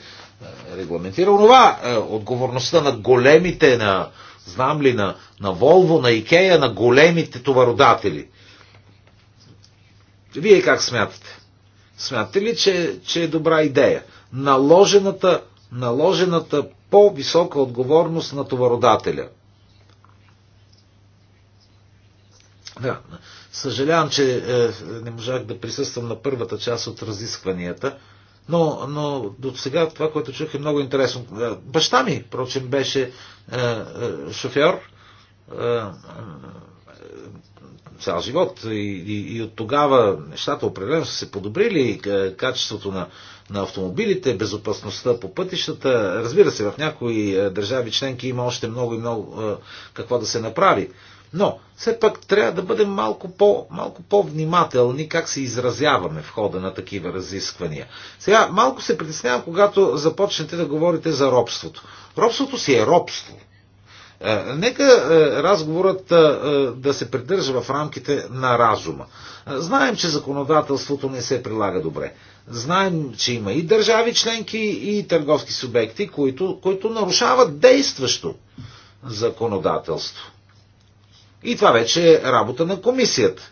Speaker 1: регламентира онова. Е, отговорността на големите, на, знам ли, на, на Волво, на Икея, на големите товародатели. Вие как смятате? Смятате ли, че, че е добра идея? Наложената, наложената по-висока отговорност на товародателя. Да. Съжалявам, че е, не можах да присъствам на първата част от разискванията, но, но до сега това, което чух е много интересно. Е, баща ми, впрочем, беше е, е, шофьор. Е, е цял живот. И, и, и от тогава нещата определено са се подобрили. Е, качеството на, на автомобилите, безопасността по пътищата. Разбира се, в някои е, държави членки има още много и много е, какво да се направи. Но, все пак трябва да бъдем малко, по, малко по-внимателни как се изразяваме в хода на такива разисквания. Сега, малко се притеснявам, когато започнете да говорите за робството. Робството си е робство. Е, нека е, разговорът е, да се придържа в рамките на разума. Знаем, че законодателството не се прилага добре. Знаем, че има и държави членки, и търговски субекти, които, които нарушават действащо законодателство. И това вече е работа на комисията.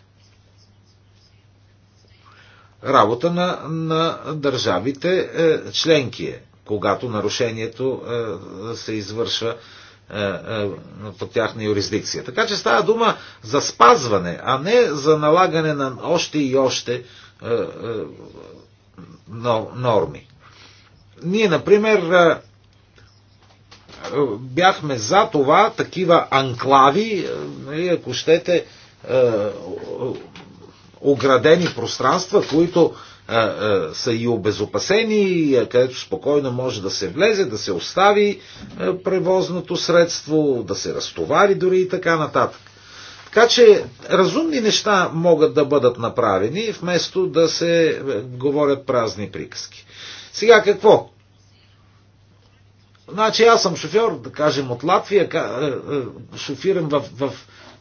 Speaker 1: Работа на, на държавите е, членки е, когато нарушението е, се извършва е, е, под тяхна юрисдикция. Така че става дума за спазване, а не за налагане на още и още е, норми. Ние, например, бяхме за това такива анклави, нали, ако щете, оградени пространства, които са и обезопасени, където спокойно може да се влезе, да се остави превозното средство, да се разтовари дори и така нататък. Така че разумни неща могат да бъдат направени, вместо да се е, говорят празни приказки. Сега какво? Значи аз съм шофьор, да кажем, от Латвия, е, е, шофирам в, в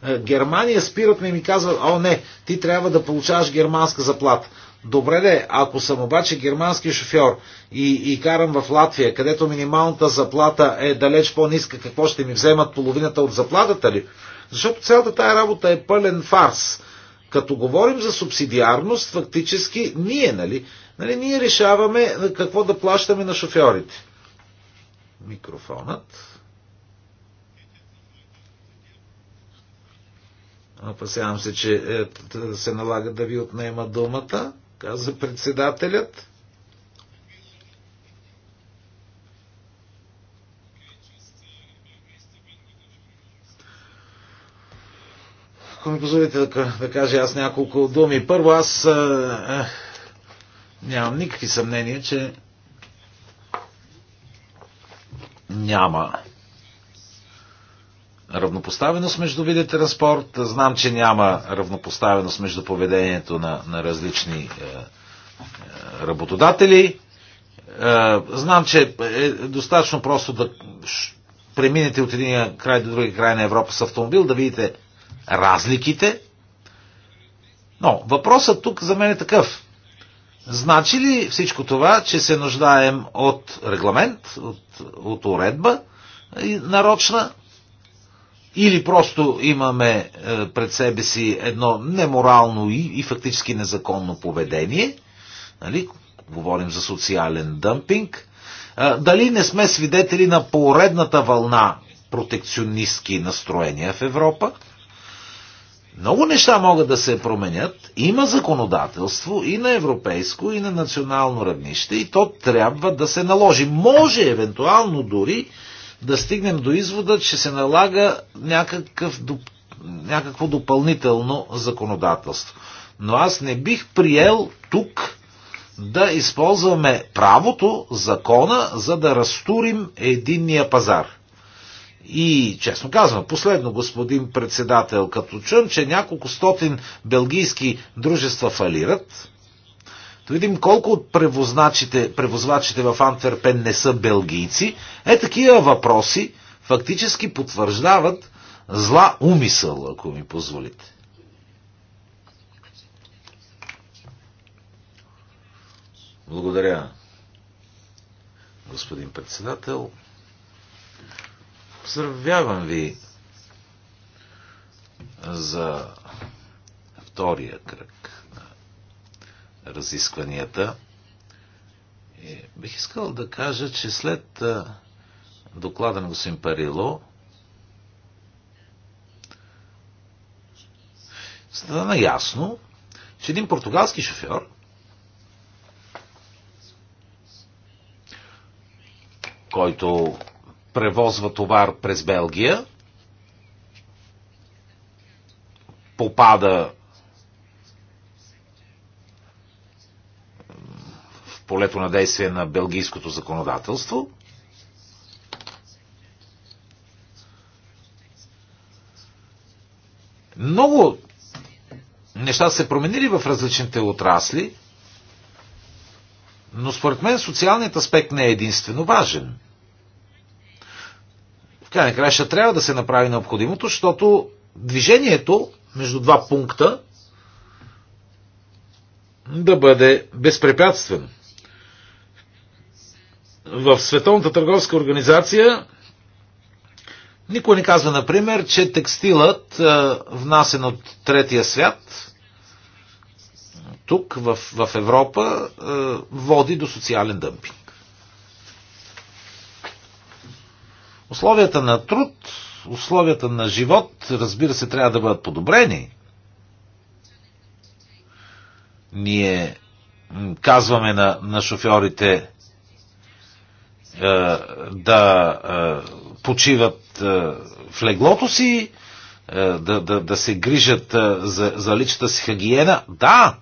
Speaker 1: е, Германия спират ме и ми казват, о не, ти трябва да получаваш германска заплата. Добре де, ако съм обаче германски шофьор и, и карам в Латвия, където минималната заплата е далеч по-ниска, какво ще ми вземат половината от заплатата ли? Защото цялата тая работа е пълен фарс. Като говорим за субсидиарност, фактически ние, нали? нали ние решаваме какво да плащаме на шофьорите. Микрофонът. Опасявам се, че е, се налага да ви отнема думата, каза председателят. Ако ми позволите да, да кажа аз няколко думи. Първо, аз а, е, а, е, нямам никакви съмнения, че няма равнопоставеност между види транспорт. Знам, че няма равнопоставеност между поведението на, на различни е, е работодатели. Е, знам, че е достатъчно просто да преминете от един край до други край на Европа с автомобил, да видите разликите. Но въпросът тук за мен е такъв. Значи ли всичко това, че се нуждаем от регламент, от, от уредба нарочна, или просто имаме е, пред себе си едно неморално и, и фактически незаконно поведение, нали? говорим за социален дъмпинг, е, дали не сме свидетели на поредната вълна протекционистки настроения в Европа. Много неща могат да се променят. Има законодателство и на европейско, и на национално равнище и то трябва да се наложи. Може евентуално дори да стигнем до извода, че се налага някакъв, някакво допълнително законодателство. Но аз не бих приел тук да използваме правото, закона, за да разтурим единния пазар. И, честно казвам, последно, господин председател, като чун, че няколко стотин белгийски дружества фалират, да видим колко от превозвачите, превозвачите в Антверпен не са белгийци. Е, такива въпроси фактически потвърждават зла умисъл, ако ми позволите. Благодаря, господин председател. Поздравявам ви за втория кръг разискванията. И бих искал да кажа, че след доклада на господин Парило, стана ясно, че един португалски шофьор, който превозва товар през Белгия, попада полето на действие на белгийското законодателство. Много неща се променили в различните отрасли, но според мен социалният аспект не е единствено важен. В крайна ще трябва да се направи необходимото, защото движението между два пункта да бъде безпрепятствено в Световната търговска организация никой не казва, например, че текстилът, е, внасен от третия свят, тук, в, в Европа, е, води до социален дъмпинг. Условията на труд, условията на живот, разбира се, трябва да бъдат подобрени. Ние казваме на, на шофьорите, е, да е, почиват е, в леглото си, да, да, да се грижат за, за личната си хагиена. Да,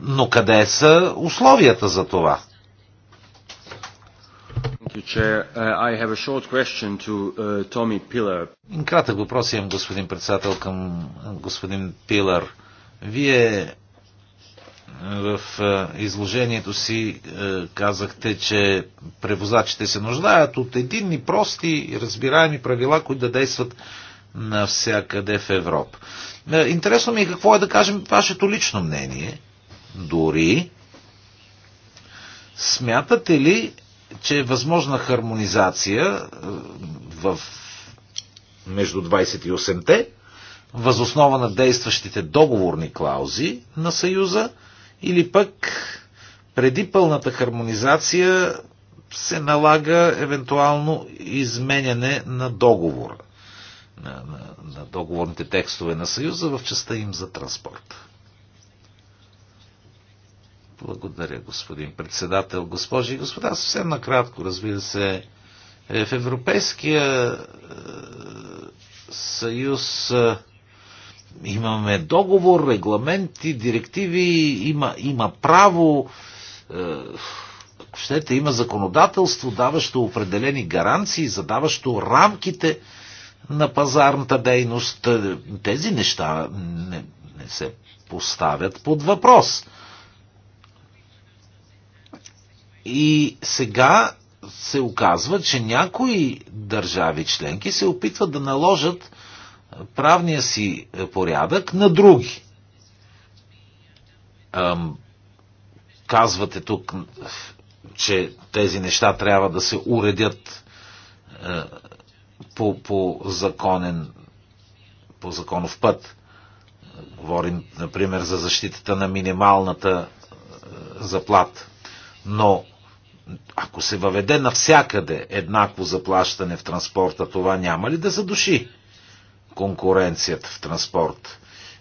Speaker 1: но къде са условията за това? Uh, uh, кратък въпрос имам, господин председател, към господин Пилър. Вие в е, изложението си е, казахте, че превозачите се нуждаят от единни, прости, разбираеми правила, които да действат навсякъде в Европа. Е, интересно ми е какво е да кажем вашето лично мнение. Дори смятате ли, че е възможна хармонизация в между 28-те, възоснова на действащите договорни клаузи на Съюза или пък преди пълната хармонизация се налага евентуално изменяне на договора, на, на, на договорните текстове на Съюза в частта им за транспорт. Благодаря, господин председател. Госпожи и господа, съвсем накратко, разбира се, е, в Европейския е, съюз е, имаме договор, регламенти, директиви, има, има право, е, щете, има законодателство, даващо определени гаранции, задаващо рамките на пазарната дейност. Е, тези неща не, не се поставят под въпрос. И сега се оказва, че някои държави членки се опитват да наложат правния си порядък на други. Казвате тук, че тези неща трябва да се уредят е, по, по законен, по законов път. Говорим, например, за защитата на минималната е, заплата. Но ако се въведе навсякъде еднакво заплащане в транспорта, това няма ли да задуши конкуренцията в транспорт?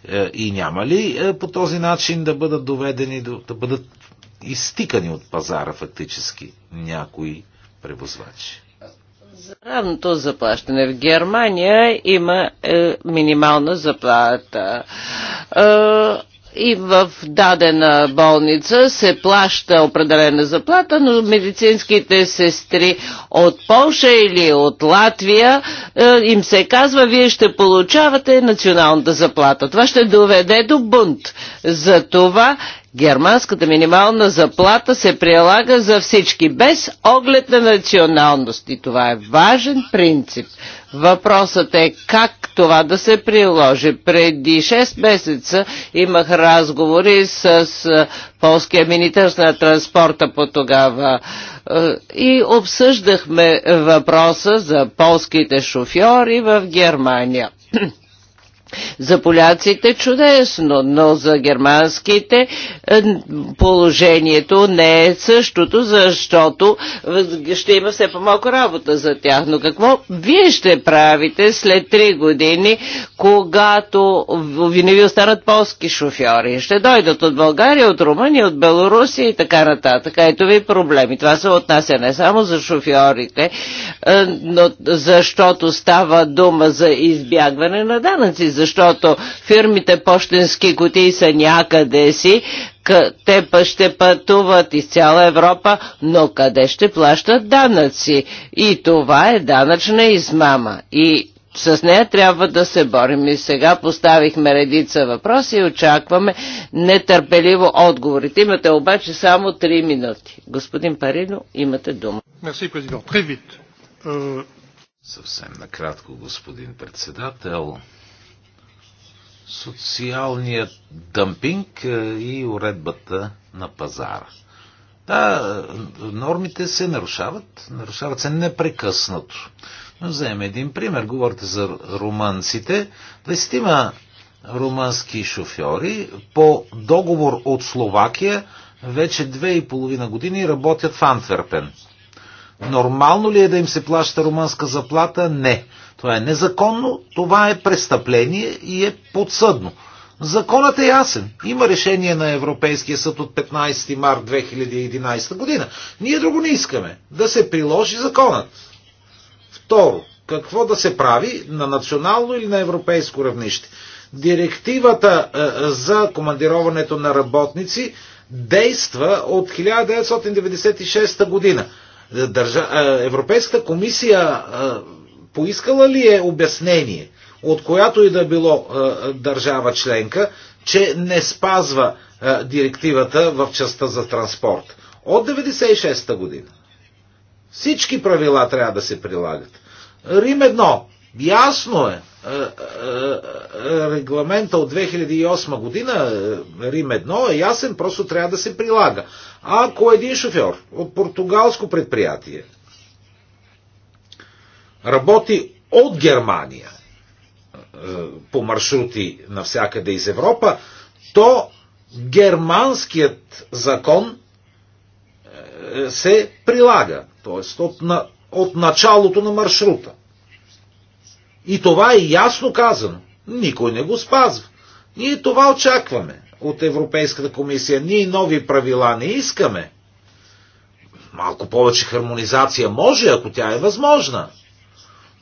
Speaker 1: Е, и няма ли е, по този начин да бъдат доведени, да бъдат изтикани от пазара фактически някои превозвачи?
Speaker 3: За равното заплащане в Германия има е, минимална заплата. Е, и в дадена болница се плаща определена заплата, но медицинските сестри от Полша или от Латвия е, им се казва, вие ще получавате националната заплата. Това ще доведе до бунт. За това Германската минимална заплата се прилага за всички, без оглед на националност. И това е важен принцип. Въпросът е как това да се приложи. Преди 6 месеца имах разговори с полския министър на транспорта по тогава и обсъждахме въпроса за полските шофьори в Германия. За поляците чудесно, но за германските е, положението не е същото, защото е, ще има все по-малко работа за тях. Но какво вие ще правите след 3 години, когато не ви останат полски шофьори? Ще дойдат от България, от Румъния, от Белорусия и така нататък. Ето ви проблеми. Това се отнася не само за шофьорите, е, но защото става дума за избягване на данъци, за защото фирмите почтенски кутии са някъде си, те ще пътуват из цяла Европа, но къде ще плащат данъци? И това е данъчна измама. И с нея трябва да се борим. И сега поставихме редица въпроси и очакваме нетърпеливо отговорите. Имате обаче само 3 минути. Господин Парино, имате дума.
Speaker 1: Мерси, президент. Е, Съвсем накратко, господин председател социалният дъмпинг е, и уредбата на пазара. Да, е, нормите се нарушават, нарушават се непрекъснато. Но вземем един пример. Говорите за румънците. Двестима румънски шофьори по договор от Словакия вече две и половина години работят в Антверпен. Нормално ли е да им се плаща румънска заплата? Не. Това е незаконно, това е престъпление и е подсъдно. Законът е ясен. Има решение на Европейския съд от 15 март 2011 година. Ние друго не искаме. Да се приложи законът. Второ, какво да се прави на национално или на европейско равнище? Директивата е, е, за командироването на работници действа от 1996 година. Държа... Е, Европейската комисия поискала ли е обяснение от която и да било е, държава членка, че не спазва е, директивата в частта за транспорт? От 1996 година. Всички правила трябва да се прилагат. Рим едно. Ясно е. е регламента от 2008 година, Рим 1, е ясен, просто трябва да се прилага. Ако един шофьор от португалско предприятие работи от Германия е, по маршрути навсякъде из Европа, то германският закон е, се прилага, т.е. От, на, от началото на маршрута. И това е ясно казано. Никой не го спазва. Ние това очакваме от Европейската комисия. Ние нови правила не искаме. Малко повече хармонизация може, ако тя е възможна.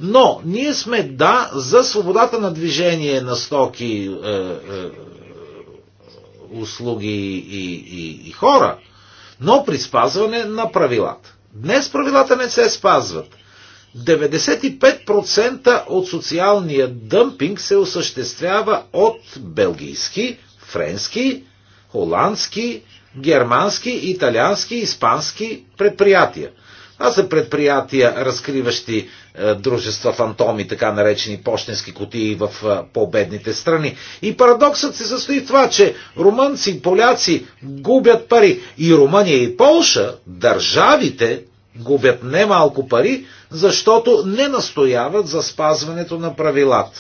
Speaker 1: Но ние сме да за свободата на движение на стоки, е, е, услуги и, и, и хора, но при спазване на правилата. Днес правилата не се спазват. 95% от социалния дъмпинг се осъществява от белгийски, френски, холандски, германски, италиански, испански предприятия. Това са предприятия, разкриващи е, дружества фантоми, така наречени почтенски котии в е, по-бедните страни. И парадоксът се състои в това, че румънци, поляци губят пари. И Румъния и Полша, държавите, губят немалко пари, защото не настояват за спазването на правилата.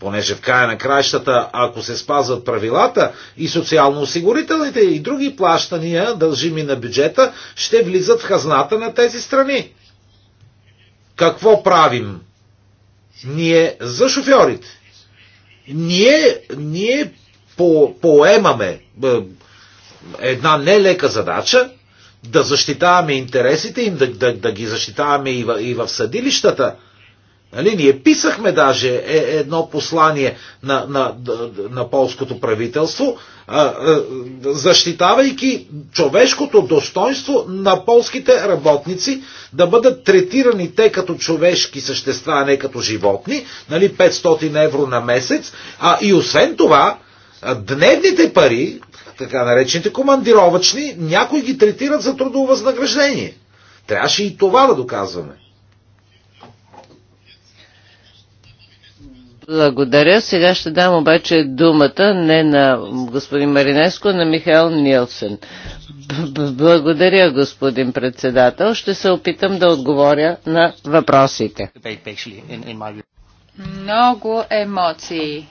Speaker 1: Понеже в края на краищата, ако се спазват правилата и социално-осигурителните и други плащания, дължими на бюджета, ще влизат в хазната на тези страни. Какво правим? Ние за шофьорите. Ние, ние по, поемаме е, една нелека задача да защитаваме интересите им, да, да, да ги защитаваме и в, и в съдилищата, Нали? Ние писахме даже е, едно послание на, на, на полското правителство, защитавайки човешкото достоинство на полските работници да бъдат третирани те като човешки същества, а не като животни, нали? 500 евро на месец. А и освен това, дневните пари, така наречените командировъчни, някои ги третират за трудово възнаграждение. Трябваше и това да доказваме.
Speaker 3: Благодаря. Сега ще дам обаче думата не на господин Маринеско, а на Михаил Нилсен. Благодаря, господин председател. Ще се опитам да отговоря на въпросите.
Speaker 2: Много емоции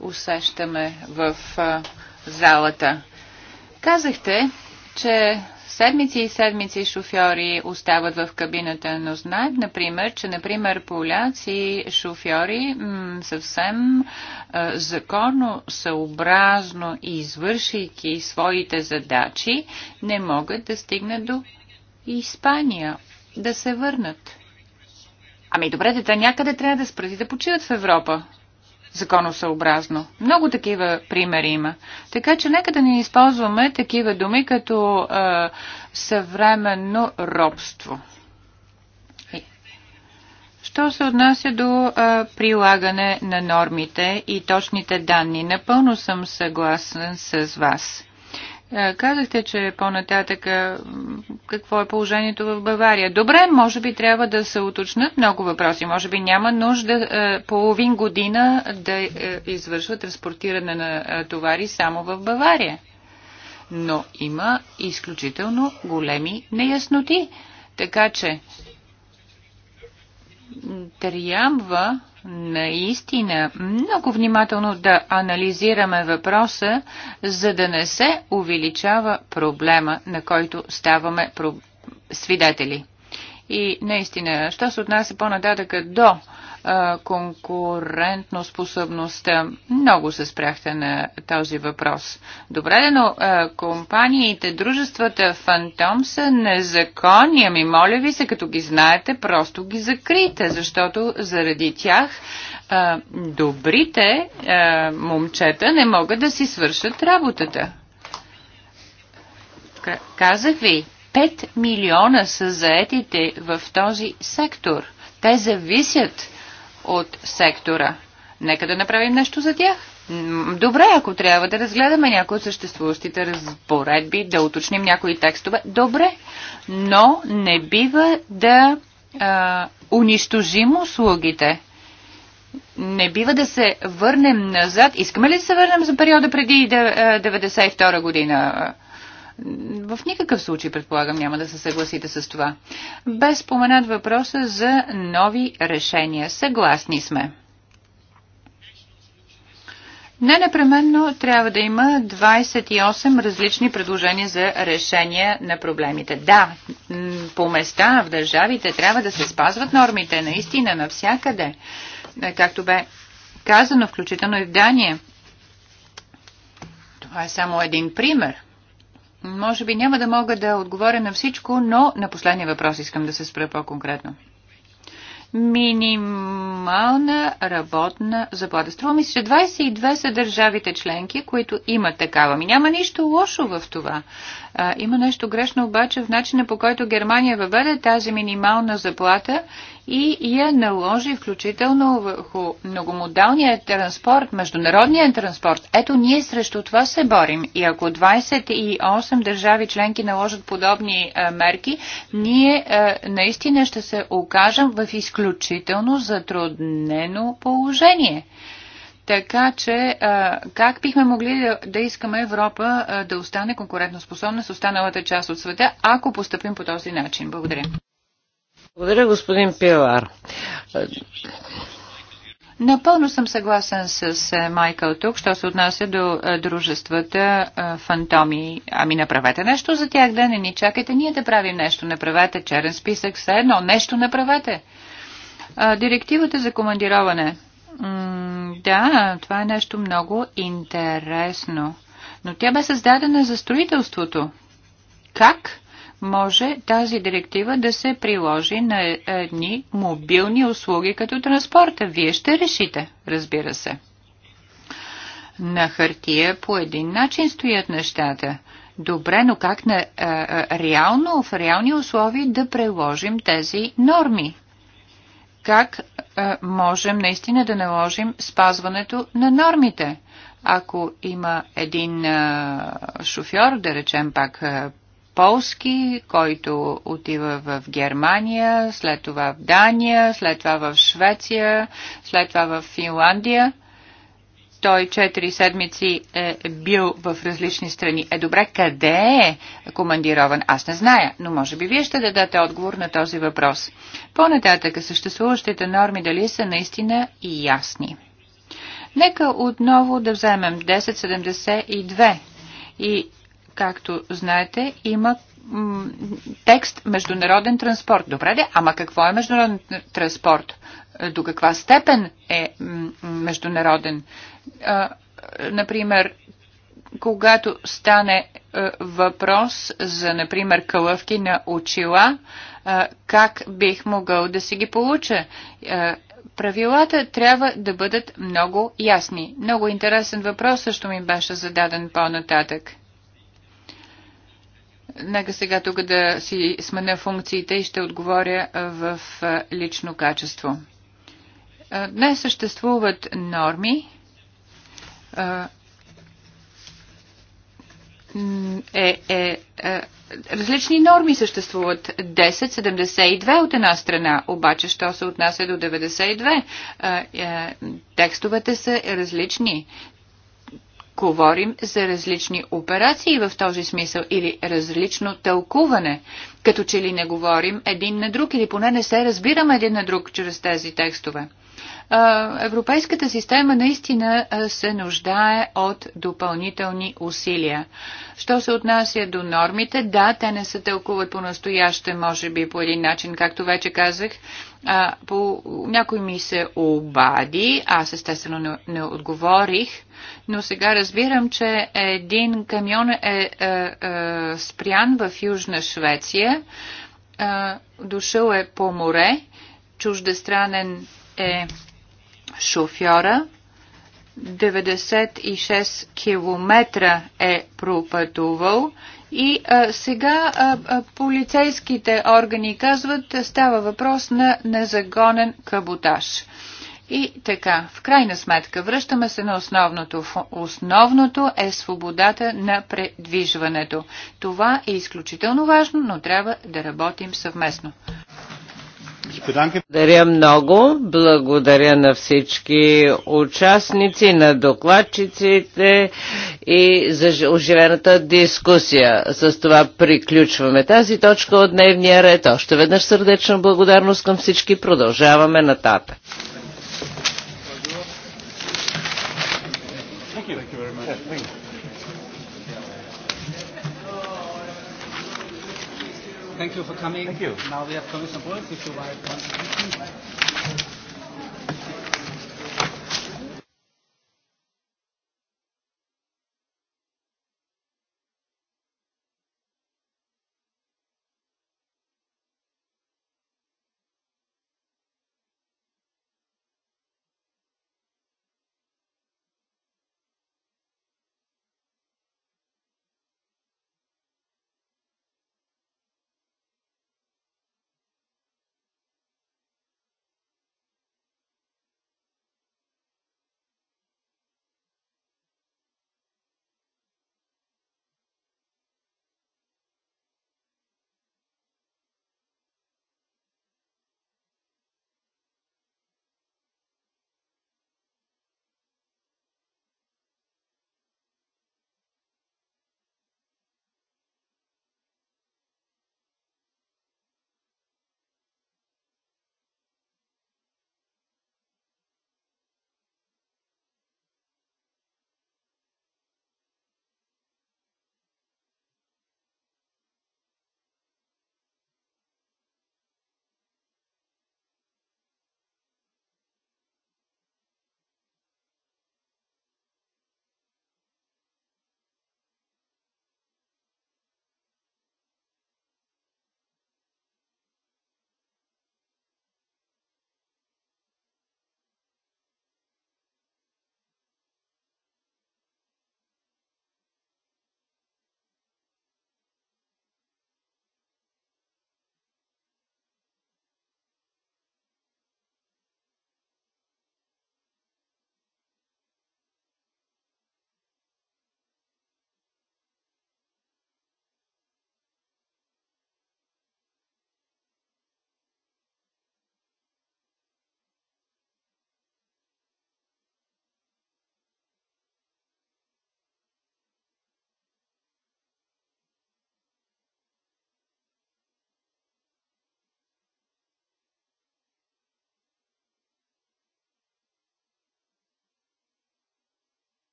Speaker 2: усещаме в залата. Казахте, че седмици и седмици шофьори остават в кабината, но знаят, например, че, например, поляци шофьори съвсем а, законно, съобразно и извършайки своите задачи, не могат да стигнат до Испания, да се върнат. Ами добре, да някъде трябва да спрати да почиват в Европа законосъобразно. Много такива примери има. Така че нека да не използваме такива думи като а, съвременно робство. Що се отнася до а, прилагане на нормите и точните данни, напълно съм съгласен с вас. Е, казахте, че по-нататък е, какво е положението в Бавария. Добре, може би трябва да се уточнат много въпроси. Може би няма нужда е, половин година да извършва транспортиране на товари само в Бавария. Но има изключително големи неясноти. Така че трябва наистина много внимателно да анализираме въпроса, за да не се увеличава проблема, на който ставаме свидетели. И наистина, що се отнася по-нататък до конкурентно способността. Много се спряхте на този въпрос. Добре, но компаниите, дружествата Фантом са незаконни. Ами моля ви се, като ги знаете, просто ги закрите, защото заради тях добрите момчета не могат да си свършат работата. Казах ви, 5 милиона са заетите в този сектор. Те зависят от сектора. Нека да направим нещо за тях. Добре, ако трябва да разгледаме някои от съществуващите разпоредби, да уточним някои текстове, добре, но не бива да а, унищожим услугите. Не бива да се върнем назад. Искаме ли да се върнем за периода преди 1992 година? В никакъв случай, предполагам, няма да се съгласите с това. Без споменат въпроса за нови решения. Съгласни сме. Не непременно трябва да има 28 различни предложения за решение на проблемите. Да, по места в държавите трябва да се спазват нормите, наистина, навсякъде, е, както бе казано, включително и в Дания. Това е само един пример – може би няма да мога да отговоря на всичко, но на последния въпрос искам да се спра по-конкретно. Минимална работна заплата. Струва ми се, че 22 са държавите членки, които имат такава. Ми няма нищо лошо в това. А, има нещо грешно обаче в начина по който Германия въведе тази минимална заплата и я наложи включително върху многомодалния транспорт, международния транспорт. Ето ние срещу това се борим. И ако 28 държави членки наложат подобни а, мерки, ние а, наистина ще се окажем в изключително затруднено положение. Така че, как бихме могли да, искаме Европа да остане конкурентоспособна с останалата част от света, ако поступим по този начин? Благодаря.
Speaker 3: Благодаря, господин Пилар.
Speaker 2: Напълно съм съгласен с Майкъл тук, що се отнася до дружествата фантоми. Ами направете нещо за тях, да не ни чакайте ние да правим нещо. Направете черен списък, все едно нещо направете. Директивата за командироване – да, това е нещо много интересно. Но тя бе създадена за строителството. Как може тази директива да се приложи на едни мобилни услуги като транспорта? Вие ще решите, разбира се. На хартия по един начин стоят нещата. Добре, но как на, а, а, реално, в реални условия да приложим тези норми? как е, можем наистина да наложим спазването на нормите. Ако има един е, шофьор, да речем пак е, полски, който отива в Германия, след това в Дания, след това в Швеция, след това в Финландия – той четири седмици е бил в различни страни. Е добре, къде е командирован? Аз не зная, но може би вие ще дадете отговор на този въпрос. По-нататък съществуващите норми дали са наистина и ясни. Нека отново да вземем 1072 и както знаете, има текст международен транспорт. Добре де, ама какво е международен транспорт? До каква степен е международен а, например, когато стане а, е, въпрос за, например, кълъвки на очила, а, е, как бих могъл да си ги получа? А, е, правилата трябва да бъдат много ясни. Много интересен въпрос също ми беше зададен по-нататък. Нека сега тук да си сменя функциите и ще отговоря в лично качество. Днес съществуват норми, е, е, е, различни норми съществуват. 10.72 от една страна, обаче, що се отнася до 92, е, е, текстовете са различни. Говорим за различни операции в този смисъл или различно тълкуване, като че ли не говорим един на друг или поне не се разбираме един на друг чрез тези текстове европейската система наистина се нуждае от допълнителни усилия. Що се отнася до нормите, да, те не се тълкуват по-настояще, може би по един начин, както вече казах. А, по, някой ми се обади, аз естествено не, не отговорих, но сега разбирам, че един камион е, е, е спрян в Южна Швеция, е, дошъл е по море, чуждестранен е шофьора. 96 км е пропътувал и а, сега а, а, полицейските органи казват, става въпрос на незагонен каботаж. И така, в крайна сметка, връщаме се на основното. Основното е свободата на предвижването. Това е изключително важно, но трябва да работим съвместно.
Speaker 3: Благодаря много. Благодаря на всички участници, на докладчиците и за оживената дискусия. С това приключваме тази точка от дневния ред. Още веднъж сърдечна благодарност към всички. Продължаваме нататък.
Speaker 1: Thank you for coming. Thank you. Now we have Commissioner Bulls, if you want to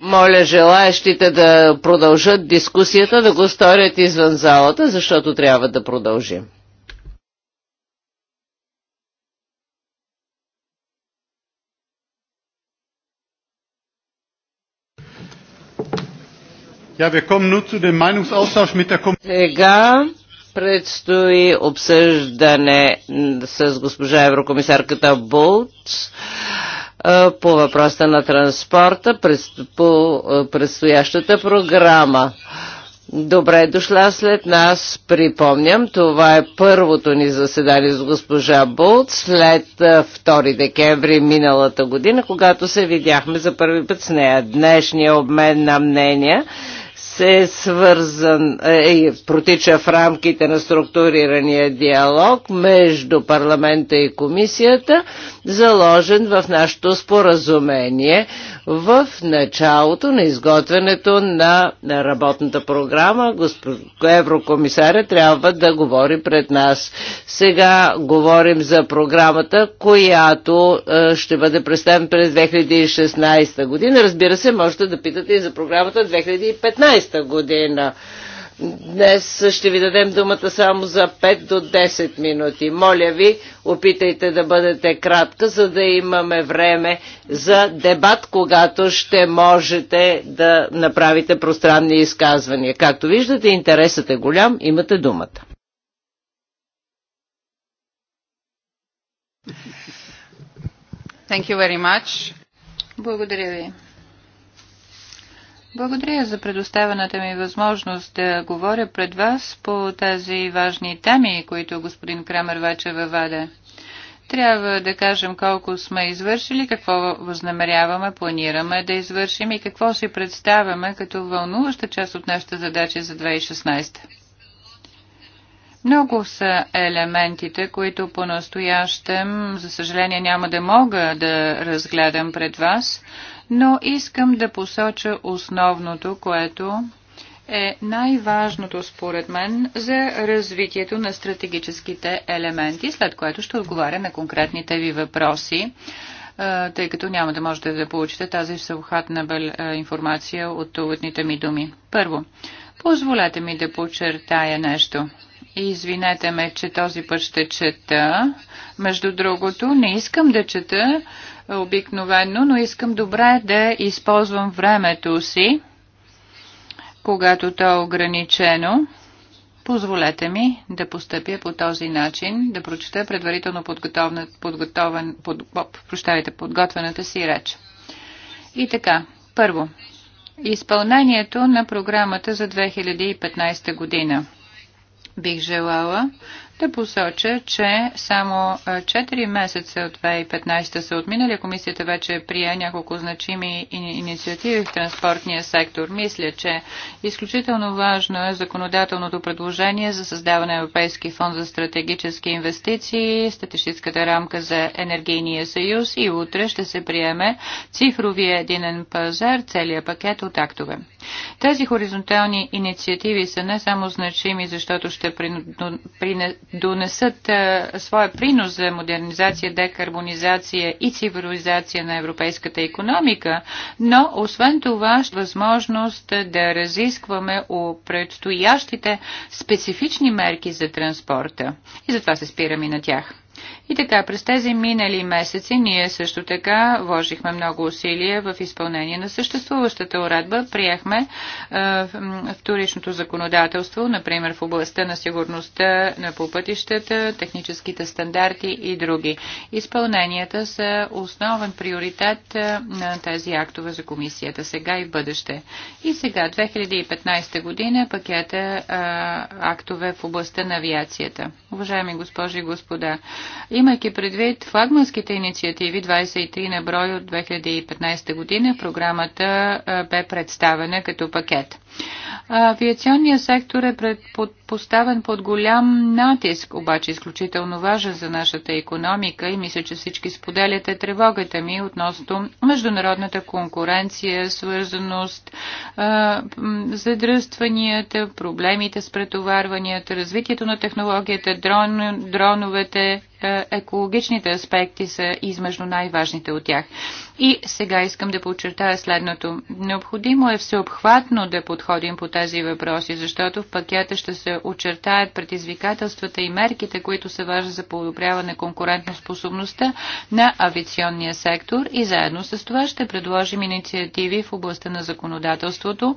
Speaker 3: Моля желаящите да продължат дискусията, да го сторят извън залата, защото трябва да продължим.
Speaker 1: Сега
Speaker 3: предстои обсъждане с госпожа Еврокомисарката Болт по въпроса на транспорта през, по предстоящата програма. Добре дошла след нас. Припомням, това е първото ни заседание с госпожа Болт след 2 декември миналата година, когато се видяхме за първи път с нея. Днешния обмен на мнения се е свързан е, е, протича в рамките на структурирания диалог между парламента и комисията заложен в нашето споразумение в началото на изготвянето на работната програма. Еврокомисаря трябва да говори пред нас. Сега говорим за програмата, която е, ще бъде представена през 2016 година. Разбира се, можете да питате и за програмата 2015 година. Днес ще ви дадем думата само за 5 до 10 минути. Моля ви, опитайте да бъдете кратка, за да имаме време за дебат, когато ще можете да направите пространни изказвания. Както виждате, интересът е голям, имате думата.
Speaker 2: Thank you very much. Благодаря ви. Благодаря за предоставената ми възможност да говоря пред вас по тези важни теми, които господин Крамер вече въведе. Трябва да кажем колко сме извършили, какво възнамеряваме, планираме да извършим и какво си представяме като вълнуваща част от нашата задача за 2016. Много са елементите, които по-настоящем, за съжаление, няма да мога да разгледам пред вас, но искам да посоча основното, което е най-важното според мен за развитието на стратегическите елементи, след което ще отговаря на конкретните ви въпроси тъй като няма да можете да получите тази съвхатна информация от уводните ми думи. Първо, позволете ми да подчертая нещо. Извинете ме, че този път ще чета. Между другото, не искам да чета обикновенно, но искам добре да използвам времето си, когато то е ограничено. Позволете ми да постъпя по този начин, да прочета предварително подготовен, подготовен, под, прощавайте, подготвената си реч. И така, първо, изпълнението на програмата за 2015 година. Бих желала да посоча, че само 4 месеца от 2015 са отминали. Комисията вече прие няколко значими инициативи в транспортния сектор. Мисля, че изключително важно е законодателното предложение за създаване на Европейски фонд за стратегически инвестиции, статистическата рамка за енергийния съюз и утре ще се приеме цифровия единен пазар, целият пакет от актове. Тези хоризонтални инициативи са не само значими, защото ще донесат своя принос за модернизация, декарбонизация и цивилизация на европейската економика, но освен това ще възможност да разискваме о предстоящите специфични мерки за транспорта. И затова се спираме на тях. И така, през тези минали месеци ние също така вложихме много усилия в изпълнение на съществуващата уредба. Приехме е, вторичното законодателство, например в областта на сигурността на попътищата, техническите стандарти и други. Изпълненията са основен приоритет е, на тези актове за комисията сега и в бъдеще. И сега, 2015 година, пакета е, актове в областта на авиацията. Уважаеми госпожи и господа, Имайки предвид флагманските инициативи 23 на брой от 2015 година, програмата бе представена като пакет. Авиационният сектор е под, поставен под голям натиск, обаче изключително важен за нашата економика и мисля, че всички споделяте тревогата ми относно международната конкуренция, свързаност, задръстванията, проблемите с претоварванията, развитието на технологията, дрон, дроновете, екологичните аспекти са измежно най-важните от тях. И сега искам да подчертая следното. Необходимо е всеобхватно да подходим по тези въпроси, защото в пакета ще се очертаят предизвикателствата и мерките, които се важат за подобряване способността на авиационния сектор и заедно с това ще предложим инициативи в областта на законодателството,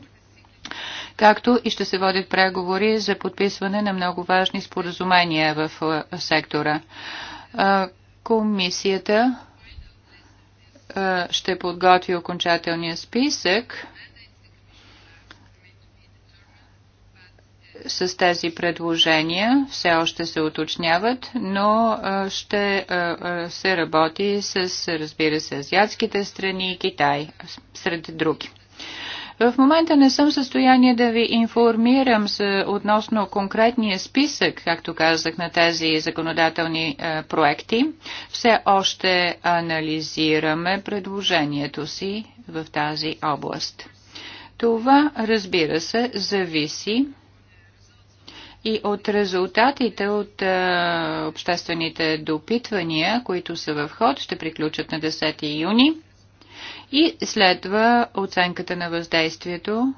Speaker 2: както и ще се водят преговори за подписване на много важни споразумения в сектора. Комисията е, ще подготви окончателния списък с тези предложения. Все още се уточняват, но е, ще е, се работи с, разбира се, азиатските страни и Китай, сред други. В момента не съм в състояние да ви информирам с, относно конкретния списък, както казах, на тези законодателни е, проекти. Все още анализираме предложението си в тази област. Това, разбира се, зависи и от резултатите от е, обществените допитвания, които са в ход, ще приключат на 10 юни. И следва оценката на въздействието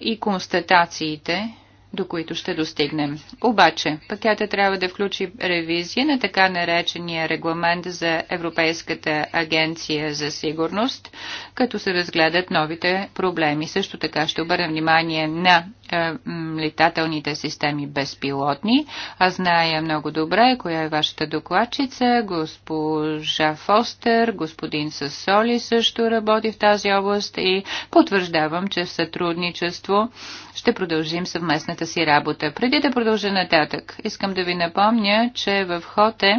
Speaker 2: и констатациите, до които ще достигнем. Обаче, пакета трябва да включи ревизия на така наречения регламент за Европейската агенция за сигурност, като се разгледат новите проблеми. Също така ще обърна внимание на е, летателните системи безпилотни. А зная много добре коя е вашата докладчица, госпожа Фостер, господин Сасоли също работи в тази област и потвърждавам, че в сътрудничество ще продължим съвместната си работа. Преди да продължа нататък, искам да ви напомня, че в ход е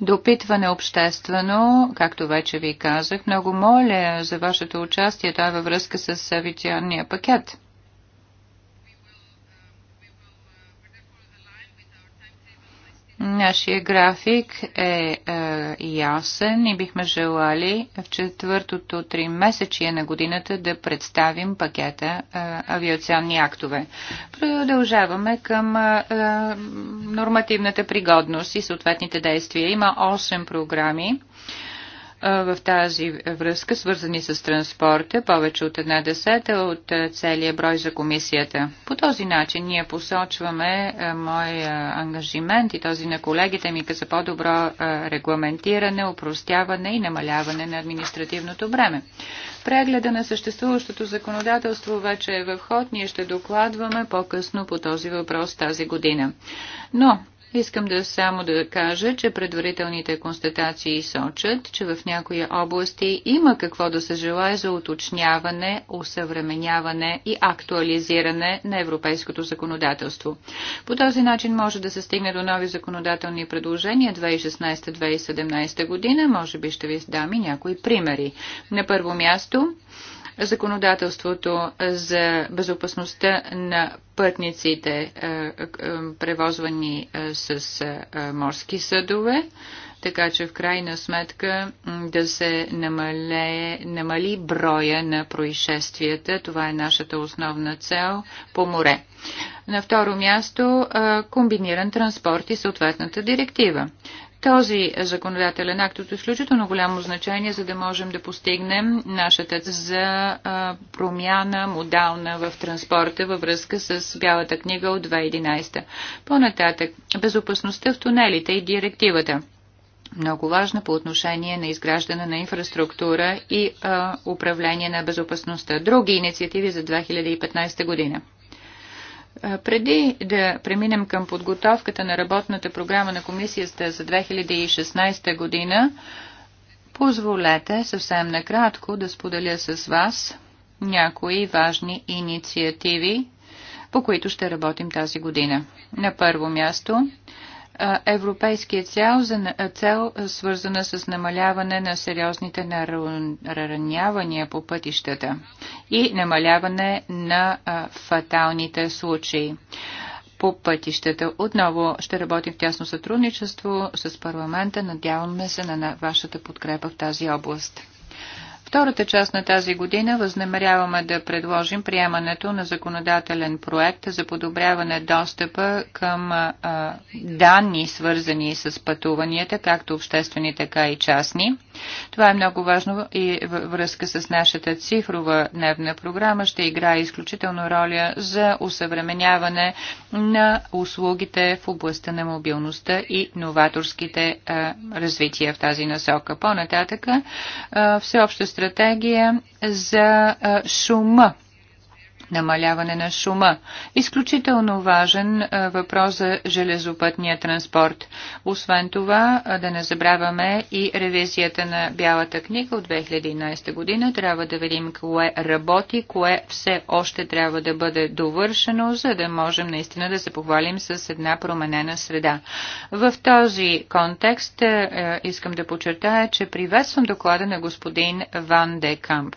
Speaker 2: допитване обществено, както вече ви казах. Много моля за вашето участие. Това е във връзка с авиационния пакет. Нашия график е, е ясен и бихме желали в четвъртото три месечия на годината да представим пакета е, авиационни актове. Продължаваме към е, е нормативната пригодност и съответните действия. Има 8 програми в тази връзка, свързани с транспорта, повече от една десета от целия брой за комисията. По този начин ние посочваме мой ангажимент и този на колегите ми за по-добро регламентиране, упростяване и намаляване на административното бреме. Прегледа на съществуващото законодателство вече е в ход. Ние ще докладваме по-късно по този въпрос тази година. Но Искам да само да кажа, че предварителните констатации сочат, че в някои области има какво да се желае за уточняване, усъвременяване и актуализиране на европейското законодателство. По този начин може да се стигне до нови законодателни предложения 2016-2017 година. Може би ще ви дам и някои примери. На първо място законодателството за безопасността на пътниците, е, е, превозвани е, с морски съдове, така че в крайна сметка да се намале, намали броя на происшествията. Това е нашата основна цел по море. На второ място комбиниран транспорт и съответната директива. Този законодателен акт е от изключително голямо значение, за да можем да постигнем нашата за промяна модална в транспорта във връзка с Бялата книга от 2011. По-нататък, безопасността в тунелите и директивата много важна по отношение на изграждане на инфраструктура и а, управление на безопасността. Други инициативи за 2015 година. Преди да преминем към подготовката на работната програма на комисията за 2016 година, позволете съвсем накратко да споделя с вас някои важни инициативи, по които ще работим тази година. На първо място европейския цел, цел свързана с намаляване на сериозните наранявания по пътищата и намаляване на фаталните случаи по пътищата. Отново ще работим в тясно сътрудничество с парламента. Надяваме се на вашата подкрепа в тази област. Втората част на тази година възнамеряваме да предложим приемането на законодателен проект за подобряване достъпа към а, данни, свързани с пътуванията, както обществени, така и частни това е много важно и във връзка с нашата цифрова дневна програма ще играе изключително роля за усъвременяване на услугите в областта на мобилността и новаторските развития в тази насока. По-нататъка всеобща стратегия за шума намаляване на шума. Изключително важен е, въпрос за железопътния транспорт. Освен това, е, да не забравяме и ревизията на Бялата книга от 2011 година. Трябва да видим кое работи, кое все още трябва да бъде довършено, за да можем наистина да се похвалим с една променена среда. В този контекст е, искам да подчертая, че приветствам доклада на господин Ван де Камп.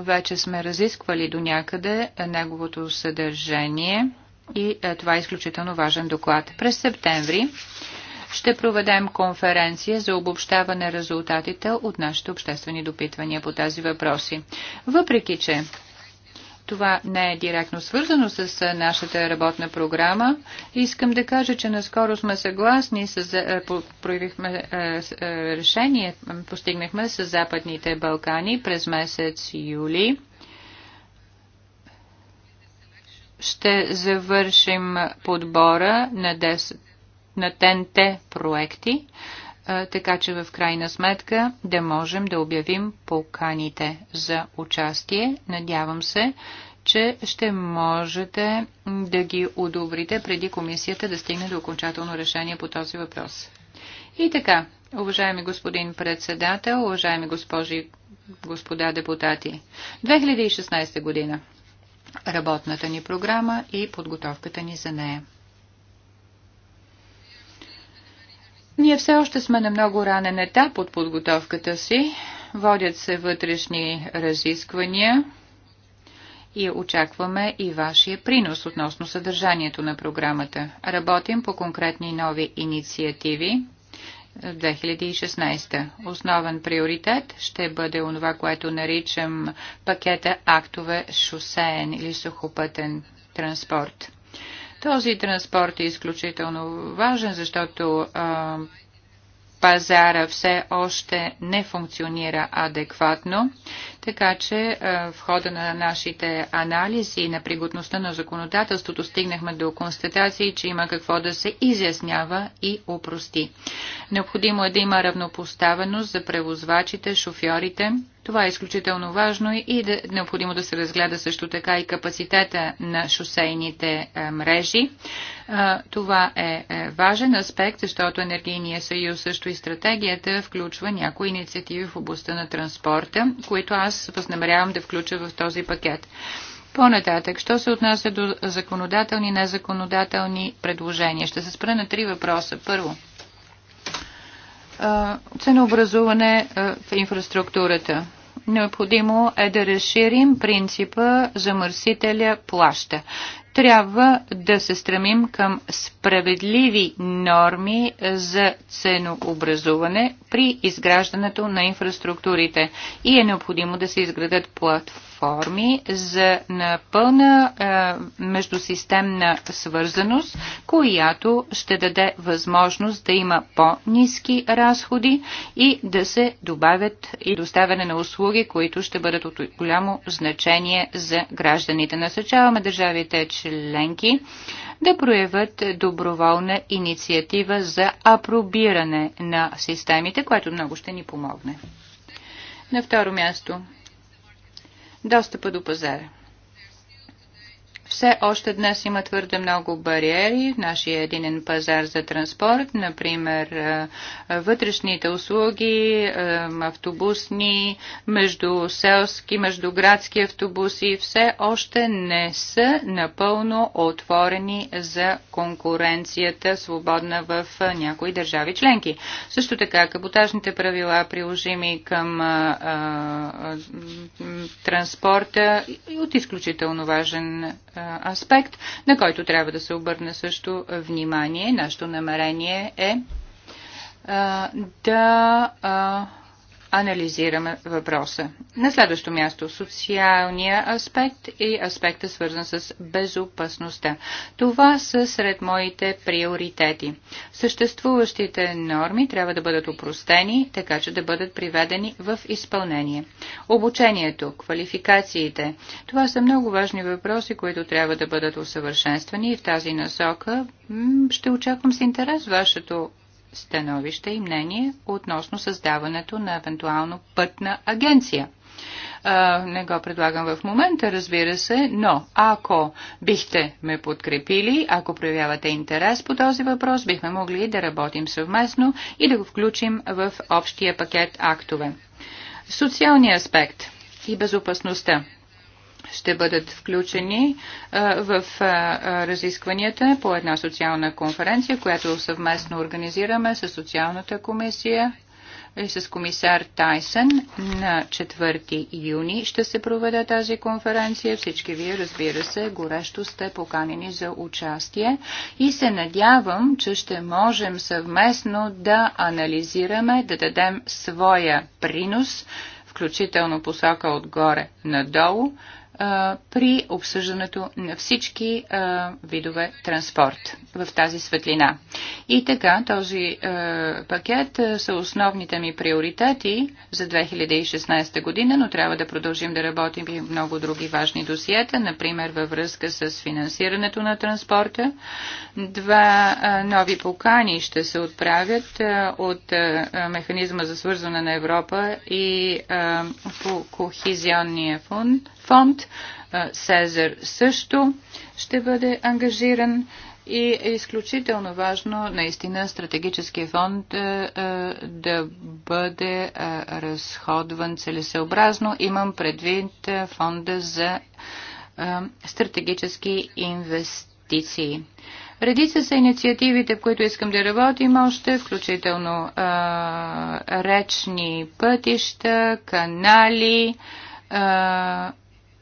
Speaker 2: Вече сме разисквали до някъде неговото съдържание и това е изключително важен доклад. През септември ще проведем конференция за обобщаване резултатите от нашите обществени допитвания по тази въпроси. Въпреки, че това не е директно свързано с нашата работна програма. Искам да кажа, че наскоро сме съгласни, с, проявихме решение, постигнахме с Западните Балкани през месец юли. Ще завършим подбора на 10 на ТНТ проекти така че в крайна сметка да можем да обявим поканите за участие. Надявам се, че ще можете да ги одобрите преди комисията да стигне до окончателно решение по този въпрос. И така, уважаеми господин председател, уважаеми госпожи господа депутати, 2016 година работната ни програма и подготовката ни за нея. Ние все още сме на много ранен етап от подготовката си. Водят се вътрешни разисквания и очакваме и вашия принос относно съдържанието на програмата. Работим по конкретни нови инициативи. 2016. Основен приоритет ще бъде онова, което наричам пакета актове шосеен или сухопътен транспорт. Този транспорт е изключително важен, защото а, пазара все още не функционира адекватно, така че в хода на нашите анализи и на пригодността на законодателството стигнахме до констатации, че има какво да се изяснява и упрости. Необходимо е да има равнопоставеност за превозвачите, шофьорите, това е изключително важно и да, необходимо да се разгледа също така и капацитета на шосейните е, мрежи. Е, това е, е важен аспект, защото Енергийния съюз също и стратегията включва някои инициативи в областта на транспорта, които аз възнамерявам да включа в този пакет. По-нататък, що се отнася до законодателни и незаконодателни предложения? Ще се спра на три въпроса. Първо, ценообразуване в инфраструктурата необходимо е да разширим принципа замърсителя плаща. Трябва да се стремим към справедливи норми за ценообразуване при изграждането на инфраструктурите и е необходимо да се изградат платформи платформи за напълна е, междусистемна свързаност, която ще даде възможност да има по-низки разходи и да се добавят и доставяне на услуги, които ще бъдат от голямо значение за гражданите. Насъчаваме държавите членки да проявят доброволна инициатива за апробиране на системите, което много ще ни помогне. На второ място достъпа до пазара. Все още днес има твърде много бариери в нашия единен пазар за транспорт, например е, вътрешните услуги, е, автобусни, междуселски, междуградски автобуси, все още не са напълно отворени за конкуренцията свободна в е, някои държави членки. Също така, каботажните правила, приложими към а, а, транспорта, от изключително важен аспект, на който трябва да се обърне също внимание. Нашето намерение е да анализираме въпроса. На следващо място социалния аспект и аспекта свързан с безопасността. Това са сред моите приоритети. Съществуващите норми трябва да бъдат упростени, така че да бъдат приведени в изпълнение. Обучението, квалификациите. Това са много важни въпроси, които трябва да бъдат усъвършенствани и в тази насока ще очаквам с интерес вашето становище и мнение относно създаването на евентуално пътна агенция. А, не го предлагам в момента, разбира се, но ако бихте ме подкрепили, ако проявявате интерес по този въпрос, бихме могли да работим съвместно и да го включим в общия пакет актове. Социалния аспект и безопасността ще бъдат включени в разискванията по една социална конференция, която съвместно организираме с Социалната комисия и с комисар Тайсън на 4 юни ще се проведе тази конференция. Всички вие, разбира се, горещо сте поканени за участие и се надявам, че ще можем съвместно да анализираме, да дадем своя принос, включително посока отгоре надолу, а, при обсъждането на всички а, видове транспорт в тази светлина. И така, този а, пакет а, са основните ми приоритети за 2016 година, но трябва да продължим да работим и много други важни досиета, например във връзка с финансирането на транспорта. Два а, нови покани ще се отправят а, от а, механизма за свързване на Европа и а, по Кохизионния фонд фонд. Сезер също ще бъде ангажиран и е изключително важно наистина стратегическия фонд да бъде разходван целесъобразно. Имам предвид фонда за стратегически инвестиции. Редица са инициативите, в които искам да работим още, включително а, речни пътища, канали,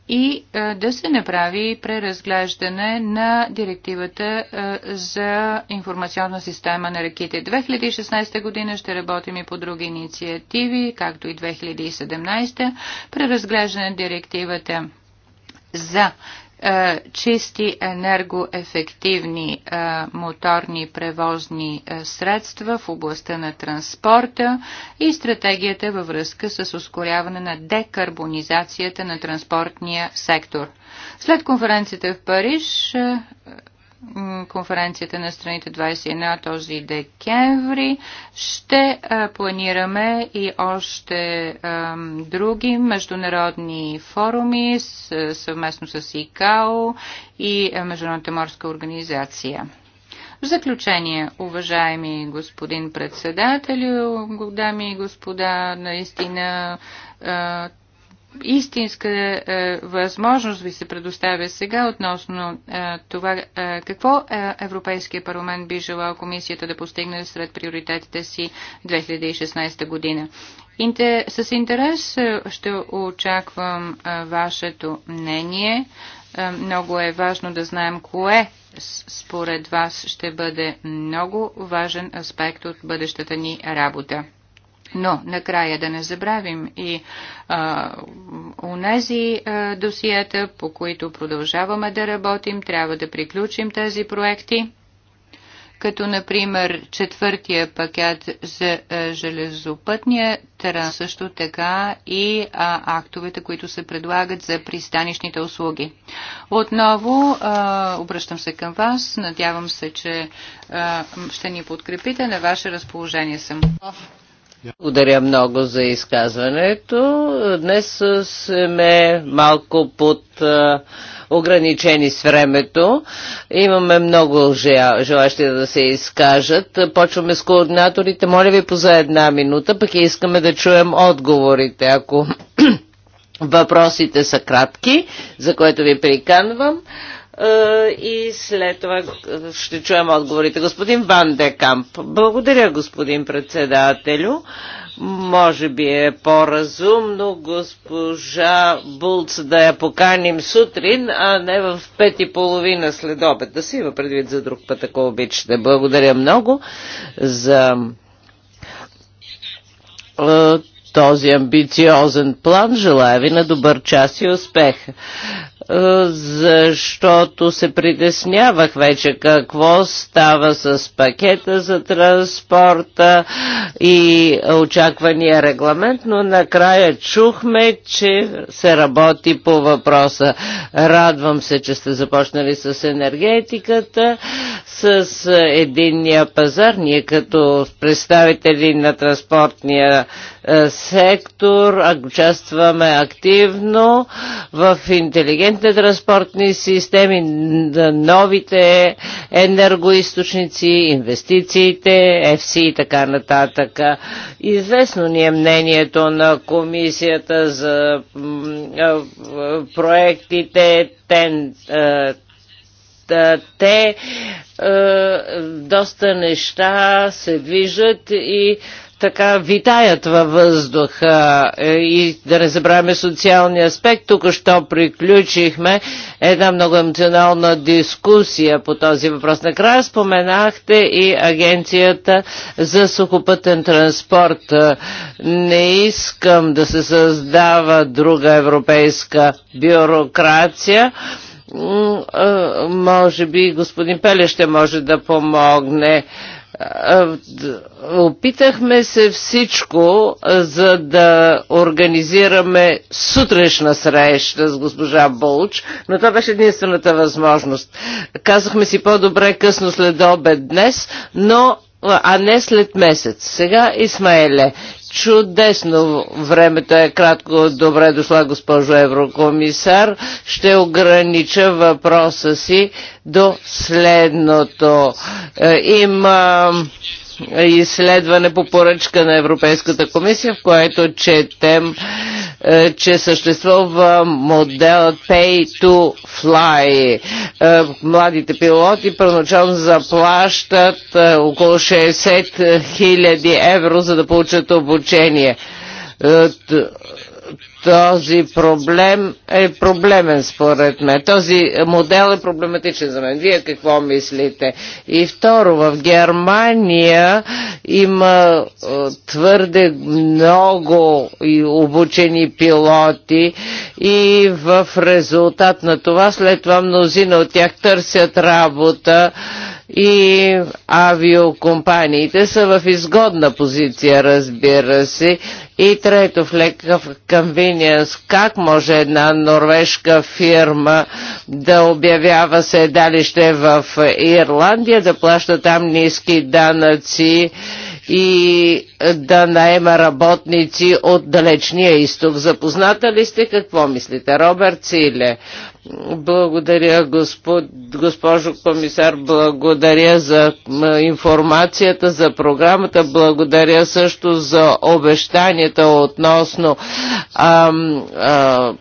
Speaker 2: и е, да се направи преразглеждане на директивата е, за информационна система на реките. 2016 година ще работим и по други инициативи, както и 2017. Преразглеждане на директивата за е, чисти енергоефективни е, моторни превозни е, средства в областта на транспорта и стратегията във връзка с ускоряване на декарбонизацията на транспортния сектор. След конференцията в Париж конференцията на страните 21 този декември. Ще планираме и още други международни форуми съвместно с ИКАО и Международната морска организация. В заключение, уважаеми господин председател, дами и господа, наистина истинска е, възможност ви се предоставя сега относно е, това е, какво е, Европейския парламент би желал комисията да постигне сред приоритетите си 2016 година. Инте, с интерес е, ще очаквам е, вашето мнение. Много е важно да знаем кое според вас ще бъде много важен аспект от бъдещата ни работа. Но накрая да не забравим и а, унези а, досиета, по които продължаваме да работим, трябва да приключим тези проекти, като например четвъртия пакет за а, железопътния транспорт, също така и а, актовете, които се предлагат за пристанищните услуги. Отново а, обръщам се към вас, надявам се, че а, ще ни подкрепите, на ваше разположение съм.
Speaker 3: Благодаря много за изказването. Днес сме малко под ограничени с времето. Имаме много желащи да се изкажат. Почваме с координаторите. Моля ви по за една минута, пък искаме да чуем отговорите. Ако въпросите са кратки, за което ви приканвам, е, и след това ще чуем отговорите. Господин Ван Декамп, благодаря господин председателю. Може би е по-разумно госпожа Булц да я поканим сутрин, а не в пет и половина след обед. Да си има предвид за друг път, ако обичате. Благодаря много за е, този амбициозен план. Желая ви на добър час и успех. Е, защото се притеснявах вече какво става с пакета за транспорта и очаквания регламент, но накрая чухме, че се работи по въпроса. Радвам се, че сте започнали с енергетиката, с единния пазар. Ние като представители на транспортния е, сектор участваме активно в интелигент интелигентните транспортни системи, новите енергоисточници, инвестициите, FC и така нататък. Известно ни е мнението на комисията за проектите ТЕН, те е, доста неща се движат и така витаят във въздуха е, и да не забравяме социалния аспект. Тук що приключихме една много емоционална дискусия по този въпрос. Накрая споменахте и агенцията за сухопътен транспорт. Не искам да се създава друга европейска бюрокрация може би господин Пеле ще може да помогне. Опитахме се всичко, за да организираме сутрешна среща с госпожа Болч, но това беше единствената възможност. Казахме си по-добре късно след обед днес, но а не след месец. Сега, Исмаеле, Чудесно времето е кратко. Добре е дошла, госпожо еврокомисар. Ще огранича въпроса си до следното. Е, има е, изследване по поръчка на Европейската комисия, в което четем е, че съществува моделът Pay to Fly. Е, младите пилоти първоначално заплащат е, около 60 000 евро, за да получат обучение този проблем е проблемен според мен. Този модел е проблематичен за мен. Вие какво мислите? И второ, в Германия има е, твърде много и обучени пилоти и в резултат на това след това мнозина от тях търсят работа и авиокомпаниите са в изгодна позиция, разбира се. И трето, в лекав конвениенс, как може една норвежка фирма да обявява седалище в Ирландия, да плаща там ниски данъци и да наема работници от далечния изток. Запозната ли сте? Какво мислите? Робърт Силе. Благодаря, господ, госпожо комисар, благодаря за информацията, за програмата, благодаря също за обещанията относно ам, а,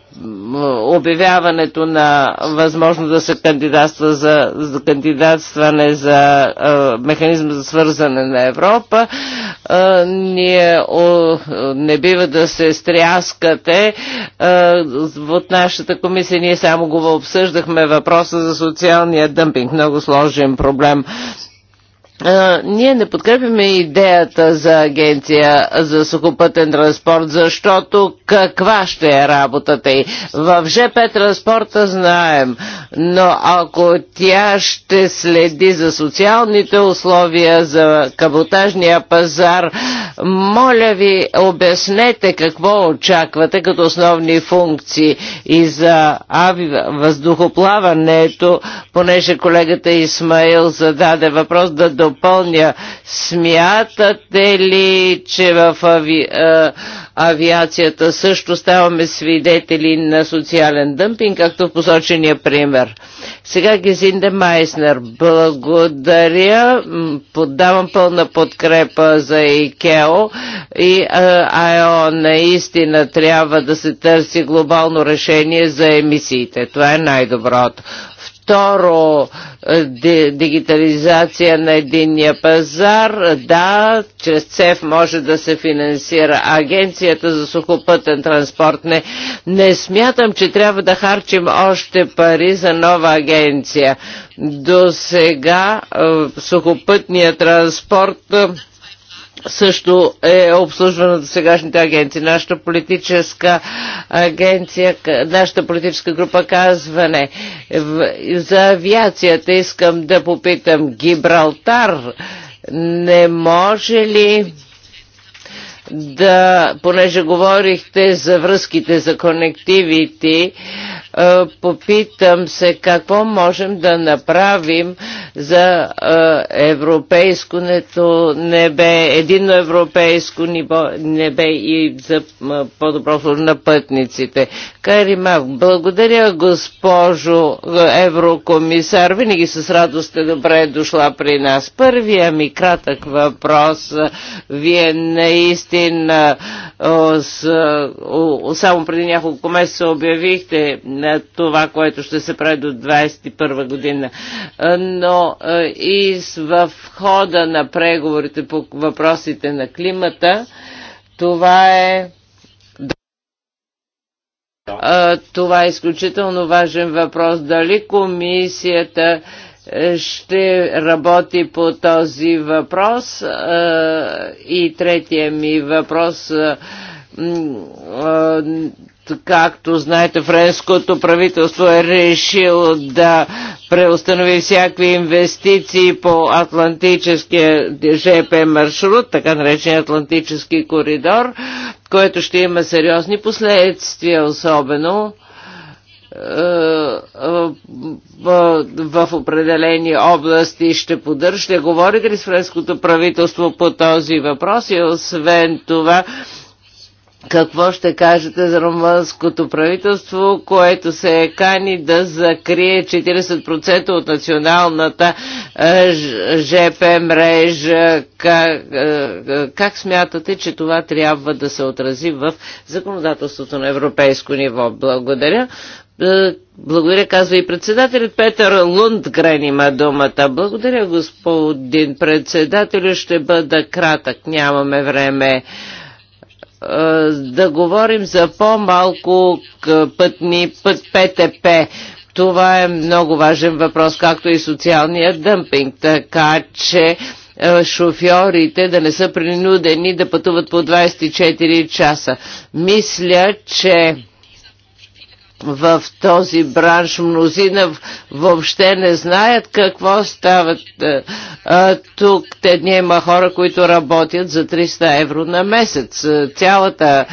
Speaker 3: обявяването на възможно да се кандидатства за, за кандидатстване за а, механизъм за свързане на Европа, а, ние о, не бива да се стряскате а, от нашата комисия. Ние само го обсъждахме въпроса за социалния дъмпинг. Много сложен проблем ние не подкрепяме идеята за агенция за сухопътен транспорт, защото каква ще е работата й? В ЖП транспорта знаем, но ако тя ще следи за социалните условия, за каботажния пазар, моля ви, обяснете какво очаквате като основни функции и за ави... въздухоплаването, понеже колегата Исмаил зададе въпрос да допълня. Смятате ли, че в ави... авиацията също ставаме свидетели на социален дъмпинг, както в посочения пример? Сега Гезинде Майснер, благодаря, поддавам пълна подкрепа за ИКЕО и АЕО наистина трябва да се търси глобално решение за емисиите. Това е най-доброто. Второ, е, дигитализация на единния пазар. Да, чрез ЦЕФ може да се финансира агенцията за сухопътен транспорт. Не, не смятам, че трябва да харчим още пари за нова агенция. До сега е, сухопътният транспорт е, също е обслужвана до сегашните агенции. Нашата политическа агенция, нашата политическа група казва не. За авиацията искам да попитам Гибралтар. Не може ли да, понеже говорихте за връзките, за конективите, е, попитам се какво можем да направим за е, европейското небе, едино европейско небе и за по-добро на пътниците. Карима, благодаря госпожо е, еврокомисар. Винаги с радост е добре дошла при нас. Първия ми кратък въпрос. Вие наистина само преди няколко месеца обявихте на това, което ще се прави до 2021 година. Но и в хода на преговорите по въпросите на климата, това е това е изключително важен въпрос. Дали комисията е, ще работи по този въпрос? И третия ми въпрос Както знаете, френското правителство е решило да преустанови всякакви инвестиции по Атлантическия ЖП маршрут, така наречен Атлантически коридор, което ще има сериозни последствия, особено е, е, в определени области ще поддържа. Говорите ли с френското правителство по този въпрос и освен това какво ще кажете за румънското правителство, което се е кани да закрие 40% от националната е, ЖП мрежа? Как, е, е, как смятате, че това трябва да се отрази в законодателството на европейско ниво? Благодаря. Благодаря, казва и председателят Петър Лундгрен има думата. Благодаря, господин председател. Ще бъда кратък, нямаме време. Е, да говорим за по-малко пътни път ПТП. Това е много важен въпрос, както и социалният дъмпинг, така че е, шофьорите да не са принудени да пътуват по 24 часа. Мисля, че в този бранш. Мнозина въобще не знаят какво стават е, а, тук. Те дни има хора, които работят за 300 евро на месец. Е, цялата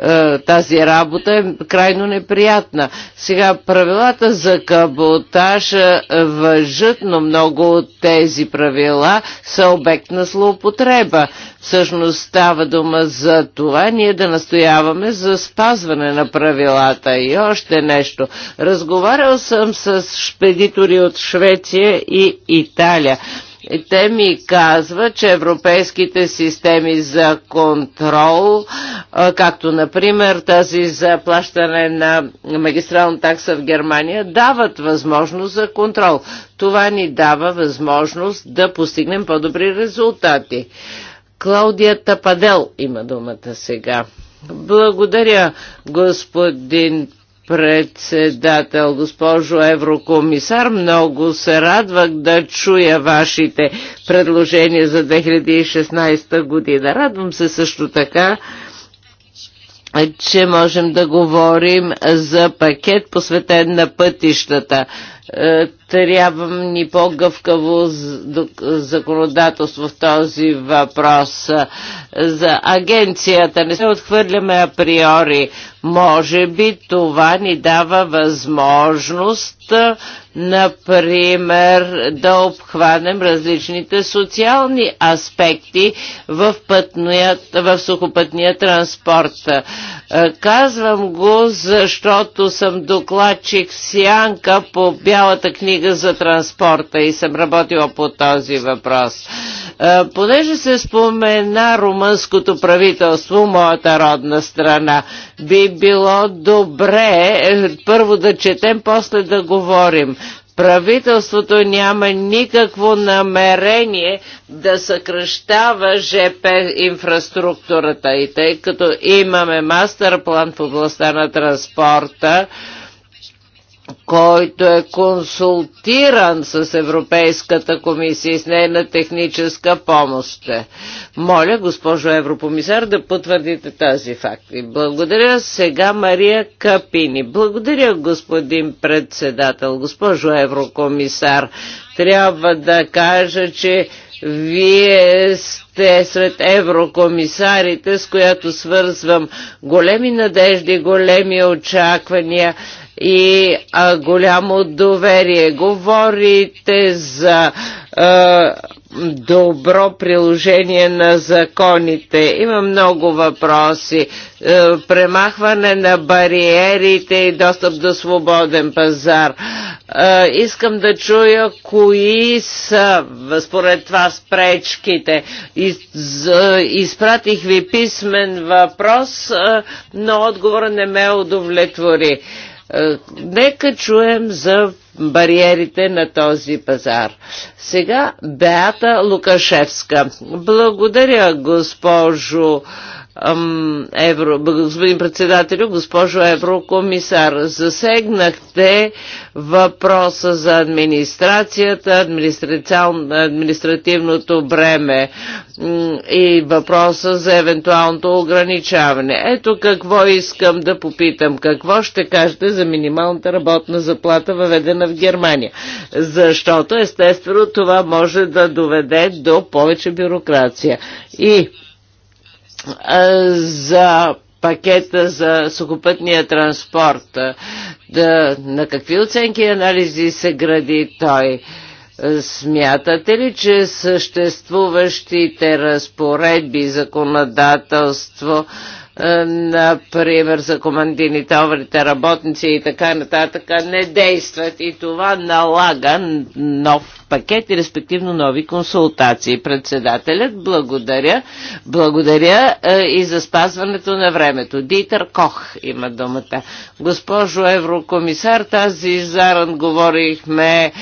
Speaker 3: е, тази работа е крайно неприятна. Сега правилата за каботаж е, въжат, но много от тези правила са обект на злоупотреба. Всъщност става дума за това ние да настояваме за спазване на правилата. И още нещо. Разговарял съм с шпедитори от Швеция и Италия. Те ми казват, че европейските системи за контрол, както например тази за плащане на магистрална такса в Германия, дават възможност за контрол. Това ни дава възможност да постигнем по-добри резултати. Клаудия Тападел има думата сега. Благодаря, господин председател, госпожо еврокомисар. Много се радвах да чуя вашите предложения за 2016 година. Радвам се също така, че можем да говорим за пакет посветен на пътищата. Е, Трябвам ни по-гъвкаво законодателство в този въпрос. За агенцията не се отхвърляме априори. Може би това ни дава възможност, например, да обхванем различните социални аспекти в, пътния, в сухопътния транспорт. Казвам го, защото съм докладчик Сянка по Бялата книга стига за транспорта и съм работила по този въпрос. Понеже се спомена румънското правителство, моята родна страна, би било добре е, първо да четем, после да говорим. Правителството няма никакво намерение да съкръщава ЖП инфраструктурата и тъй като имаме мастер план в областта на транспорта, който е консултиран с Европейската комисия и с на техническа помощ. Моля, госпожо Европомисар, да потвърдите тази факт. И благодаря сега Мария Капини. Благодаря, господин председател, госпожо Еврокомисар. Трябва да кажа, че вие сте сред еврокомисарите, с която свързвам големи надежди, големи очаквания и а, голямо доверие. Говорите за а, добро приложение на законите. Има много въпроси. А, премахване на бариерите и достъп до свободен пазар. А, искам да чуя кои са според вас пречките. Из, а, изпратих ви писмен въпрос, а, но отговор не ме удовлетвори. А, е, нека чуем за бариерите на този пазар. Сега Беата Лукашевска. Благодаря, госпожо евро, господин председателю, госпожо еврокомисар, засегнахте въпроса за администрацията, административното бреме и въпроса за евентуалното ограничаване. Ето какво искам да попитам. Какво ще кажете за минималната работна заплата, въведена в Германия? Защото, естествено, това може да доведе до повече бюрокрация. И за пакета за сухопътния транспорт. Да, на какви оценки и анализи се гради той? Смятате ли, че съществуващите разпоредби законодателство е, например, за командините оврите работници и така нататък, не действат и това налага нов пакет и респективно нови консултации. Председателят, благодаря, благодаря е, и за спазването на времето. Дитър Кох има думата. Госпожо Еврокомисар, тази заран говорихме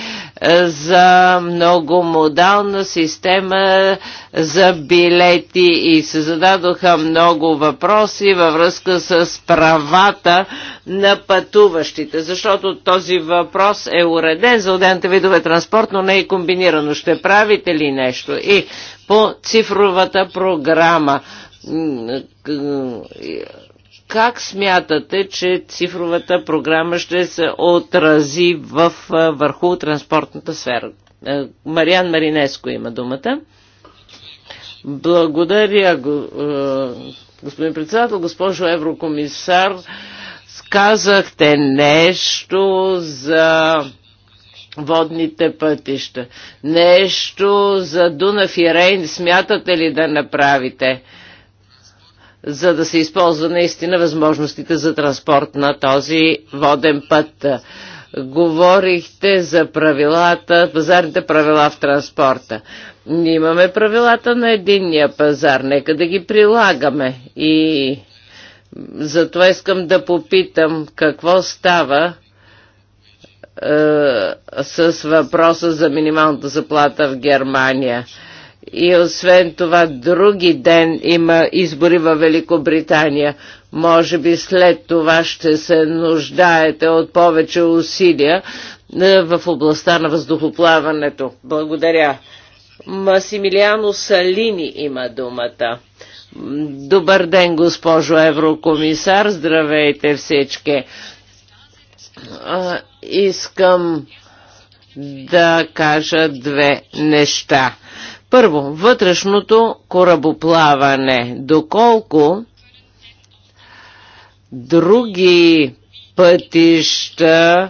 Speaker 3: е, за многомодална система за билети и се зададоха много въпроси във връзка с правата на пътуващите, защото този въпрос е уреден за отделните видове транспорт, но не е комбинирано. Ще правите ли нещо? И по цифровата програма е, е, как смятате, че цифровата програма ще се отрази в, върху транспортната сфера? Мариан Маринеско има думата. Благодаря, господин председател, госпожо еврокомисар. сказахте нещо за водните пътища. Нещо за Дунав и Рейн смятате ли да направите? за да се използва наистина възможностите за транспорт на този воден път. Говорихте за правилата, пазарните правила в транспорта. Ние имаме правилата на единния пазар, нека да ги прилагаме. И затова искам да попитам какво става е, с въпроса за минималната заплата в Германия. Е, и освен това, други ден има избори във Великобритания. Може би след това ще се нуждаете от повече усилия е, в областта на въздухоплаването. Благодаря. Масимилиано Салини има думата. Добър ден, госпожо еврокомисар. Здравейте всички. искам да кажа две неща първо, вътрешното корабоплаване. Доколко други пътища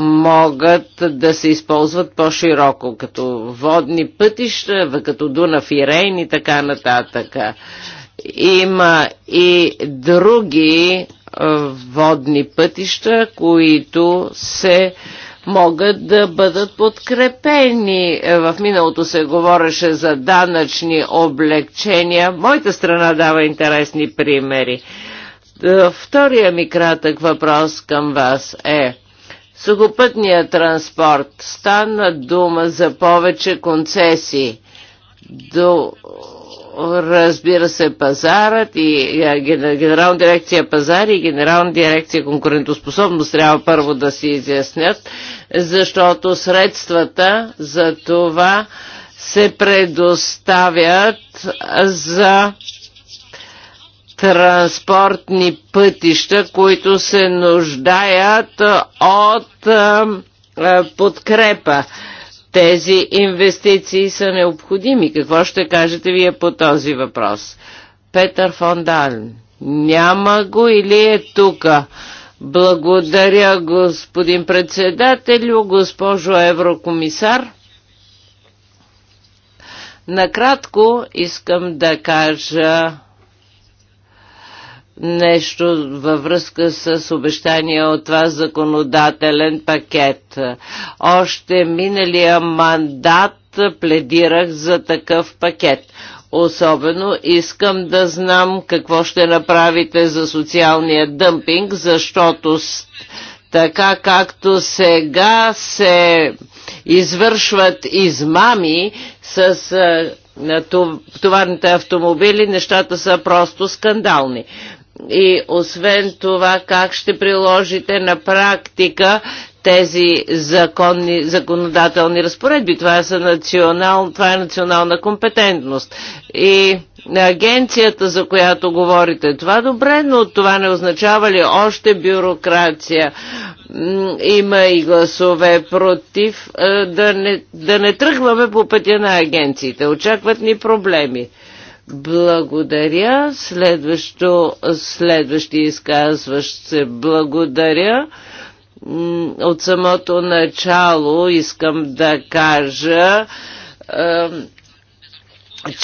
Speaker 3: могат да се използват по-широко, като водни пътища, като Дунав и Рейн и така нататък. Има и други водни пътища, които се могат да бъдат подкрепени. Е, в миналото се говореше за данъчни облегчения. Моята страна дава интересни примери. Е, втория ми кратък въпрос към вас е Сухопътният транспорт стана дума за повече концесии. До Разбира се, пазарът и е, Генерална дирекция пазари и Генерална дирекция конкурентоспособност трябва първо да си изяснят, защото средствата за това се предоставят за транспортни пътища, които се нуждаят от е, подкрепа тези инвестиции са необходими. Какво ще кажете вие по този въпрос? Петър Фондален. Няма го или е тука? Благодаря, господин председателю, госпожо еврокомисар. Накратко искам да кажа нещо във връзка с обещания от това законодателен пакет. Още миналия мандат пледирах за такъв пакет. Особено искам да знам какво ще направите за социалния дъмпинг, защото така както сега се извършват измами с товарните автомобили, нещата са просто скандални. И освен това, как ще приложите на практика тези законни, законодателни разпоредби. Това, са е национал, това е национална компетентност. И агенцията, за която говорите, това добре, но това не означава ли още бюрокрация? Има и гласове против е, да не, да не тръгваме по пътя на агенциите. Очакват ни проблеми. Благодаря. Следващо, следващи изказващ се благодаря. От самото начало искам да кажа,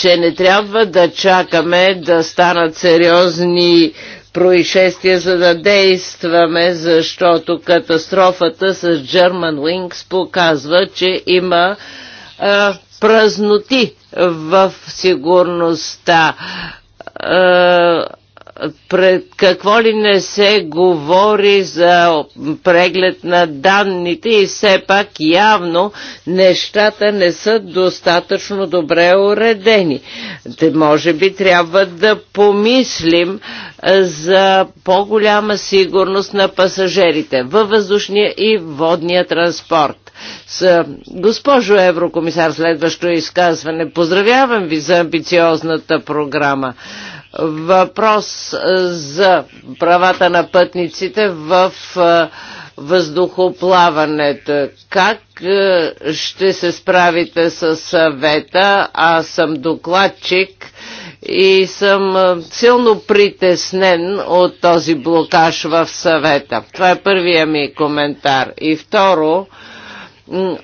Speaker 3: че не трябва да чакаме да станат сериозни происшествия, за да действаме, защото катастрофата с German Wings показва, че има а, празноти в сигурността. Е, пред какво ли не се говори за преглед на данните и все пак явно нещата не са достатъчно добре уредени. Те може би трябва да помислим е, за по-голяма сигурност на пасажирите във въздушния и водния транспорт с, госпожо Еврокомисар, следващо изказване. Поздравявам ви за амбициозната програма въпрос за правата на пътниците в въздухоплаването. Как ще се справите с съвета? Аз съм докладчик и съм силно притеснен от този блокаж в съвета. Това е първия ми коментар. И второ,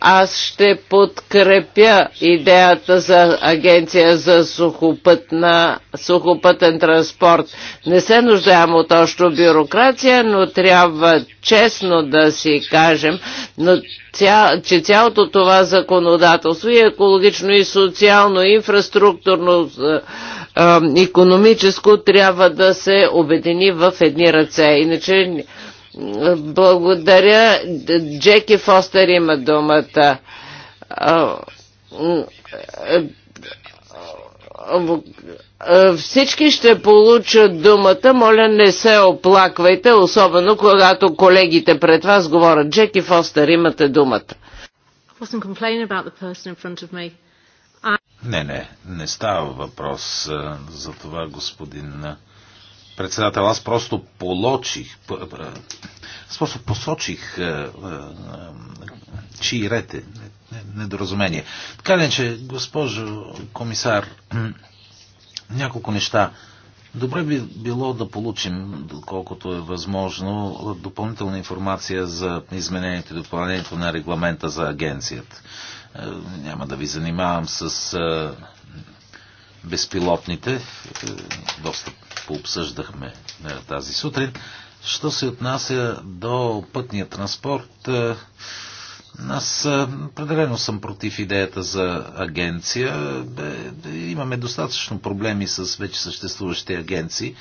Speaker 3: аз ще подкрепя идеята за агенция за сухопътна, сухопътен транспорт. Не се нуждаем от още бюрокрация, но трябва честно да си кажем, но ця, че цялото това законодателство и екологично, и социално, и инфраструктурно, економическо е, трябва да се обедини в едни ръце. Иначе благодаря. Джеки Фостер има думата. Всички ще получат думата. Моля, не се оплаквайте, особено когато колегите пред вас говорят. Джеки Фостер, имате думата. Не, не,
Speaker 1: не става въпрос за това, господин председател, аз просто получих, аз просто посочих е, е, чии рете, недоразумение. Така ли, че, госпожо комисар, няколко неща. Добре би било да получим, доколкото е възможно, допълнителна информация за изменението и допълнението на регламента за агенцията. Е, няма да ви занимавам с безпилотните. Е, доста пообсъждахме е, тази сутрин. Що се отнася до пътния транспорт, е, аз определено съм против идеята за агенция. Имаме достатъчно проблеми с вече съществуващите агенции.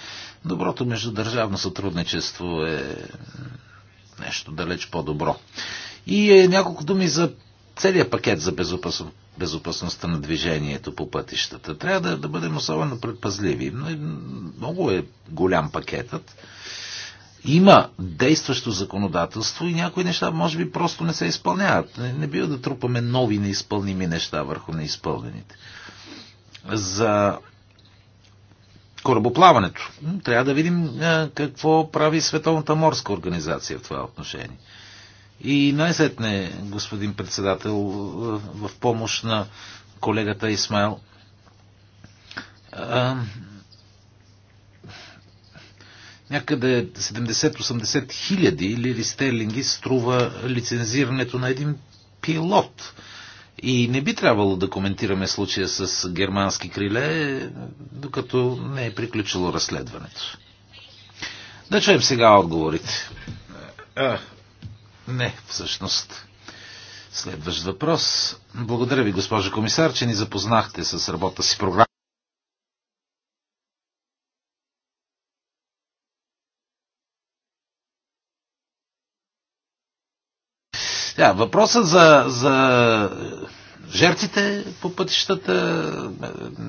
Speaker 1: Доброто междудържавно сътрудничество е нещо далеч по-добро. И е, няколко думи за целият пакет за безопасно, безопасността на движението по пътищата. Трябва да, да бъдем особено предпазливи. Е, много е голям пакетът. Има действащо законодателство и някои неща може би просто не се изпълняват. Не, не бива да трупаме нови неизпълними неща върху неизпълнените. За корабоплаването. Трябва да видим е, какво прави Световната морска организация в това отношение. И най-сетне, господин председател, в помощ на колегата Исмайл. някъде 70-80 хиляди лири стерлинги струва лицензирането на един пилот. И не би трябвало да коментираме случая с германски криле, докато не е приключило разследването. Да чуем сега отговорите. Не, всъщност. Следващ въпрос. Благодаря ви, госпожо комисар, че ни запознахте с работа си програма. Да, въпросът за, за жертвите по пътищата,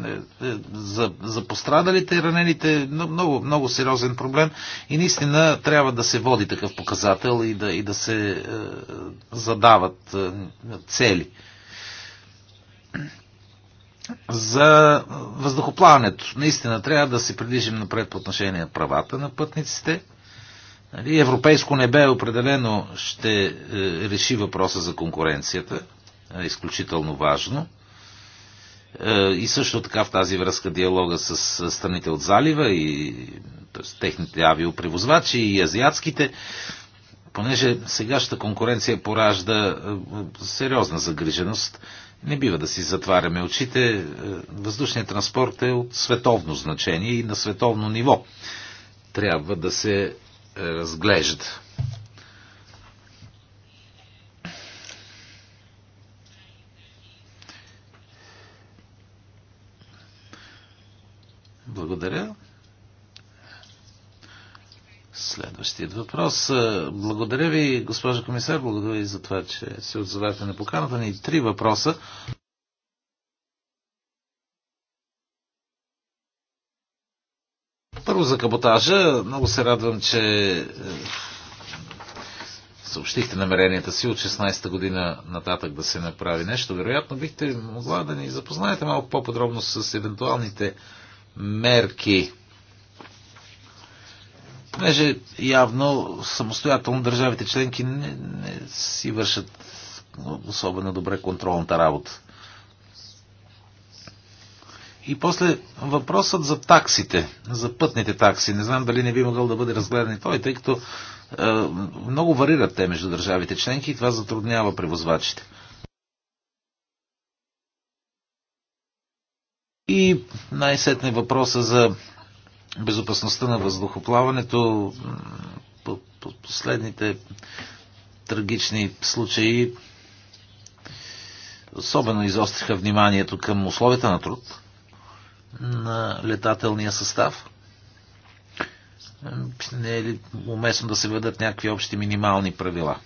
Speaker 1: е, е, е, за, за пострадалите и ранените. Много, много сериозен проблем и наистина трябва да се води такъв показател и да, и да се е, задават е, цели. За въздухоплаването. Наистина трябва да се придвижим напред по отношение на правата на пътниците. Нали, европейско небе определено ще реши въпроса за конкуренцията е изключително важно. Е, и също така в тази връзка диалога с страните от залива и т.е. техните авиопревозвачи и азиатските, понеже сегашната конкуренция поражда е, сериозна загриженост. Не бива да си затваряме очите. Въздушният транспорт е от световно значение и на световно ниво. Трябва да се разглежда. Благодаря. Следващият въпрос. Благодаря ви, госпожа комисар, благодаря ви за това, че се отзовете на поканата ни. Три въпроса. Първо за каботажа. Много се радвам, че е, съобщихте намеренията си от 16-та година нататък да се направи нещо. Вероятно бихте могла да ни запознаете малко по-подробно с евентуалните мерки. Понеже явно самостоятелно държавите членки не, не си вършат особено добре контролната работа. И после въпросът за таксите, за пътните такси. Не знам дали не би могъл да бъде разгледан и той, тъй като е, много варират те между държавите членки и това затруднява превозвачите. И най-сетне въпроса за безопасността на въздухоплаването по, по последните трагични случаи особено изостриха вниманието към условията на труд на летателния състав. Не е ли уместно да се ведат някакви общи минимални правила?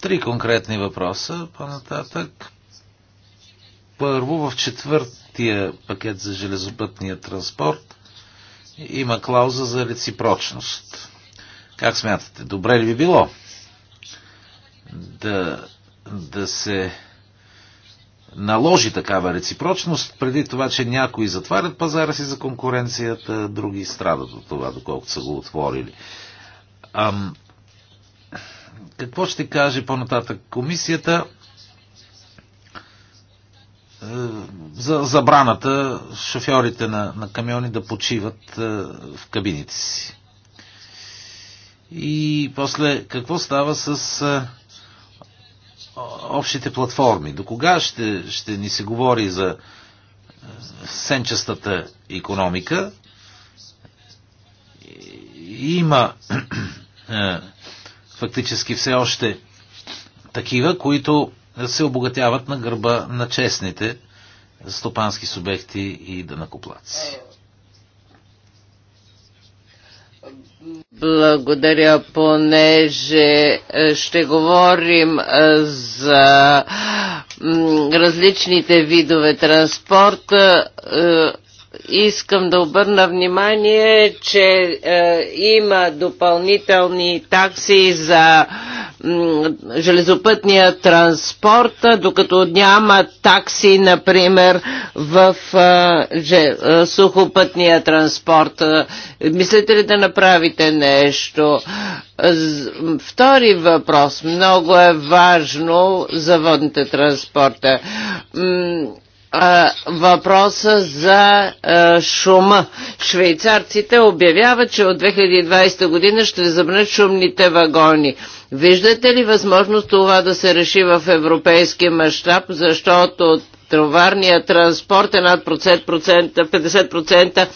Speaker 1: Три конкретни въпроса по-нататък. Първо, в четвъртия пакет за железопътния транспорт има клауза за реципрочност. Как смятате? Добре ли би било да, да се наложи такава реципрочност, преди това, че някои затварят пазара си за конкуренцията, други страдат от това, доколкото са го отворили. Ам, какво ще каже по-нататък комисията? Е, за забраната шофьорите на, на камиони да почиват е, в кабините си. И после какво става с е, общите платформи? До кога ще, ще ни се говори за сенчестата економика? Има фактически все още такива, които се обогатяват на гърба на честните стопански субекти и дънакоплаци.
Speaker 3: Благодаря, понеже е, ще говорим е, за различните видове транспорта. Е, искам да обърна внимание, че е, има допълнителни такси за железопътния транспорт, докато няма такси, например, в а, е, же, а, е, сухопътния транспорт. Мислите ли да направите нещо? Втори въпрос. Много е важно за водните транспорта въпроса за шума. Швейцарците обявяват, че от 2020 година ще забранят шумните вагони. Виждате ли възможност това да се реши в европейски мащаб, защото товарният транспорт е над 50%, 50%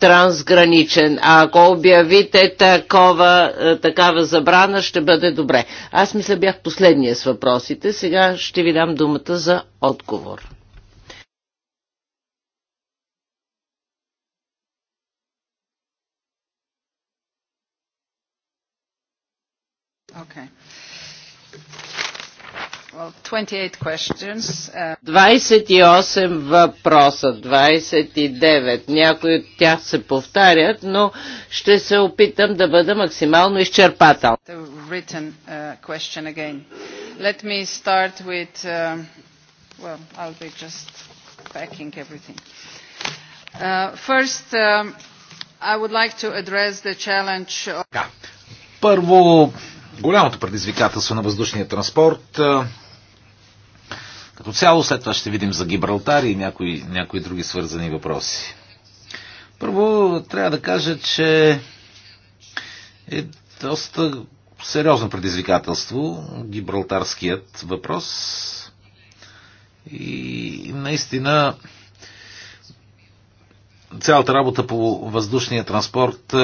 Speaker 3: трансграничен. А ако обявите такова, такава забрана, ще бъде добре. Аз мисля бях последния с въпросите. Сега ще ви дам думата за отговор. 28, uh, въпроса, 29. Някои от тях се повтарят, но ще се опитам да бъда максимално изчерпател.
Speaker 2: Uh, uh, first, um, I would like to address the challenge of...
Speaker 1: Първо, голямото предизвикателство на въздушния транспорт. Като цяло след това ще видим за Гибралтар и някои, някои други свързани въпроси. Първо трябва да кажа, че е доста сериозно предизвикателство гибралтарският въпрос и наистина цялата работа по въздушния транспорт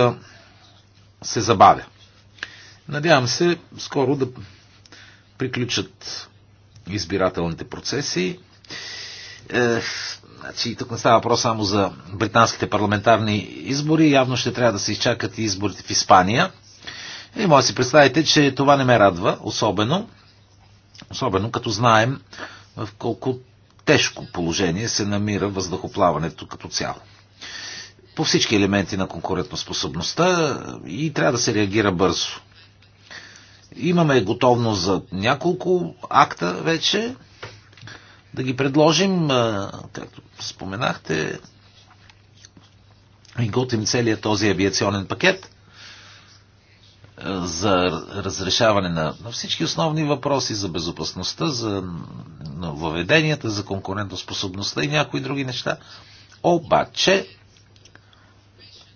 Speaker 1: се забавя. Надявам се скоро да приключат избирателните процеси. Е, значи, тук не става въпрос само за британските парламентарни избори. Явно ще трябва да се изчакат и изборите в Испания. И може да си представите, че това не ме радва, особено, особено като знаем в колко тежко положение се намира въздухоплаването като цяло. По всички елементи на конкурентоспособността и трябва да се реагира бързо. Имаме готовност за няколко акта вече да ги предложим, както споменахте, и готвим целият този авиационен пакет за разрешаване на, на всички основни въпроси за безопасността, за въведенията, за конкурентоспособността и някои други неща. Обаче,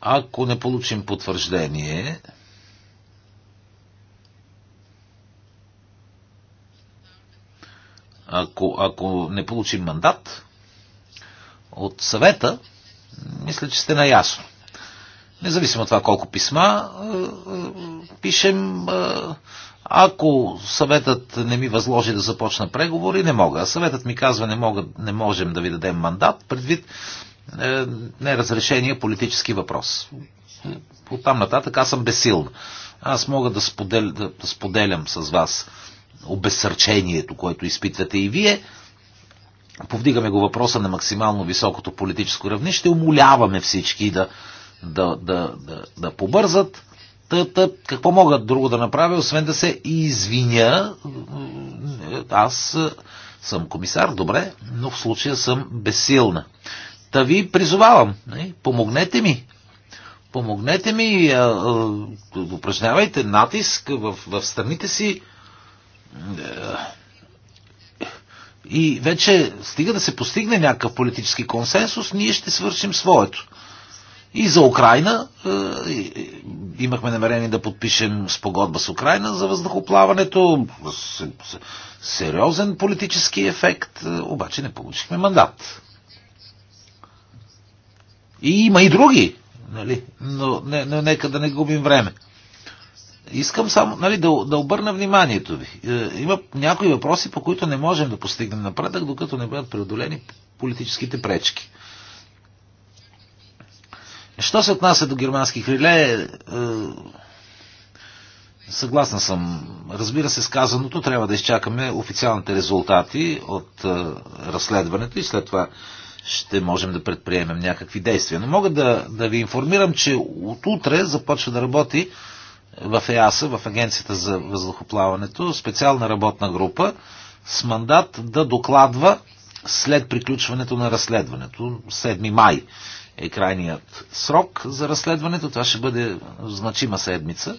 Speaker 1: ако не получим потвърждение, Ако, ако не получим мандат от съвета, мисля, че сте наясно. Независимо от това колко писма е, е, пишем, е, ако съветът не ми възложи да започна преговори, не мога. А съветът ми казва, не, мога, не можем да ви дадем мандат, предвид неразрешения политически въпрос. От там нататък аз съм безсилна. Аз мога да, споделя, да, да споделям с вас обезсърчението, което изпитвате и вие. Повдигаме го въпроса на максимално високото политическо равнище, умоляваме всички да, да, да, да, да побързат. Та, та, какво мога друго да направя, освен да се извиня? Аз съм комисар, добре, но в случая съм безсилна. Та ви призовавам, нали, помогнете ми. Помогнете ми, упражнявайте натиск в, в страните си, и вече стига да се постигне някакъв политически консенсус, ние ще свършим своето. И за Украина е, имахме намерение да подпишем спогодба с Украина за въздухоплаването. Сериозен политически ефект, е, обаче не получихме мандат. И има и други, нали? но не, не, нека да не губим време искам само нали, да, да обърна вниманието ви. Е, има някои въпроси, по които не можем да постигнем напредък, докато не бъдат преодолени политическите пречки. Що се отнася до германски хриле, е, съгласна съм. Разбира се, сказаното трябва да изчакаме официалните резултати от е, разследването и след това ще можем да предприемем някакви действия. Но мога да, да ви информирам, че от утре започва да работи в ЕАСА, в Агенцията за въздухоплаването, специална работна група с мандат да докладва след приключването на разследването. 7 май е крайният срок за разследването. Това ще бъде значима седмица.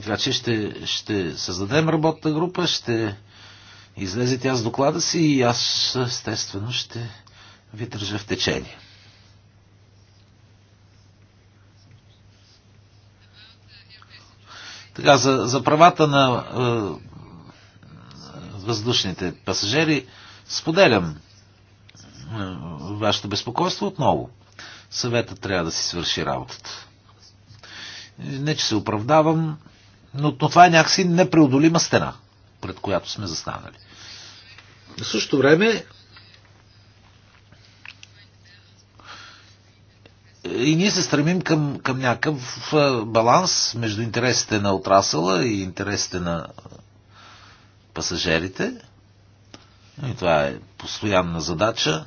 Speaker 1: Така че ще, ще създадем работна група, ще излезе тя с доклада си и аз естествено ще ви държа в течение. Така, за, за правата на е, въздушните пасажери споделям е, вашето безпокойство отново. Съвета трябва да си свърши работата. Не, че се оправдавам, но, но това е някакси непреодолима стена, пред която сме застанали. В същото време И ние се стремим към, към някакъв баланс между интересите на отрасъла и интересите на пасажирите. И това е постоянна задача.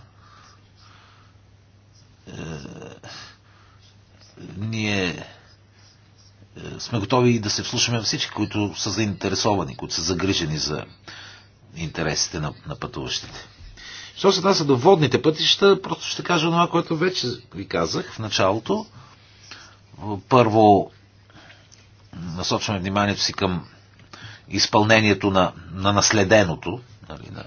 Speaker 1: Е, ние е, сме готови да се вслушаме всички, които са заинтересовани, които са загрижени за интересите на, на пътуващите. Що се отнася до водните пътища, просто ще кажа това, което вече ви казах в началото. Първо, насочваме вниманието си към изпълнението на, на наследеното нали, на,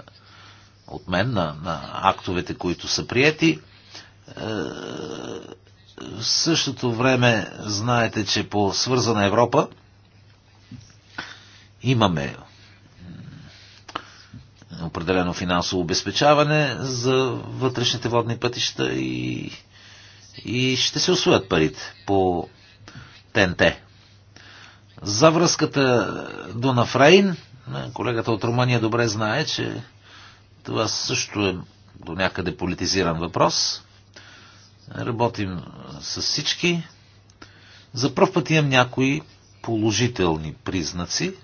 Speaker 1: от мен, на, на актовете, които са приети. Е, в същото време знаете, че по свързана Европа имаме определено финансово обезпечаване за вътрешните водни пътища и, и ще се освоят парите по ТНТ. За връзката до Нафраин, колегата от Румъния добре знае, че това също е до някъде политизиран въпрос. Работим с всички. За първ път имам някои положителни признаци –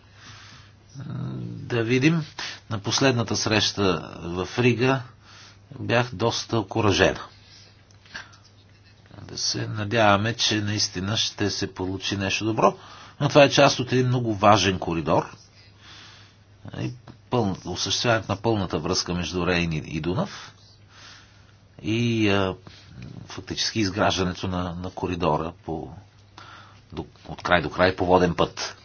Speaker 1: да видим. На последната среща в Рига бях доста окоръжена. Да се надяваме, че наистина ще се получи нещо добро. Но това е част от един много важен коридор. И пълна, осъществяването на пълната връзка между Рейн и Дунав и а, фактически изграждането на, на коридора по, до, от край до край по воден път.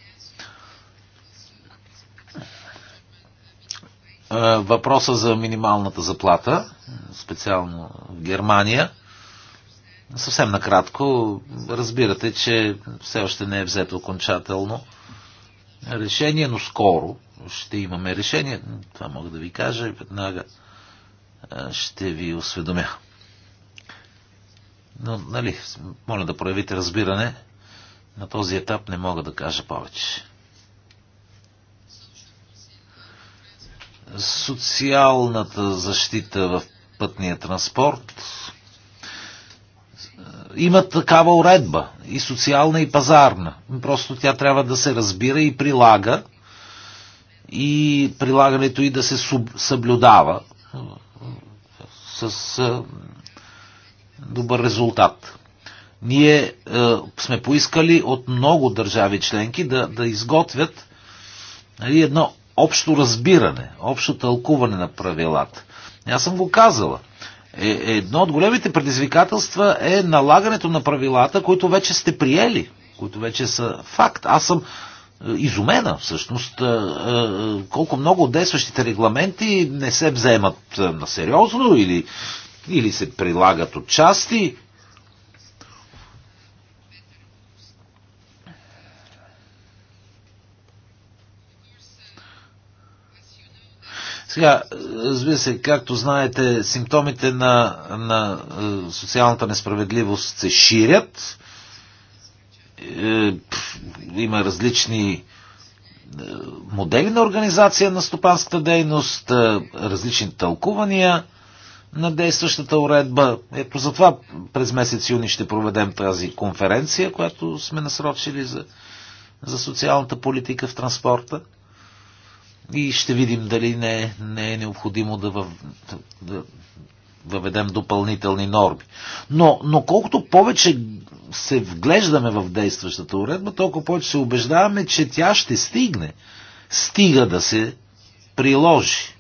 Speaker 1: въпроса за минималната заплата, специално в Германия. Съвсем накратко, разбирате, че все още не е взето окончателно решение, но скоро ще имаме решение. Това мога да ви кажа и веднага ще ви осведомя. Но, нали, моля да проявите разбиране. На този етап не мога да кажа повече. социалната защита в пътния транспорт има такава уредба и социална и пазарна. Просто тя трябва да се разбира и прилага и прилагането и да се съблюдава с добър резултат. Ние е, сме поискали от много държави членки да, да изготвят нали, едно общо разбиране, общо тълкуване на правилата. Аз съм го казала. Е, едно от големите предизвикателства е налагането на правилата, които вече сте приели, които вече са факт. Аз съм е, изумена всъщност е, колко много от действащите регламенти не се вземат на сериозно или, или се прилагат от части. Сега, разбира се, както знаете, симптомите на, на е, социалната несправедливост се ширят. Е, има различни е, модели на организация на стопанската дейност, различни тълкувания на действащата уредба. Ето затова през месец юни ще проведем тази конференция, която сме насрочили за, за социалната политика в транспорта. И ще видим дали не, не е необходимо да, във, да въведем допълнителни норми. Но, но колкото повече се вглеждаме в действащата уредба, толкова повече се убеждаваме, че тя ще стигне. Стига да се приложи.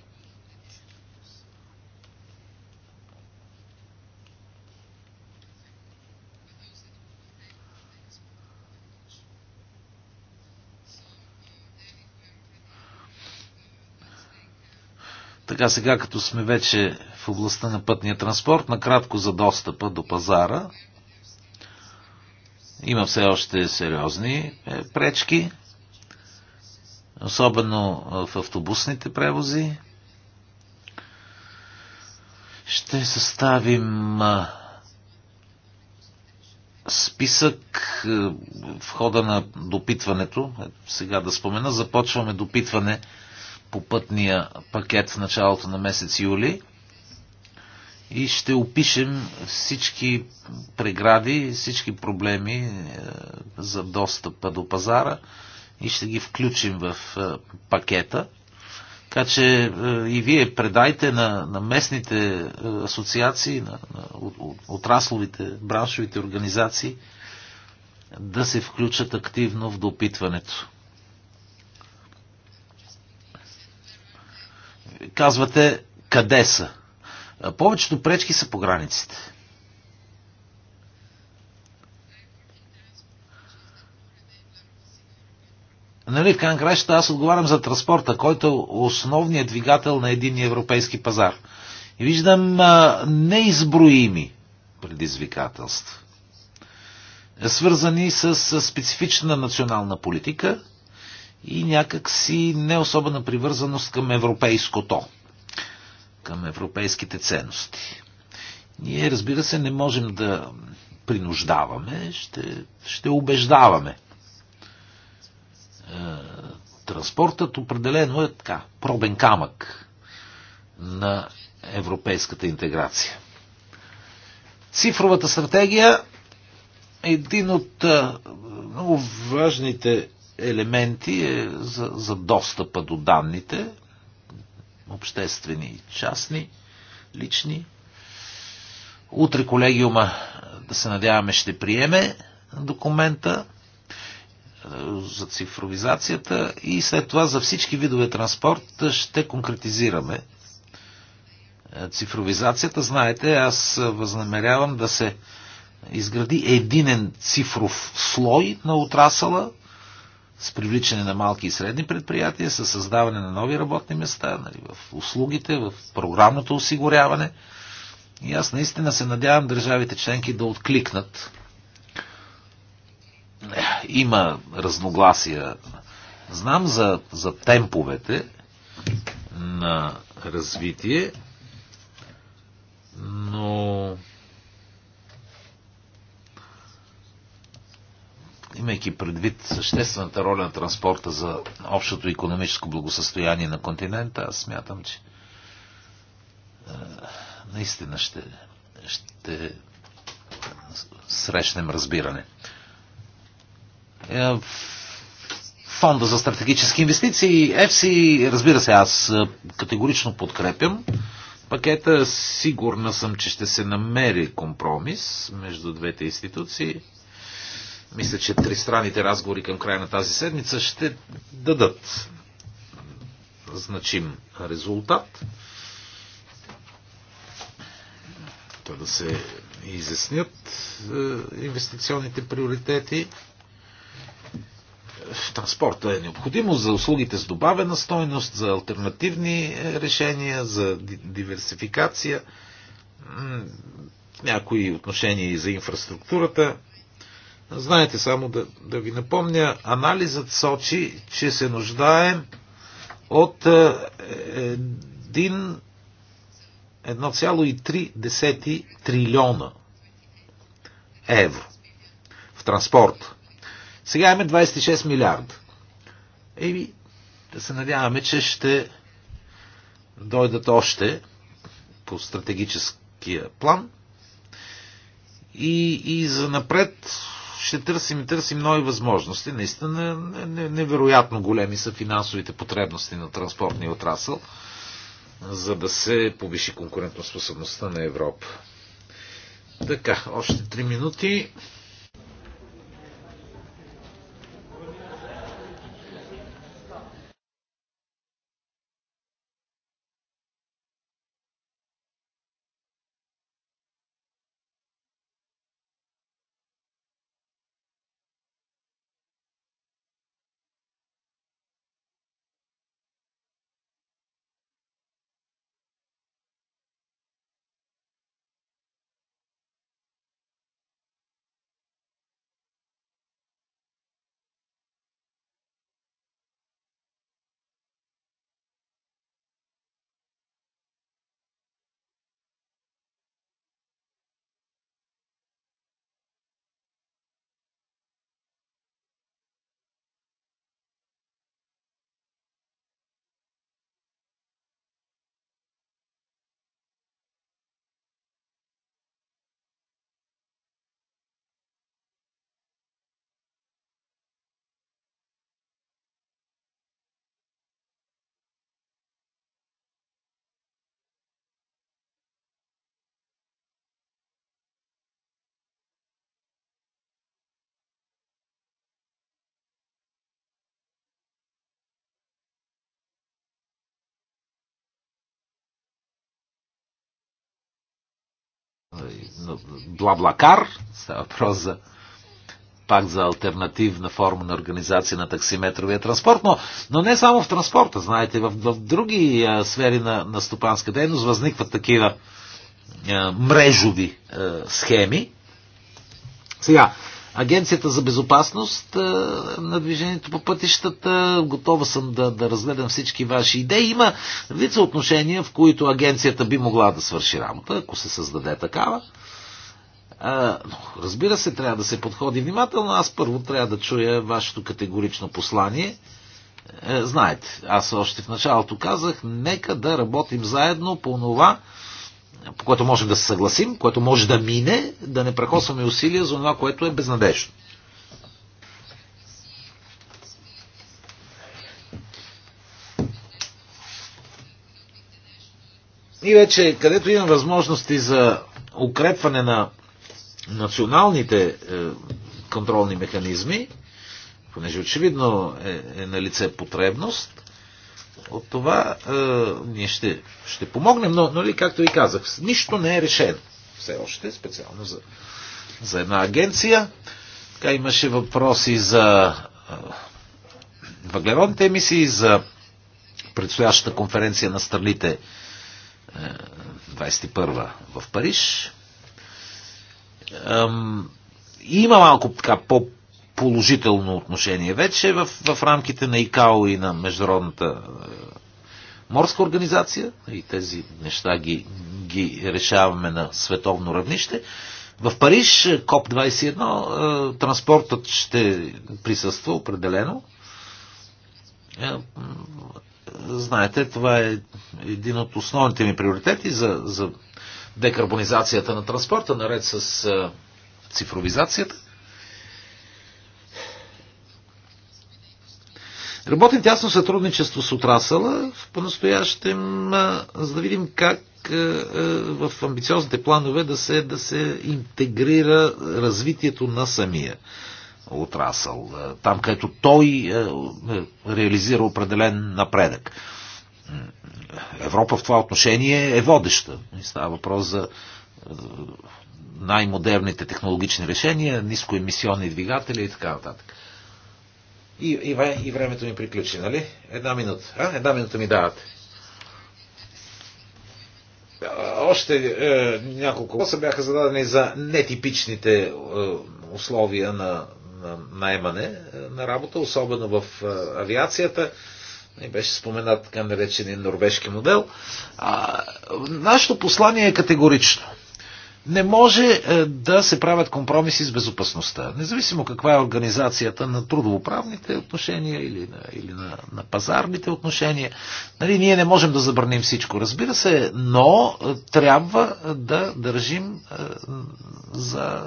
Speaker 1: Така сега, като сме вече в областта на пътния транспорт, накратко за достъпа до пазара. Има все още сериозни е, пречки, особено в автобусните превози. Ще съставим списък е, в хода на допитването. Е, сега да спомена, започваме допитване по пътния пакет в началото на месец юли и ще опишем всички прегради, всички проблеми е, за достъпа до пазара и ще ги включим в е, пакета. Така че е, и вие предайте на, на местните асоциации, на, на отрасловите, браншовите организации да се включат активно в допитването. Казвате, къде са? Повечето пречки са по границите. Нали, в крайна краща аз отговарям за транспорта, който е основният двигател на един европейски пазар. И виждам а, неизброими предизвикателства, свързани с, с специфична национална политика – и някак си не особена привързаност към европейското, към европейските ценности. Ние, разбира се, не можем да принуждаваме, ще, ще убеждаваме. Е, транспортът определено е така, пробен камък на европейската интеграция. Цифровата стратегия е един от е, много важните елементи е за, за достъпа до данните, обществени и частни, лични. Утре колегиума, да се надяваме, ще приеме документа е, за цифровизацията и след това за всички видове транспорт ще конкретизираме е, цифровизацията. Знаете, аз възнамерявам да се изгради единен цифров слой на отрасала – с привличане на малки и средни предприятия, с създаване на нови работни места, нали, в услугите, в програмното осигуряване. И аз наистина се надявам държавите членки да откликнат. Има разногласия. Знам за, за темповете на развитие, но имайки предвид съществената роля на транспорта за общото економическо благосъстояние на континента, аз смятам, че е, наистина ще, ще срещнем разбиране. Е, фонда за стратегически инвестиции, ЕФСИ, разбира се, аз е, категорично подкрепям пакета. Сигурна съм, че ще се намери компромис между двете институции. Мисля, че тристранните разговори към края на тази седмица ще дадат значим резултат. Та да се изяснят е, инвестиционните приоритети. Транспорта е необходимо за услугите с добавена стойност, за альтернативни е, решения, за диверсификация, някои отношения и за инфраструктурата. Знаете, само да, да ви напомня, анализът сочи, че се нуждаем от 1,3 е, трилиона евро в транспорт. Сега имаме 26 милиарда. Еми, да се надяваме, че ще дойдат още по стратегическия план. И, и за напред ще търсим и търсим нови възможности. Наистина невероятно големи са финансовите потребности на транспортния отрасъл, за да се повиши конкурентоспособността на Европа. Така, още 3 минути. Блаблакар, става въпрос за пак за альтернативна форма на организация на таксиметровия транспорт, но, но не само в транспорта, знаете, в, в други а, сфери на, на стопанска дейност възникват такива а, мрежови а, схеми. Сега, Агенцията за безопасност е, на движението по пътищата. Готова съм да, да разгледам всички ваши идеи. Има лица отношения, в които агенцията би могла да свърши работа, ако се създаде такава. Е, разбира се, трябва да се подходи внимателно. Аз първо трябва да чуя вашето категорично послание. Е, знаете, аз още в началото казах, нека да работим заедно по това, по което можем да се съгласим, което може да мине, да не прахосваме усилия за това, което е безнадежно. И вече, където имам възможности за укрепване на националните е, контролни механизми, понеже очевидно е, е на лице потребност, от това е, ние ще, ще помогнем, но, но ли, както ви казах, нищо не е решено. Все още, специално за, за една агенция. Така имаше въпроси за е, въглеродните емисии, за предстоящата конференция на е, 21 в Париж. Има малко така по положително отношение. Вече в, в рамките на ИКАО и на Международната е, морска организация, и тези неща ги, ги решаваме на световно равнище, в Париж, е, КОП-21, е, транспортът ще присъства определено. Знаете, това е един от основните ми приоритети за, за декарбонизацията на транспорта, наред с цифровизацията. Работим тясно сътрудничество с отрасъла в по-настоящем, за да видим как в амбициозните планове да се, да се интегрира развитието на самия отрасъл, там където той реализира определен напредък. Европа в това отношение е водеща. Става въпрос за най-модерните технологични решения, нискоемисионни двигатели и така нататък. И, и, и времето ми приключи, нали? Една минута. А, една минута ми давате. Още е, няколко въпроса бяха зададени за нетипичните е, условия на, на наемане е, на работа, особено в е, авиацията. И беше споменат така наречения норвежки модел. А, нашето послание е категорично. Не може е, да се правят компромиси с безопасността. Независимо каква е организацията на трудовоправните отношения или на, или на, на пазарните отношения, нали, ние не можем да забраним всичко, разбира се, но е, трябва да държим е, за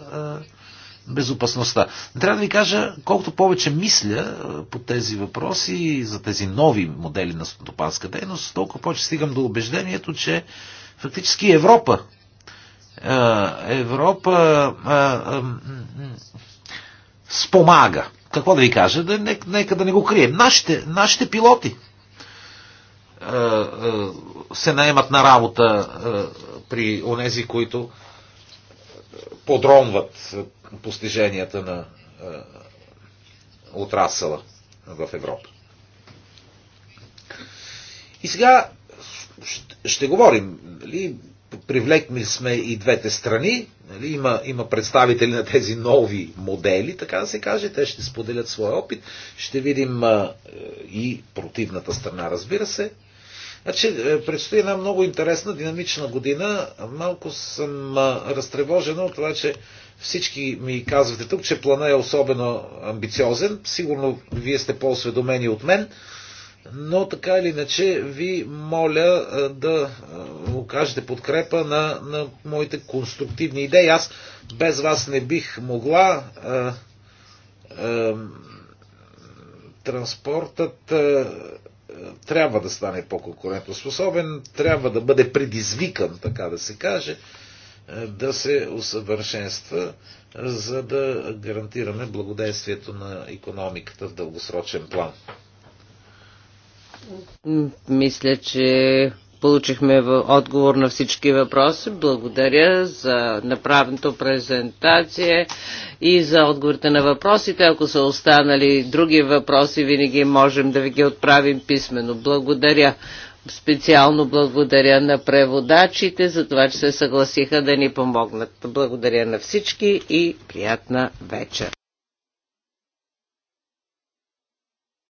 Speaker 1: безопасността. Трябва да ви кажа, колкото повече мисля по тези въпроси, за тези нови модели на стопанска дейност, толкова повече стигам до убеждението, че фактически Европа е, Европа е, е, спомага. Какво да ви кажа? нека, да не го крием. Нашите, нашите пилоти се наемат на работа при онези, които подронват постиженията на отрасъла в Европа. И сега ще говорим, нали, привлекли сме и двете страни. Нали, има, има представители на тези нови модели, така да се каже. Те ще споделят своя опит. Ще видим а, е, и противната страна, разбира се. Значи, е, предстои една много интересна, динамична година. Малко съм а, разтревожена от това, че всички ми казвате тук, че плана е особено амбициозен. Сигурно вие сте по-осведомени от мен но така или иначе ви моля да окажете подкрепа на, на моите конструктивни идеи. Аз без вас не бих могла. А, а, транспортът а, трябва да стане по-конкурентоспособен, трябва да бъде предизвикан, така да се каже, да се усъвършенства, за да гарантираме благодействието на економиката в дългосрочен план.
Speaker 3: Мисля, че получихме отговор на всички въпроси. Благодаря за направената презентация и за отговорите на въпросите. Ако са останали други въпроси, винаги можем да ви ги отправим писменно. Благодаря. Специално благодаря на преводачите за това, че се съгласиха да ни помогнат. Благодаря на всички и приятна вечер.